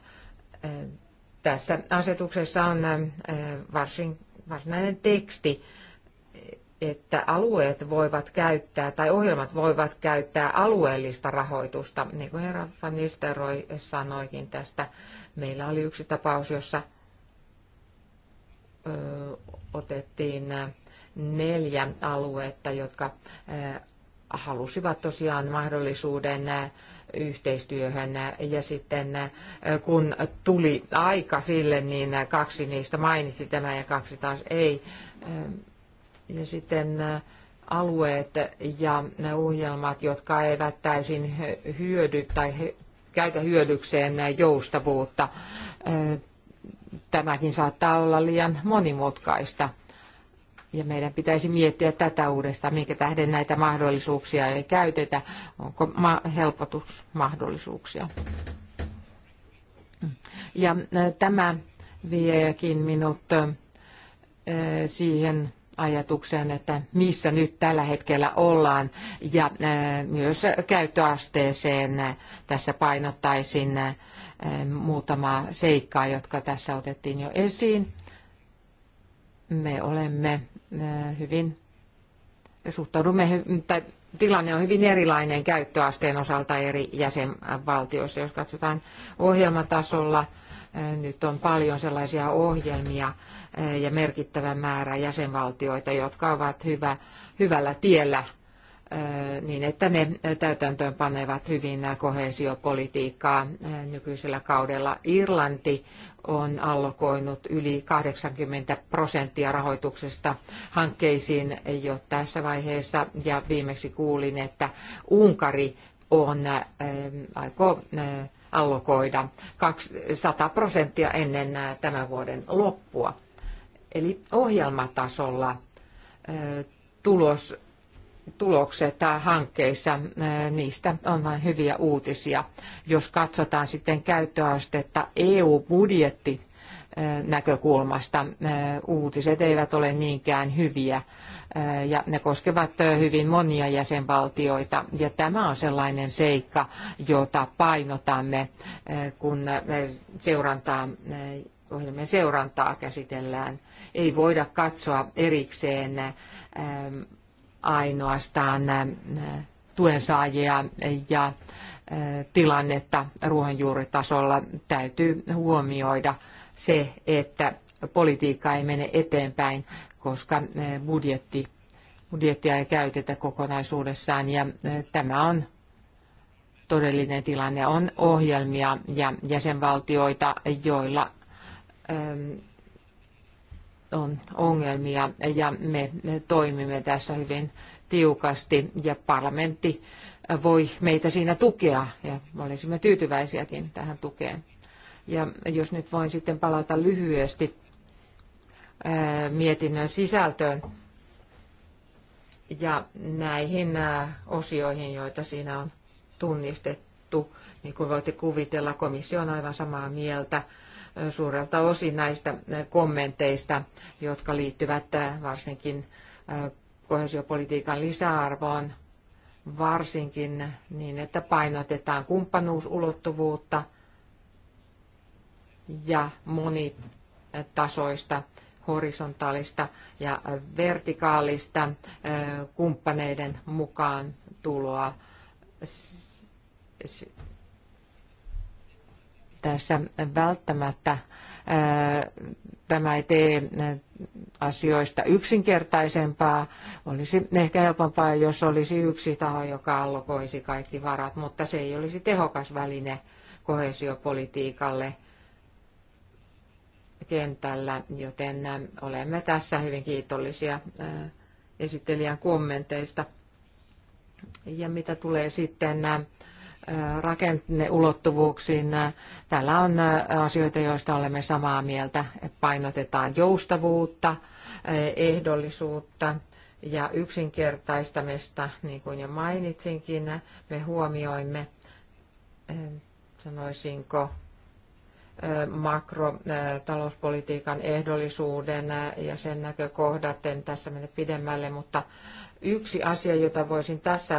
Tässä asetuksessa on varsin varsinainen teksti että alueet voivat käyttää tai ohjelmat voivat käyttää alueellista rahoitusta. Niin kuin herra Van Nisteroi sanoikin tästä, meillä oli yksi tapaus, jossa ö, otettiin neljä aluetta, jotka ö, halusivat tosiaan mahdollisuuden yhteistyöhön ja sitten kun tuli aika sille, niin kaksi niistä mainitsi tämä ja kaksi taas ei. Ö, ja sitten alueet ja ohjelmat, jotka eivät täysin hyödy tai käytä hyödykseen joustavuutta. Tämäkin saattaa olla liian monimutkaista. Ja meidän pitäisi miettiä tätä uudestaan, minkä tähden näitä mahdollisuuksia ei käytetä. Onko ma- helpotusmahdollisuuksia? Ja tämä viekin minut siihen ajatukseen, että missä nyt tällä hetkellä ollaan ja äh, myös käyttöasteeseen tässä painottaisin äh, muutamaa seikkaa, jotka tässä otettiin jo esiin. Me olemme äh, hyvin, suhtaudumme, tai tilanne on hyvin erilainen käyttöasteen osalta eri jäsenvaltioissa, jos katsotaan ohjelmatasolla. Nyt on paljon sellaisia ohjelmia, Eh, ja merkittävä määrä jäsenvaltioita, jotka ovat hyvä, hyvällä tiellä eh, niin, että ne täytäntöön panevat hyvin kohesiopolitiikkaa eh, nykyisellä kaudella. Irlanti on allokoinut yli 80 prosenttia rahoituksesta hankkeisiin jo tässä vaiheessa, ja viimeksi kuulin, että Unkari on aikoo allokoida 100 prosenttia ennen tämän vuoden loppua. Eli ohjelmatasolla tulos, tulokset hankkeissa, niistä on vain hyviä uutisia. Jos katsotaan sitten käyttöastetta EU-budjetti näkökulmasta, uutiset eivät ole niinkään hyviä ja ne koskevat hyvin monia jäsenvaltioita ja tämä on sellainen seikka, jota painotamme, kun seurantaa ohjelmien seurantaa käsitellään. Ei voida katsoa erikseen ähm, ainoastaan ähm, tuensaajia ja äh, tilannetta ruohonjuuritasolla. Täytyy huomioida se, että politiikka ei mene eteenpäin, koska äh, budjetti, budjettia ei käytetä kokonaisuudessaan ja äh, tämä on todellinen tilanne. On ohjelmia ja jäsenvaltioita, joilla on ongelmia ja me toimimme tässä hyvin tiukasti ja parlamentti voi meitä siinä tukea ja olisimme tyytyväisiäkin tähän tukeen. Ja jos nyt voin sitten palata lyhyesti mietinnön sisältöön ja näihin osioihin, joita siinä on tunnistettu. Niin kuin voitte kuvitella, komissio on aivan samaa mieltä suurelta osin näistä kommenteista, jotka liittyvät äh, varsinkin äh, kohesiopolitiikan lisäarvoon, varsinkin niin, että painotetaan kumppanuusulottuvuutta ja monitasoista horisontaalista ja vertikaalista äh, kumppaneiden mukaan tuloa tässä välttämättä tämä ei tee asioista yksinkertaisempaa. Olisi ehkä helpompaa, jos olisi yksi taho, joka allokoisi kaikki varat, mutta se ei olisi tehokas väline kohesiopolitiikalle kentällä, joten olemme tässä hyvin kiitollisia esittelijän kommenteista. Ja mitä tulee sitten rakenneulottuvuuksiin. Täällä on asioita, joista olemme samaa mieltä. Painotetaan joustavuutta, ehdollisuutta ja yksinkertaistamista, niin kuin jo mainitsinkin. Me huomioimme, sanoisinko, makrotalouspolitiikan ehdollisuuden ja sen näkökohdat. En tässä mene pidemmälle, mutta yksi asia, jota voisin tässä,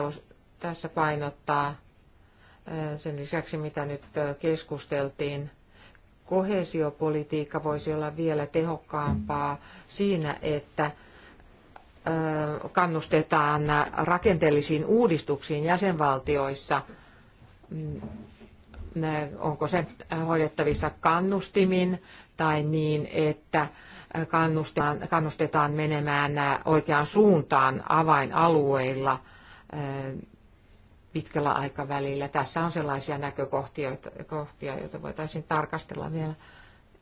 tässä painottaa, sen lisäksi, mitä nyt keskusteltiin, kohesiopolitiikka voisi olla vielä tehokkaampaa siinä, että kannustetaan rakenteellisiin uudistuksiin jäsenvaltioissa. Mm, onko se hoidettavissa kannustimin tai niin, että kannustetaan, kannustetaan menemään oikeaan suuntaan avainalueilla pitkällä aikavälillä. Tässä on sellaisia näkökohtia, joita voitaisiin tarkastella vielä.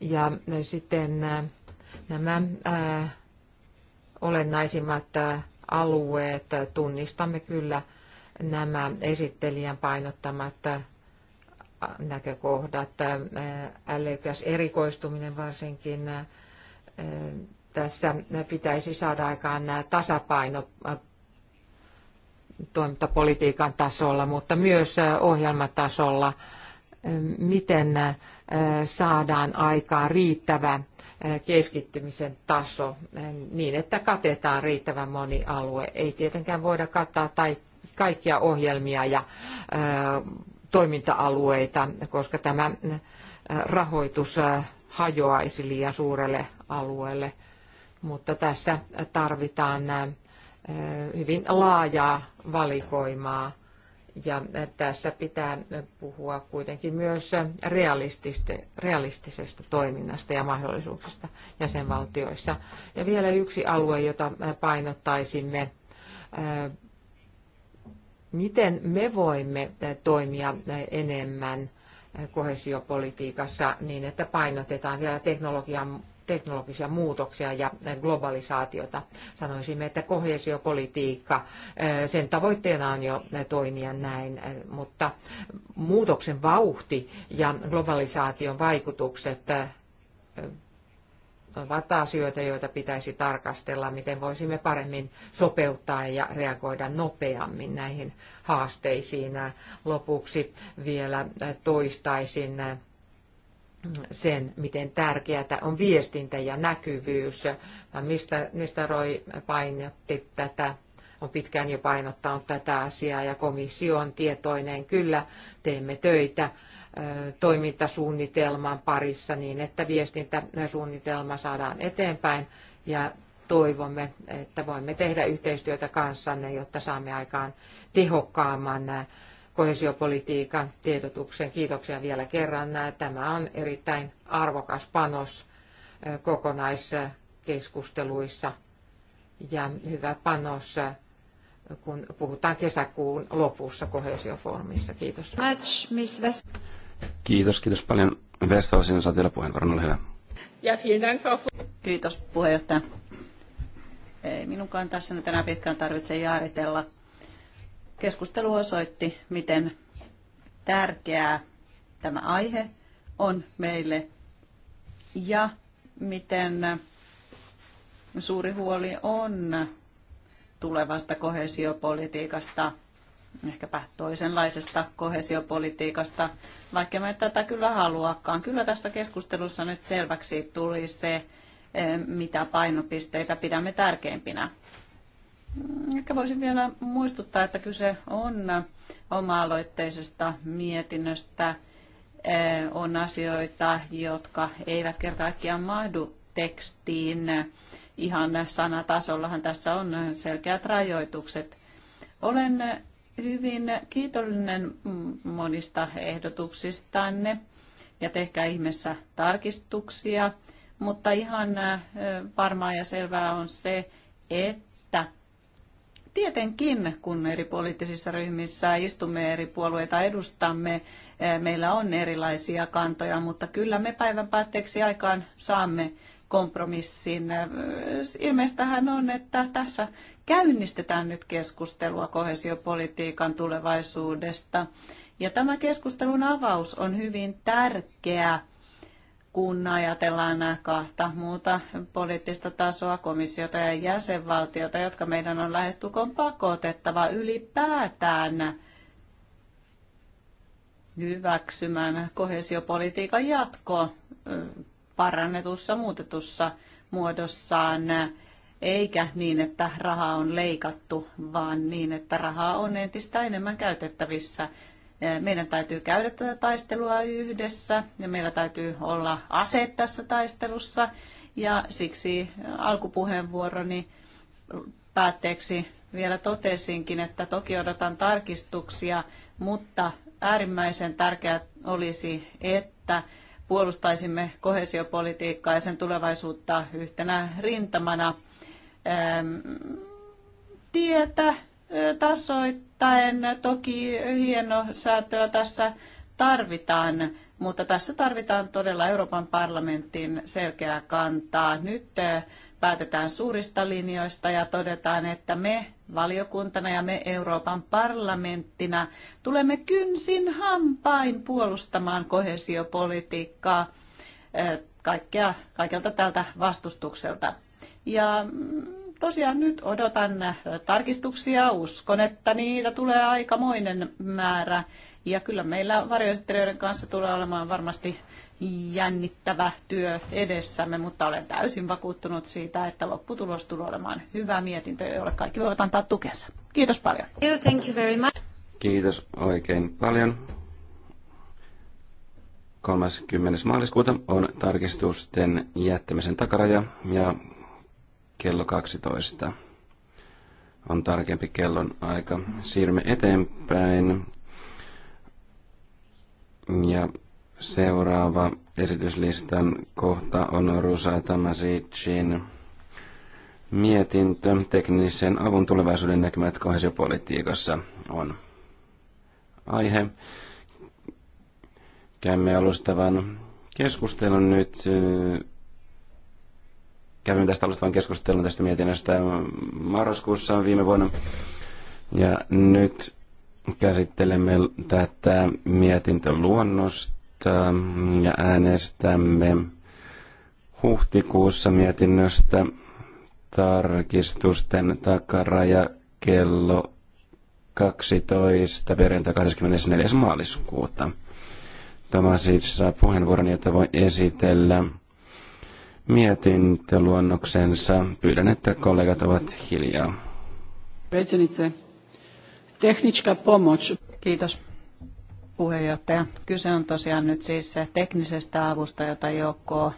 Ja sitten äh, nämä ää, äh, olennaisimmat äh, alueet tunnistamme kyllä nämä esittelijän painottamat näkökohdat, älykäs erikoistuminen varsinkin. Tässä pitäisi saada aikaan tasapaino toimintapolitiikan tasolla, mutta myös ohjelmatasolla, miten saadaan aikaan riittävä keskittymisen taso niin, että katetaan riittävän moni alue. Ei tietenkään voida kattaa tai kaikkia ohjelmia ja toiminta-alueita, koska tämä rahoitus hajoaisi liian suurelle alueelle. Mutta tässä tarvitaan hyvin laajaa valikoimaa. Ja tässä pitää puhua kuitenkin myös realistisesta toiminnasta ja mahdollisuuksista jäsenvaltioissa. Ja vielä yksi alue, jota painottaisimme, miten me voimme toimia enemmän kohesiopolitiikassa niin, että painotetaan vielä teknologian teknologisia muutoksia ja globalisaatiota. Sanoisimme, että kohesiopolitiikka, sen tavoitteena on jo toimia näin, mutta muutoksen vauhti ja globalisaation vaikutukset ovat asioita, joita pitäisi tarkastella, miten voisimme paremmin sopeuttaa ja reagoida nopeammin näihin haasteisiin. Lopuksi vielä toistaisin sen, miten tärkeää on viestintä ja näkyvyys. Mistä, mistä Roy painotti tätä, on pitkään jo painottanut tätä asiaa ja komissio on tietoinen. Kyllä teemme töitä toimintasuunnitelman parissa niin, että viestintäsuunnitelma saadaan eteenpäin ja toivomme, että voimme tehdä yhteistyötä kanssanne, jotta saamme aikaan tehokkaamman kohesiopolitiikan tiedotuksen. Kiitoksia vielä kerran. Tämä on erittäin arvokas panos kokonaiskeskusteluissa ja hyvä panos, kun puhutaan kesäkuun lopussa kohesiofoorumissa. Kiitos. Much, Miss West. Kiitos, kiitos paljon. Vesta. sinä saa vielä puheenvuoron, ole hyvä. Ja vielen dank, Kiitos puheenjohtaja. Ei minunkaan tässä nyt enää pitkään tarvitse jaaritella Keskustelu osoitti, miten tärkeää tämä aihe on meille ja miten suuri huoli on tulevasta kohesiopolitiikasta, ehkäpä toisenlaisesta kohesiopolitiikasta, vaikka me tätä kyllä haluakaan. Kyllä tässä keskustelussa nyt selväksi tuli se, eh, mitä painopisteitä pidämme tärkeimpinä. Mm, ehkä voisin vielä muistuttaa, että kyse on oma-aloitteisesta mietinnöstä. On asioita, jotka eivät kerta kaikkiaan mahdu tekstiin. Ihan sanatasollahan tässä on selkeät rajoitukset. Olen hyvin kiitollinen monista ehdotuksistanne ja tehkää ihmeessä tarkistuksia, mutta ihan äh, varmaa ja selvää on se, että tietenkin, kun eri poliittisissa ryhmissä istumme eri puolueita edustamme, eh, meillä on erilaisia kantoja, mutta kyllä me päivän päätteeksi aikaan saamme kompromissin. Eh, ilmeistähän on, että tässä käynnistetään nyt keskustelua kohesiopolitiikan tulevaisuudesta. Ja tämä keskustelun avaus on hyvin tärkeä kun ajatellaan kahta muuta poliittista tasoa, komissiota ja jäsenvaltiota, jotka meidän on lähestulkoon pakotettava ylipäätään hyväksymään kohesiopolitiikan jatko parannetussa, muutetussa muodossaan, eikä niin, että rahaa on leikattu, vaan niin, että rahaa on entistä enemmän käytettävissä meidän täytyy käydä tätä taistelua yhdessä ja meillä täytyy olla ase tässä taistelussa. Ja siksi alkupuheenvuoroni päätteeksi vielä totesinkin, että toki odotan tarkistuksia, mutta äärimmäisen tärkeää olisi, että puolustaisimme kohesiopolitiikkaa ja sen tulevaisuutta yhtenä rintamana. Tietä tasoittain. Toki hieno säätöä tässä tarvitaan, mutta tässä tarvitaan todella Euroopan parlamentin selkeää kantaa. Nyt päätetään suurista linjoista ja todetaan, että me valiokuntana ja me Euroopan parlamenttina tulemme kynsin hampain puolustamaan kohesiopolitiikkaa kaikkea, kaikelta tältä vastustukselta. Ja mm, tosiaan nyt odotan äh, tarkistuksia. Uskon, että niitä tulee aikamoinen määrä. Ja kyllä meillä varjoesittelijöiden kanssa tulee olemaan varmasti jännittävä työ edessämme, mutta olen täysin vakuuttunut siitä, että lopputulos tulee olemaan hyvä mietintö, jolle kaikki voivat antaa tukensa. Kiitos paljon. Thank you very much. Kiitos oikein paljon. 30. maaliskuuta on tarkistusten jättämisen takaraja ja kello 12 on tarkempi kellon aika. Siirrymme eteenpäin. Ja seuraava esityslistan kohta on Rusa Tamasicin mietintö. Teknisen avun tulevaisuuden näkymät kohesiopolitiikassa on aihe. Käymme alustavan keskustelun nyt kävimme tästä alustavan keskustelun tästä mietinnöstä marraskuussa viime vuonna. Ja nyt käsittelemme tätä mietintöluonnosta ja äänestämme huhtikuussa mietinnöstä tarkistusten takaraja kello 12 perjantai 24. maaliskuuta. Tämä siis saa puheenvuoron, jota voi esitellä mietintöluonnoksensa. Pyydän, että kollegat ovat hiljaa. Predsjednice, tehnička Kiitos puheenjohtaja. Kyse on tosiaan nyt siis teknisestä avusta, jota joko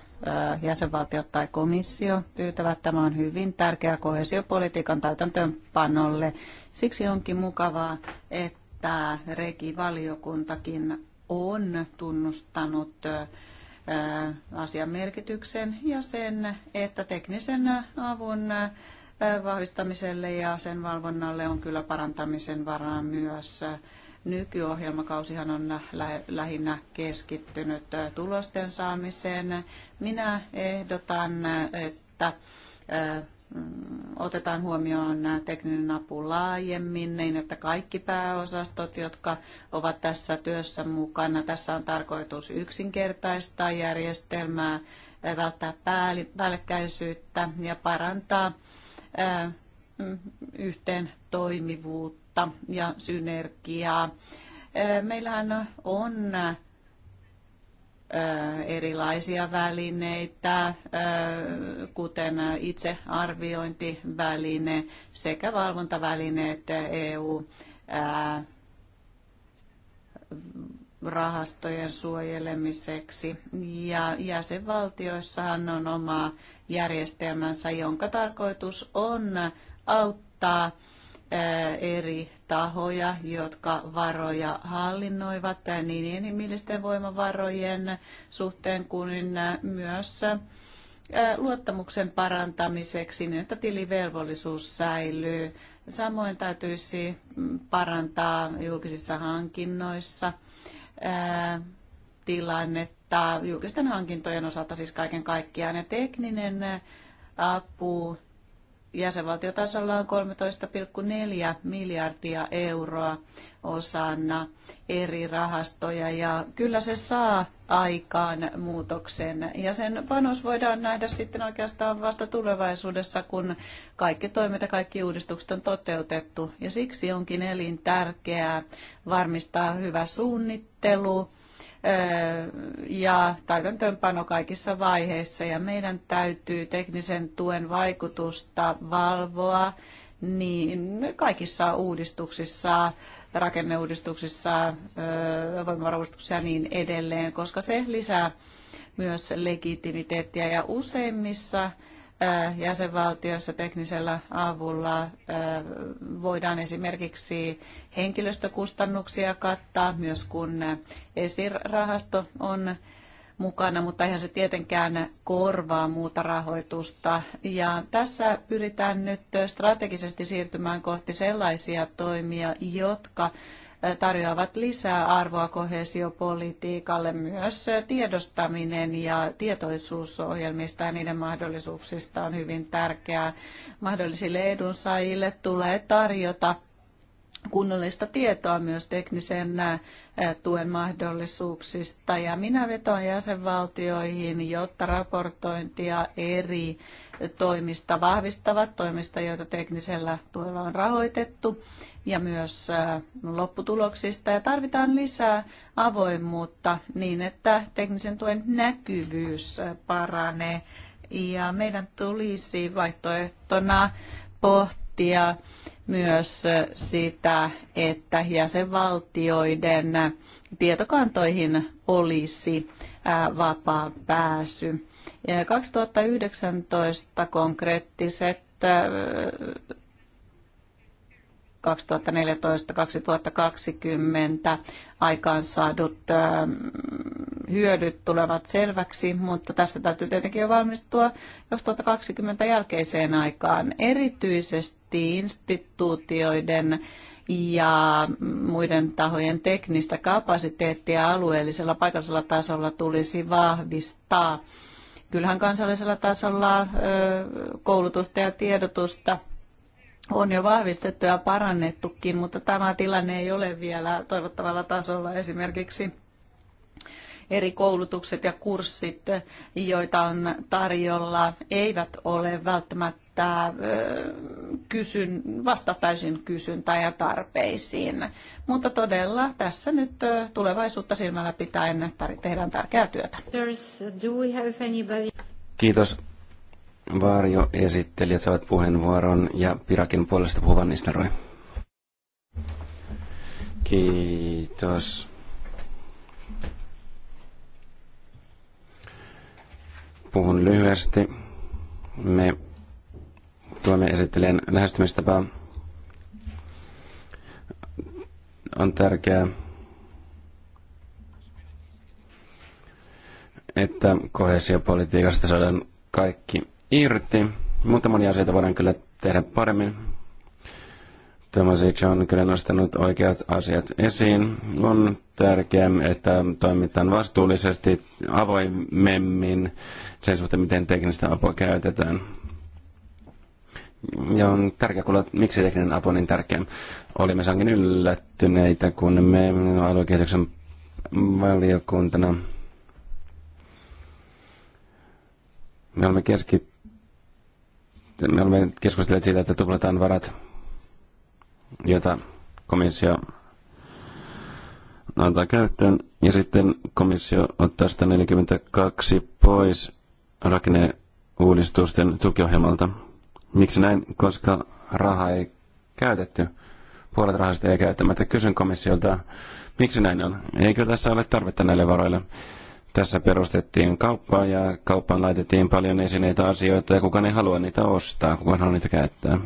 jäsenvaltiot tai komissio pyytävät. Tämä on hyvin tärkeä kohesiopolitiikan täytäntöönpanolle. Siksi onkin mukavaa, että Regi-valiokuntakin on tunnustanut asian merkityksen ja sen, että teknisen avun vahvistamiselle ja sen valvonnalle on kyllä parantamisen varaa myös. Nykyohjelmakausihan on lähinnä keskittynyt tulosten saamiseen. Minä ehdotan, että Mm, otetaan huomioon tekninen apu laajemmin, niin että kaikki pääosastot, jotka ovat tässä työssä mukana, tässä on tarkoitus yksinkertaistaa järjestelmää, eh, välttää päällekkäisyyttä ja parantaa eh, mm, yhteen toimivuutta ja synergiaa. Eh, meillähän on erilaisia välineitä, kuten itsearviointiväline sekä valvontavälineet EU rahastojen suojelemiseksi. Ja jäsenvaltioissahan on oma järjestelmänsä, jonka tarkoitus on auttaa eri tahoja, jotka varoja hallinnoivat niin inhimillisten voimavarojen suhteen kuin äh, myös äh, luottamuksen parantamiseksi, niin että tilivelvollisuus säilyy. Samoin täytyisi mm, parantaa julkisissa hankinnoissa äh, tilannetta julkisten hankintojen osalta siis kaiken kaikkiaan. Ja tekninen apu jäsenvaltiotasolla on 13,4 miljardia euroa osana eri rahastoja ja kyllä se saa aikaan muutoksen ja sen panos voidaan nähdä sitten oikeastaan vasta tulevaisuudessa, kun kaikki toimet ja kaikki uudistukset on toteutettu ja siksi onkin elintärkeää varmistaa hyvä suunnittelu, ja täytäntöönpano kaikissa vaiheissa ja meidän täytyy teknisen tuen vaikutusta valvoa niin kaikissa uudistuksissa, rakenneuudistuksissa, voimavarauudistuksissa ja niin edelleen, koska se lisää myös legitimiteettiä ja useimmissa jäsenvaltioissa teknisellä avulla voidaan esimerkiksi henkilöstökustannuksia kattaa, myös kun esirahasto on mukana, mutta eihän se tietenkään korvaa muuta rahoitusta. Ja tässä pyritään nyt strategisesti siirtymään kohti sellaisia toimia, jotka tarjoavat lisää arvoa kohesiopolitiikalle myös tiedostaminen ja tietoisuus ohjelmista ja niiden mahdollisuuksista on hyvin tärkeää. Mahdollisille edunsaajille tulee tarjota kunnollista tietoa myös teknisen tuen mahdollisuuksista. Ja minä vetoan jäsenvaltioihin, jotta raportointia eri toimista vahvistavat, toimista, joita teknisellä tuella on rahoitettu, ja myös äh, lopputuloksista. Ja tarvitaan lisää avoimuutta niin, että teknisen tuen näkyvyys äh, paranee. Ja meidän tulisi vaihtoehtona pohtia myös äh, sitä, että jäsenvaltioiden tietokantoihin olisi vapaa pääsy. 2019 konkreettiset 2014-2020 aikaansaadut ähm, hyödyt tulevat selväksi, mutta tässä täytyy tietenkin jo valmistua 2020 jälkeiseen aikaan. Erityisesti instituutioiden ja muiden tahojen teknistä kapasiteettia alueellisella paikallisella tasolla tulisi vahvistaa. Kyllähän kansallisella tasolla koulutusta ja tiedotusta – on jo vahvistettu ja parannettukin, mutta tämä tilanne ei ole vielä toivottavalla tasolla. Esimerkiksi eri koulutukset ja kurssit, joita on tarjolla, eivät ole välttämättä kysyn, vasta täysin kysyntään ja tarpeisiin. Mutta todella tässä nyt tulevaisuutta silmällä pitäen tehdään tärkeää työtä. Kiitos varjoesittelijät saavat puheenvuoron ja Pirakin puolesta puhuvan Nistelrooy. Kiitos. Puhun lyhyesti. Me tuomme esittelijän lähestymistapaa. On tärkeää, että kohesiopolitiikasta saadaan kaikki irti, mutta monia asioita voidaan kyllä tehdä paremmin. Tomasic on kyllä nostanut oikeat asiat esiin. On tärkeää, että toimitaan vastuullisesti, avoimemmin sen suhteen, miten teknistä apua käytetään. Ja on tärkeää kuulla, miksi tekninen apu on niin tärkeä. Olimme sankin yllättyneitä, kun me aluekehityksen valiokuntana me olemme keskittyneet me olemme keskustelleet siitä, että tuplataan varat, joita komissio antaa käyttöön. Ja sitten komissio ottaa 142 pois rakenneuudistusten tukiohjelmalta. Miksi näin? Koska raha ei käytetty. Puolet rahasta ei käyttämättä. Kysyn komissiolta, miksi näin on? Eikö tässä ole tarvetta näille varoille? Tässä perustettiin kauppaa ja kauppaan laitettiin paljon esineitä asioita ja kukaan ei halua niitä ostaa, kukaan haluaa niitä käyttää.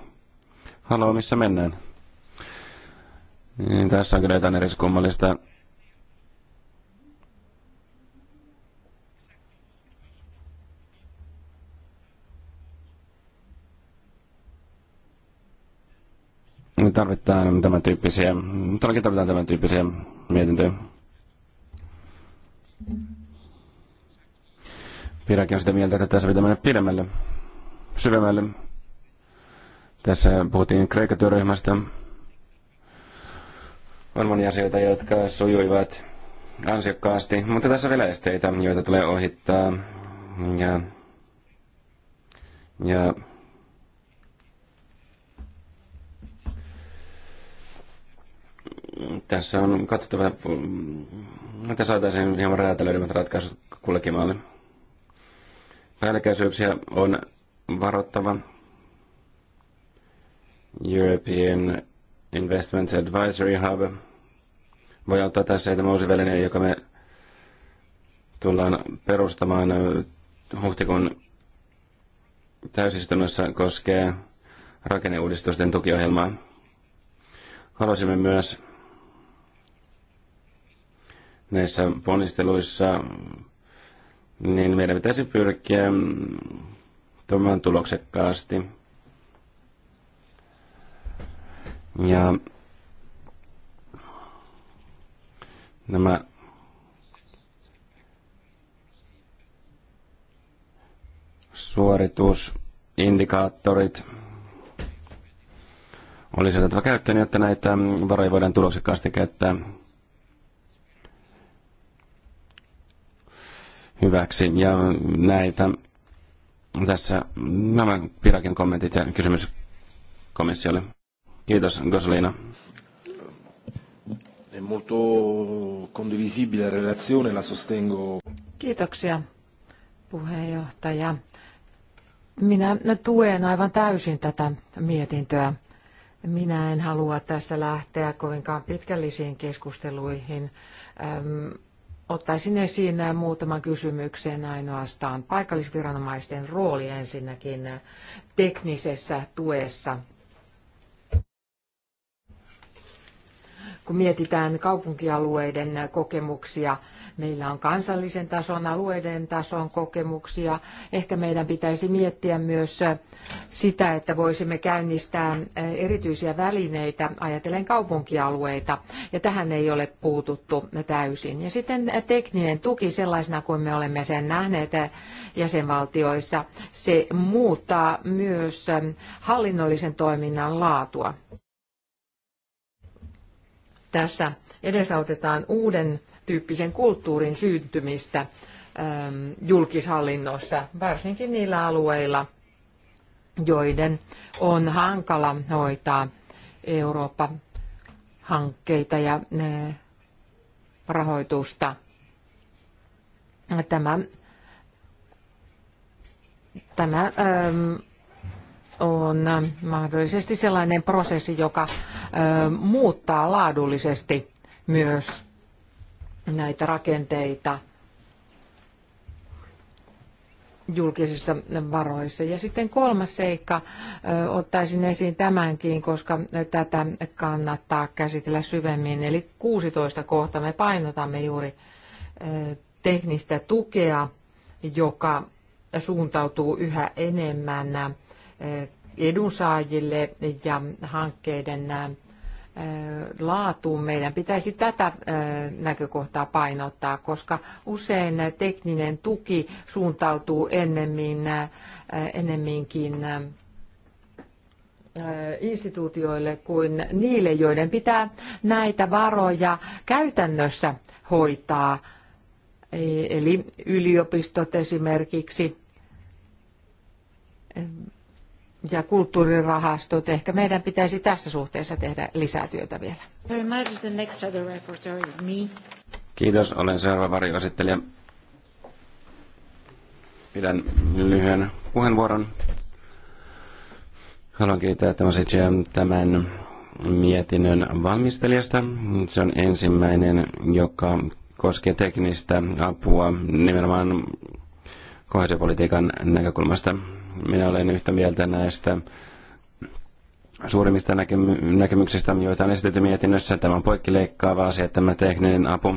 Haloo, missä mennään? Niin, tässä on kyllä jotain eriskummallista. tarvitaan tämän tyyppisiä, tarvitaan tämän tyyppisiä mietintöjä. Pirakin on sitä mieltä, että tässä pitää mennä pidemmälle, syvemmälle. Tässä puhuttiin Kreikan työryhmästä. On monia asioita, jotka sujuivat ansiokkaasti, mutta tässä on vielä esteitä, joita tulee ohittaa. Ja, ja tässä on katsottava, että saataisiin hieman räätälöidymät ratkaisut kullekin maalle. Päällekkäisyyksiä on varoittava. European Investment Advisory Hub voi ottaa tässä, että uusi väline, joka me tullaan perustamaan huhtikuun täysistunnossa, koskee rakenneuudistusten tukiohjelmaa. Haluaisimme myös näissä ponnisteluissa niin meidän pitäisi pyrkiä toimimaan tuloksekkaasti. Ja nämä suoritusindikaattorit oli otettava käyttöön, jotta näitä varoja voidaan tuloksekkaasti käyttää hyväksi. Ja näitä tässä nämä Pirakin kommentit ja kysymys komissiolle. Kiitos, Gosolina. la sostengo. Kiitoksia, puheenjohtaja. Minä tuen aivan täysin tätä mietintöä. Minä en halua tässä lähteä kovinkaan pitkällisiin keskusteluihin. Ottaisin esiin muutaman kysymyksen ainoastaan paikallisviranomaisten rooli ensinnäkin teknisessä tuessa kun mietitään kaupunkialueiden kokemuksia, meillä on kansallisen tason, alueiden tason kokemuksia. Ehkä meidän pitäisi miettiä myös sitä, että voisimme käynnistää erityisiä välineitä ajatellen kaupunkialueita, ja tähän ei ole puututtu täysin. Ja sitten tekninen tuki sellaisena kuin me olemme sen nähneet jäsenvaltioissa, se muuttaa myös hallinnollisen toiminnan laatua. Tässä edesautetaan uuden tyyppisen kulttuurin syntymistä ähm, julkishallinnossa, varsinkin niillä alueilla, joiden on hankala hoitaa Eurooppa-hankkeita ja äh, rahoitusta. Tämä, tämä ähm, on mahdollisesti sellainen prosessi, joka muuttaa laadullisesti myös näitä rakenteita julkisissa varoissa. Ja sitten kolmas seikka, ottaisin esiin tämänkin, koska tätä kannattaa käsitellä syvemmin. Eli 16 kohta me painotamme juuri teknistä tukea, joka suuntautuu yhä enemmän edunsaajille ja hankkeiden laatuun. Meidän pitäisi tätä näkökohtaa painottaa, koska usein tekninen tuki suuntautuu ennemmin, ennemminkin instituutioille kuin niille, joiden pitää näitä varoja käytännössä hoitaa. E, eli yliopistot esimerkiksi ja kulttuurirahastot. Ehkä meidän pitäisi tässä suhteessa tehdä lisää työtä vielä. Kiitos, olen seuraava varjoesittelijä. Pidän lyhyen puheenvuoron. Haluan kiittää tämän mietinnön valmistelijasta. Se on ensimmäinen, joka koskee teknistä apua nimenomaan kohdepolitiikan näkökulmasta minä olen yhtä mieltä näistä suurimmista näkemy- näkemyksistä, joita on esitetty mietinnössä. Tämä on poikkileikkaava asia, tämä tekninen apu,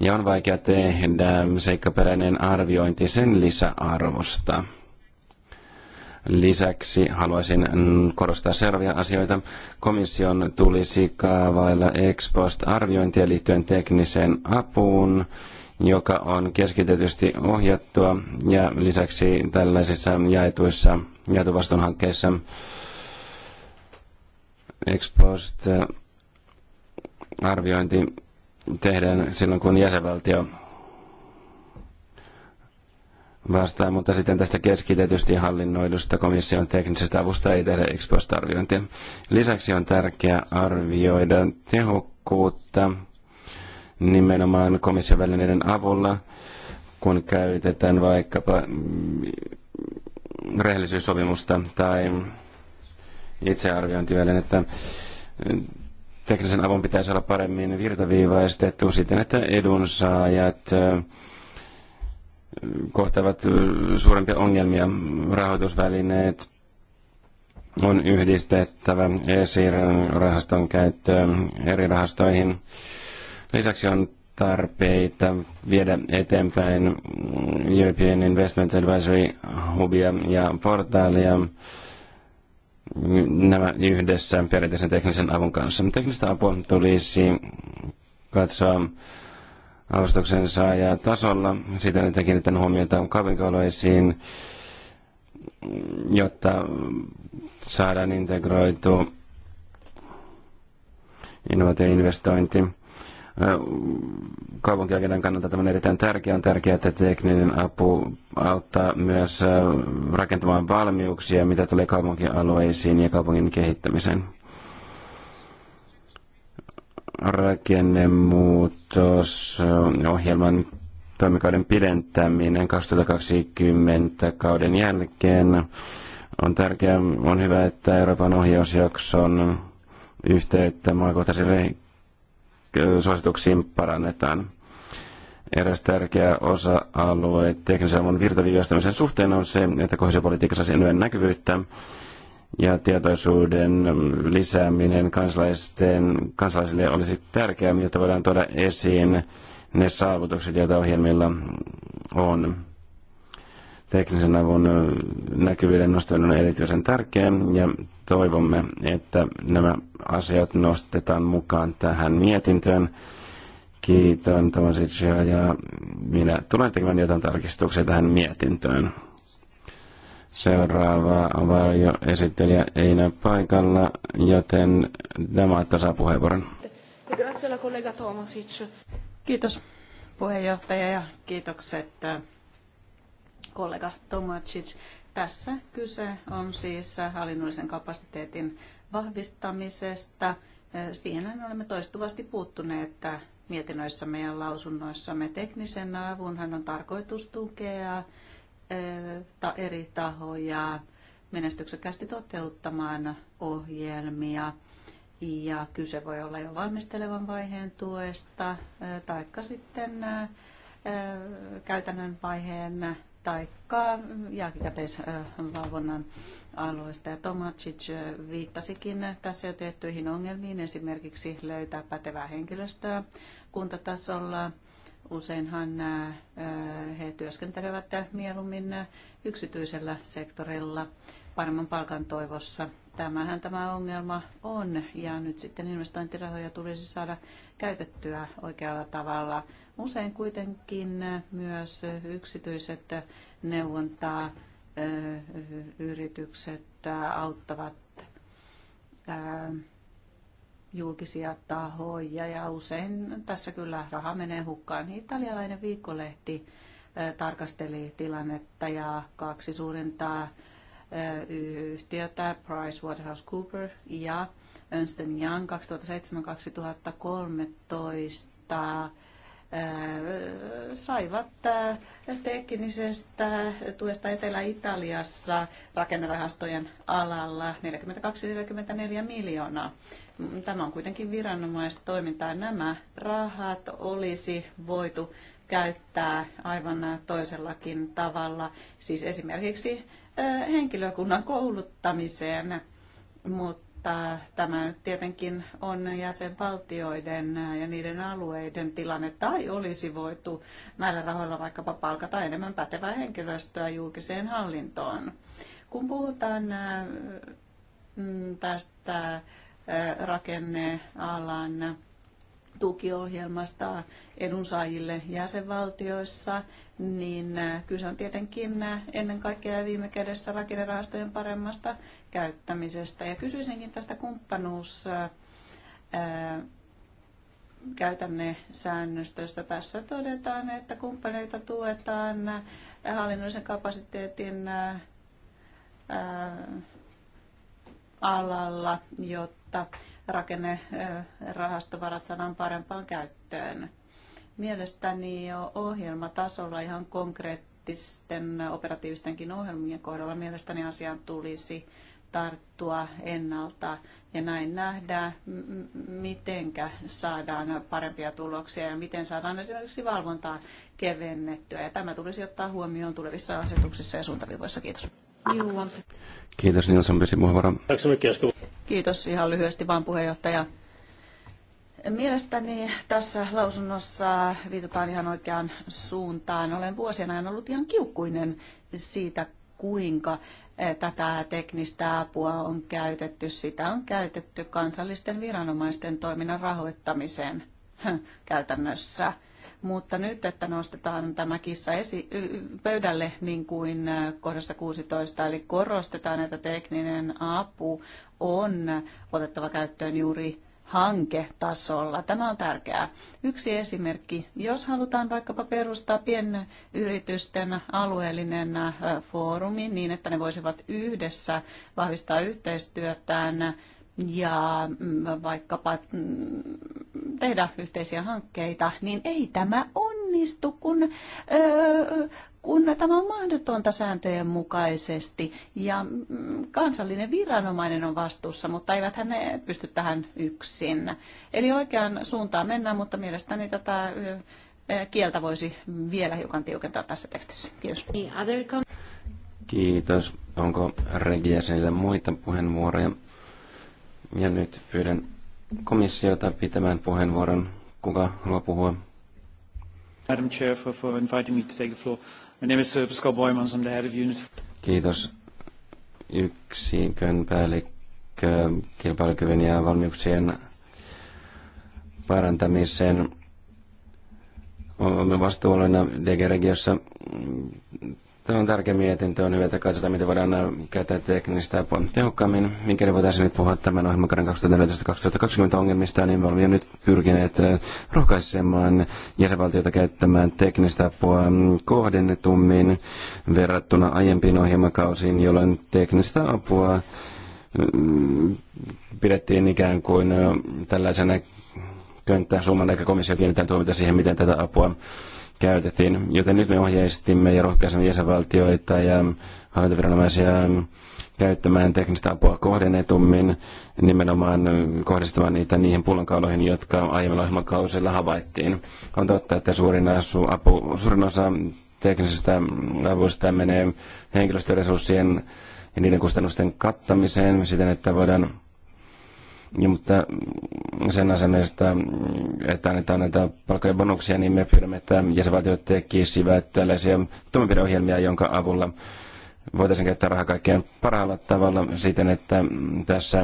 ja on vaikea tehdä seikkaperäinen arviointi sen lisäarvosta. Lisäksi haluaisin korostaa seuraavia asioita. Komission tulisi kaavailla ex post arviointia liittyen tekniseen apuun joka on keskitetysti ohjattua ja lisäksi tällaisissa jaetuissa jaetuvaston hankkeissa expost äh, arviointi tehdään silloin, kun jäsenvaltio vastaa, mutta sitten tästä keskitetysti hallinnoidusta komission teknisestä avusta ei tehdä ex arviointia. Lisäksi on tärkeää arvioida tehokkuutta nimenomaan komission välineiden avulla, kun käytetään vaikkapa mm, rehellisyyssopimusta tai itsearviointivälinettä. Teknisen avun pitäisi olla paremmin virtaviivaistettu siten, että edunsaajat kohtaavat suurempia ongelmia. Rahoitusvälineet on yhdistettävä esirahaston käyttöön eri rahastoihin. Lisäksi on tarpeita viedä eteenpäin European Investment Advisory Hubia ja portaalia nämä yhdessä perinteisen teknisen avun kanssa. Teknistä apua tulisi katsoa avustuksen saaja tasolla. Siten, että kiinnitän huomiota kaupinkoloisiin, jotta saadaan integroitu innovaatioinvestointi. investointi kaupunkiagendan kannalta tämä on erittäin tärkeä, On tärkeää, että tekninen apu auttaa myös rakentamaan valmiuksia, mitä tulee kaupunkialueisiin ja kaupungin kehittämiseen. Rakennemuutos, ohjelman toimikauden pidentäminen 2020 kauden jälkeen on tärkeää. On hyvä, että Euroopan ohjausjakson yhteyttä maakohtaiseen suosituksiin parannetaan. Eräs tärkeä osa-alue teknisen avun virtaviivastamisen suhteen on se, että kohesiopolitiikassa sen näkyvyyttä ja tietoisuuden lisääminen kansalaisten, kansalaisille olisi tärkeää, jotta voidaan tuoda esiin ne saavutukset, joita ohjelmilla on teknisen avun näkyvyyden nostaminen on erityisen tärkeä, ja toivomme, että nämä asiat nostetaan mukaan tähän mietintöön. Kiitän Tomasicia ja minä tulen tekemään jotain tarkistuksia tähän mietintöön. Seuraava varjoesittelijä ei näy paikalla, joten Damaatto saa puheenvuoron. Kiitos puheenjohtaja ja kiitokset kollega Tomacic. Tässä kyse on siis hallinnollisen kapasiteetin vahvistamisesta. Siihen olemme toistuvasti puuttuneet mietinnöissämme ja lausunnoissamme. Teknisen avunhan on tarkoitus tukea eri tahoja menestyksekkäästi toteuttamaan ohjelmia. Ja kyse voi olla jo valmistelevan vaiheen tuesta tai sitten käytännön vaiheen taikka jälkikäteisvalvonnan alueesta. Ja Tomacic viittasikin tässä jo tehtyihin ongelmiin, esimerkiksi löytää pätevää henkilöstöä kuntatasolla. Useinhan äh, he työskentelevät mieluummin yksityisellä sektorilla paremman palkan toivossa tämähän tämä ongelma on ja nyt sitten investointirahoja tulisi saada käytettyä oikealla tavalla. Usein kuitenkin myös yksityiset neuvontaa yritykset auttavat julkisia tahoja ja usein tässä kyllä raha menee hukkaan. Italialainen viikkolehti tarkasteli tilannetta ja kaksi suurinta yhtiötä PricewaterhouseCoopers ja Ernst Young 2007-2013 äh, saivat äh, teknisestä tuesta Etelä-Italiassa rakennerahastojen alalla 42-44 miljoonaa. Tämä on kuitenkin viranomaistoimintaa. Nämä rahat olisi voitu käyttää aivan toisellakin tavalla, siis esimerkiksi henkilökunnan kouluttamiseen, mutta tämä nyt tietenkin on jäsenvaltioiden ja niiden alueiden tilanne, tai olisi voitu näillä rahoilla vaikkapa palkata enemmän pätevää henkilöstöä julkiseen hallintoon. Kun puhutaan mm, tästä rakennealan tukiohjelmasta edunsaajille jäsenvaltioissa, niin kyse on tietenkin ennen kaikkea viime kädessä rakennerahastojen paremmasta käyttämisestä. Ja kysyisinkin tästä kumppanuus käytänne säännöstöstä. Tässä todetaan, että kumppaneita tuetaan hallinnollisen kapasiteetin alalla, jotta rahastovarat saadaan parempaan käyttöön. Mielestäni jo ohjelmatasolla ihan konkreettisten operatiivistenkin ohjelmien kohdalla mielestäni asiaan tulisi tarttua ennalta ja näin nähdään, mitenkä saadaan parempia tuloksia ja miten saadaan esimerkiksi valvontaa kevennettyä. Ja tämä tulisi ottaa huomioon tulevissa asetuksissa ja suuntaviivoissa. Kiitos. Kiitos Nils Ambesi puheenvuoro. Kiitos ihan lyhyesti vaan puheenjohtaja. Mielestäni tässä lausunnossa viitataan ihan oikeaan suuntaan. Olen vuosien ajan ollut ihan kiukkuinen siitä, kuinka eh, tätä teknistä apua on käytetty. Sitä on käytetty kansallisten viranomaisten toiminnan rahoittamiseen käytännössä. Mutta nyt, että nostetaan tämä kissa esi- pöydälle niin kuin äh, kohdassa 16, eli korostetaan, että tekninen apu on otettava käyttöön juuri hanketasolla. Tämä on tärkeää. Yksi esimerkki, jos halutaan vaikkapa perustaa pienyritysten alueellinen äh, foorumi niin, että ne voisivat yhdessä vahvistaa yhteistyötään ja mm, vaikkapa mm, tehdä yhteisiä hankkeita, niin ei tämä onnistu, kun, kun tämä on mahdotonta sääntöjen mukaisesti. Ja mm, kansallinen viranomainen on vastuussa, mutta eivät hän pysty tähän yksin. Eli oikeaan suuntaan mennään, mutta mielestäni tätä kieltä voisi vielä hiukan tiukentaa tässä tekstissä. Kiitos. Kiitos. Onko regiäsenillä muita puheenvuoroja? Ja nyt pyydän komissiota pitämään puheenvuoron. Kuka haluaa puhua? Madam Chair for, for inviting me to take the floor. My name is uh, Boymans, I'm the head of unit. Kiitos yksikön päällikkö kilpailukyvyn ja valmiuksien parantamisen vastuullina DG-regiossa Tämä on tärkeä mietintö, on hyvä, että katsotaan, miten voidaan äh, käyttää teknistä apua tehokkaammin. Mikäli voitaisiin nyt puhua tämän ohjelmakauden 2014-2020 ongelmista, niin me olemme nyt pyrkineet äh, rohkaisemaan jäsenvaltiota käyttämään teknistä apua mm, kohdennetummin verrattuna aiempiin ohjelmakausiin, jolloin teknistä apua mm, pidettiin ikään kuin äh, tällaisena könttäsumman, eikä komissio kiinnittää huomiota siihen, miten tätä apua käytettiin. Joten nyt me ohjeistimme ja rohkaisemme jäsenvaltioita ja hallintoviranomaisia käyttämään teknistä apua kohdennetummin, nimenomaan kohdistamaan niitä niihin pullonkauloihin, jotka aiemmin ohjelmakausilla havaittiin. On totta, että suurin, asu, apu, suurin osa teknisestä avusta menee henkilöstöresurssien ja niiden kustannusten kattamiseen siten, että voidaan mutta sen asemesta, että annetaan näitä palkkoja bonuksia, niin me pyydämme, että jäsenvaltiot tekisivät tällaisia toimenpideohjelmia, jonka avulla voitaisiin käyttää rahaa kaikkein parhaalla tavalla siten, että tässä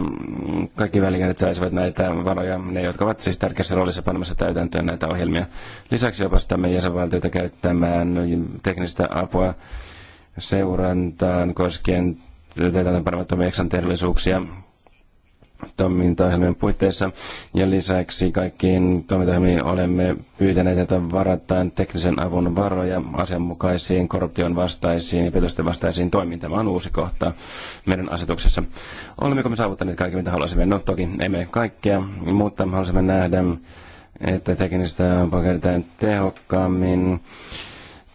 kaikki välikädet saisivat näitä varoja, ne jotka ovat siis tärkeässä roolissa panemassa täytäntöön näitä ohjelmia. Lisäksi opastamme jäsenvaltioita käyttämään teknistä apua seurantaan koskien täytäntöönpanemattomia eksantervelisuuksia toimintaohjelmien puitteissa. Ja lisäksi kaikkiin toimintaohjelmiin olemme pyytäneet, että varataan teknisen avun varoja asianmukaisiin, korruption vastaisiin ja petosten vastaisiin toimiin. Tämä on uusi kohta meidän asetuksessa. Olemmeko me saavuttaneet kaikki, mitä haluaisimme? No toki emme kaikkea, mutta halusimme haluaisimme nähdä, että teknistä apua käytetään tehokkaammin.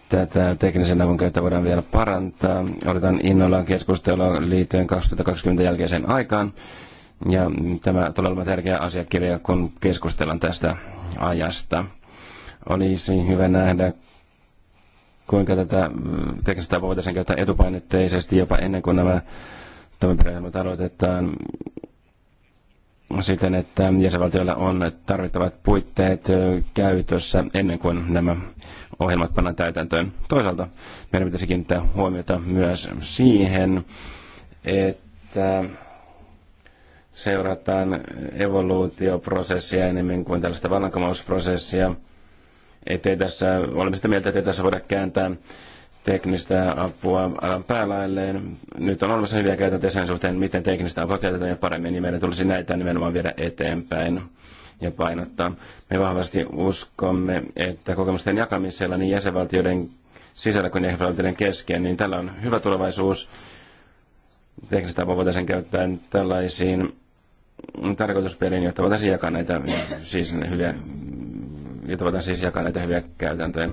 Tätä teknisen avun käyttöä voidaan vielä parantaa. Odotan innolla keskustelua liittyen 2020 jälkeiseen aikaan ja tämä todella tärkeä asiakirja, kun keskustellaan tästä ajasta. Olisi hyvä nähdä, kuinka tätä tekstistä voitaisiin käyttää etupainetteisesti jopa ennen kuin nämä toimenpideohjelmat aloitetaan siten, että jäsenvaltioilla on tarvittavat puitteet käytössä ennen kuin nämä ohjelmat pannaan täytäntöön. Toisaalta meidän pitäisi kiinnittää huomiota myös siihen, että seurataan evoluutioprosessia enemmän kuin tällaista vallankumousprosessia. Ettei tässä, olemme sitä mieltä, että ei tässä voida kääntää teknistä apua äh, päälailleen. Nyt on olemassa hyviä käytäntöjä sen suhteen, miten teknistä apua käytetään ja paremmin, niin meidän tulisi näitä nimenomaan viedä eteenpäin ja painottaa. Me vahvasti uskomme, että kokemusten jakamisella niin jäsenvaltioiden sisällä kuin jäsenvaltioiden kesken, niin tällä on hyvä tulevaisuus. Teknistä apua voitaisiin käyttää tällaisiin tarkoitusperin, jotta voitaisiin jakaa näitä siis hyviä, jotta voitaisiin siis jakaa näitä hyviä käytäntöjä.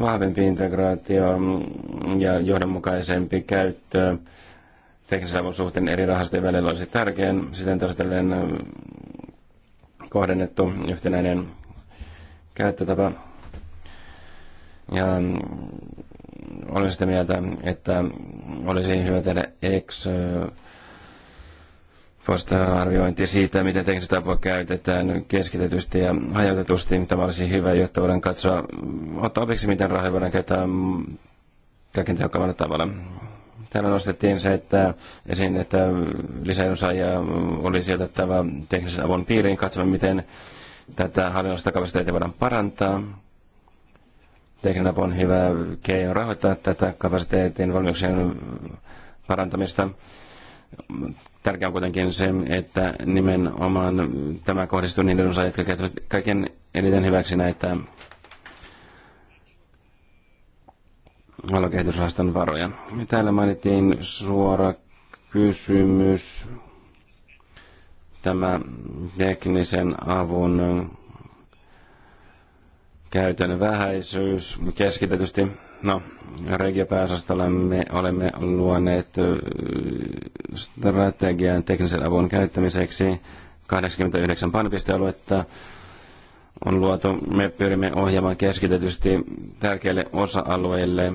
Vahvempi integraatio ja johdonmukaisempi käyttö teknisen avun suhteen eri rahastojen välillä olisi tärkeä. Siten tarkastellen kohdennettu yhtenäinen käyttötapa. Ja olen sitä mieltä, että olisi hyvä tehdä ex tarkastaa arviointi siitä, miten teknistä apua käytetään keskitetysti ja hajautetusti. Tämä olisi hyvä, jotta voidaan katsoa, ottaa opiksi, miten rahoja voidaan käyttää mm, kaiken tehokkaammalla tavalla. Täällä nostettiin se, että esiin, että lisäedunsaajia oli sijoitettava teknisen avun piiriin. katsoa, miten tätä hallinnollista kapasiteettia voidaan parantaa. Tekninen apu on hyvä keino rahoittaa tätä kapasiteetin valmiuksien parantamista. Tärkeää on kuitenkin se, että nimenomaan tämä kohdistuu niiden osa, jotka käyttävät kaiken eniten hyväksi näitä valokehitysrahaston varoja. Täällä mainittiin suora kysymys. Tämä teknisen avun käytön vähäisyys keskitetysti No, regiopääosastolla me olemme luoneet strategian teknisen avun käyttämiseksi 89 painopistealuetta on luotu. Me pyrimme ohjaamaan keskitetysti tärkeille osa-alueille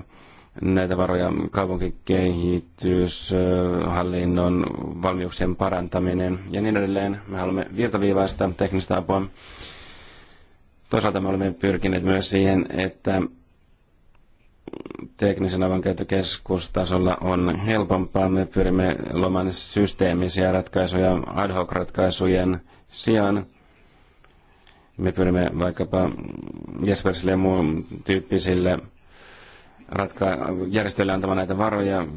näitä varoja kaupunkikehitys, hallinnon valmiuksien parantaminen ja niin edelleen. Me haluamme virtaviivaista teknistä apua. Toisaalta me olemme pyrkineet myös siihen, että teknisen avankäyttökeskustasolla on helpompaa. Me pyrimme luomaan systeemisiä ratkaisuja ad hoc-ratkaisujen sijaan. Me pyrimme vaikkapa Jespersille ja muun tyyppisille ratka- järjestöille antamaan näitä varoja.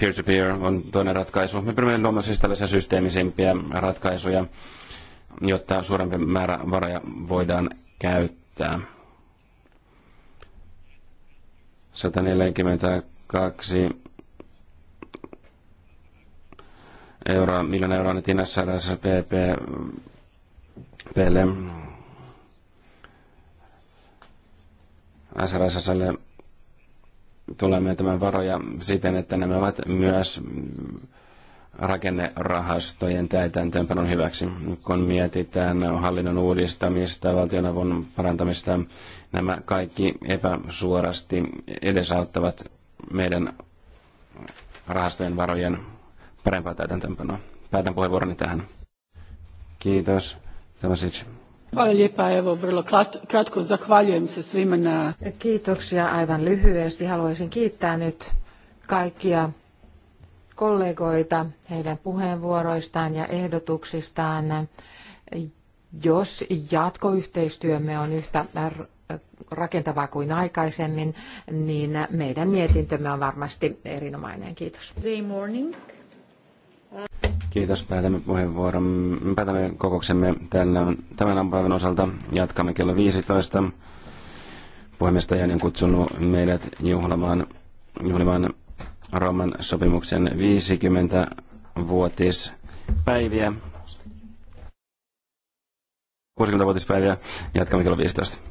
Peer-to-peer -to -peer on toinen ratkaisu. Me pyrimme luomaan siis tällaisia systeemisempiä ratkaisuja, jotta suurempi määrä varoja voidaan käyttää. 142 euroa, miljoona euroa annettiin SRSPP PL SRSSlle tulee myöntämään varoja siten, että nämä ovat myös rakennerahastojen täytäntöönpanon hyväksi. Kun mietitään hallinnon uudistamista, valtionavun parantamista, Nämä kaikki epäsuorasti edesauttavat meidän rahastojen varojen parempaa täytäntöönpanoa. Päätän puheenvuoroni tähän. Kiitos. Tomasic. Hvala lijepa, evo vrlo kratko zahvaljujem se svima na... Kiitoksia aivan lyhyesti. Haluaisin kiittää nyt kaikkia kollegoita heidän puheenvuoroistaan ja ehdotuksistaan. Jos jatkoyhteistyömme on yhtä rakentavaa kuin aikaisemmin, niin meidän mietintömme on varmasti erinomainen. Kiitos. Good morning. Kiitos. Päätämme puheenvuoron. Päätämme kokouksemme tämän, tämän päivän osalta. Jatkamme kello 15. Puhemiestajan on kutsunut meidät juhlamaan, juhlimaan Rooman sopimuksen 50-vuotispäiviä. 60-vuotispäiviä. Jatkamme kello 15.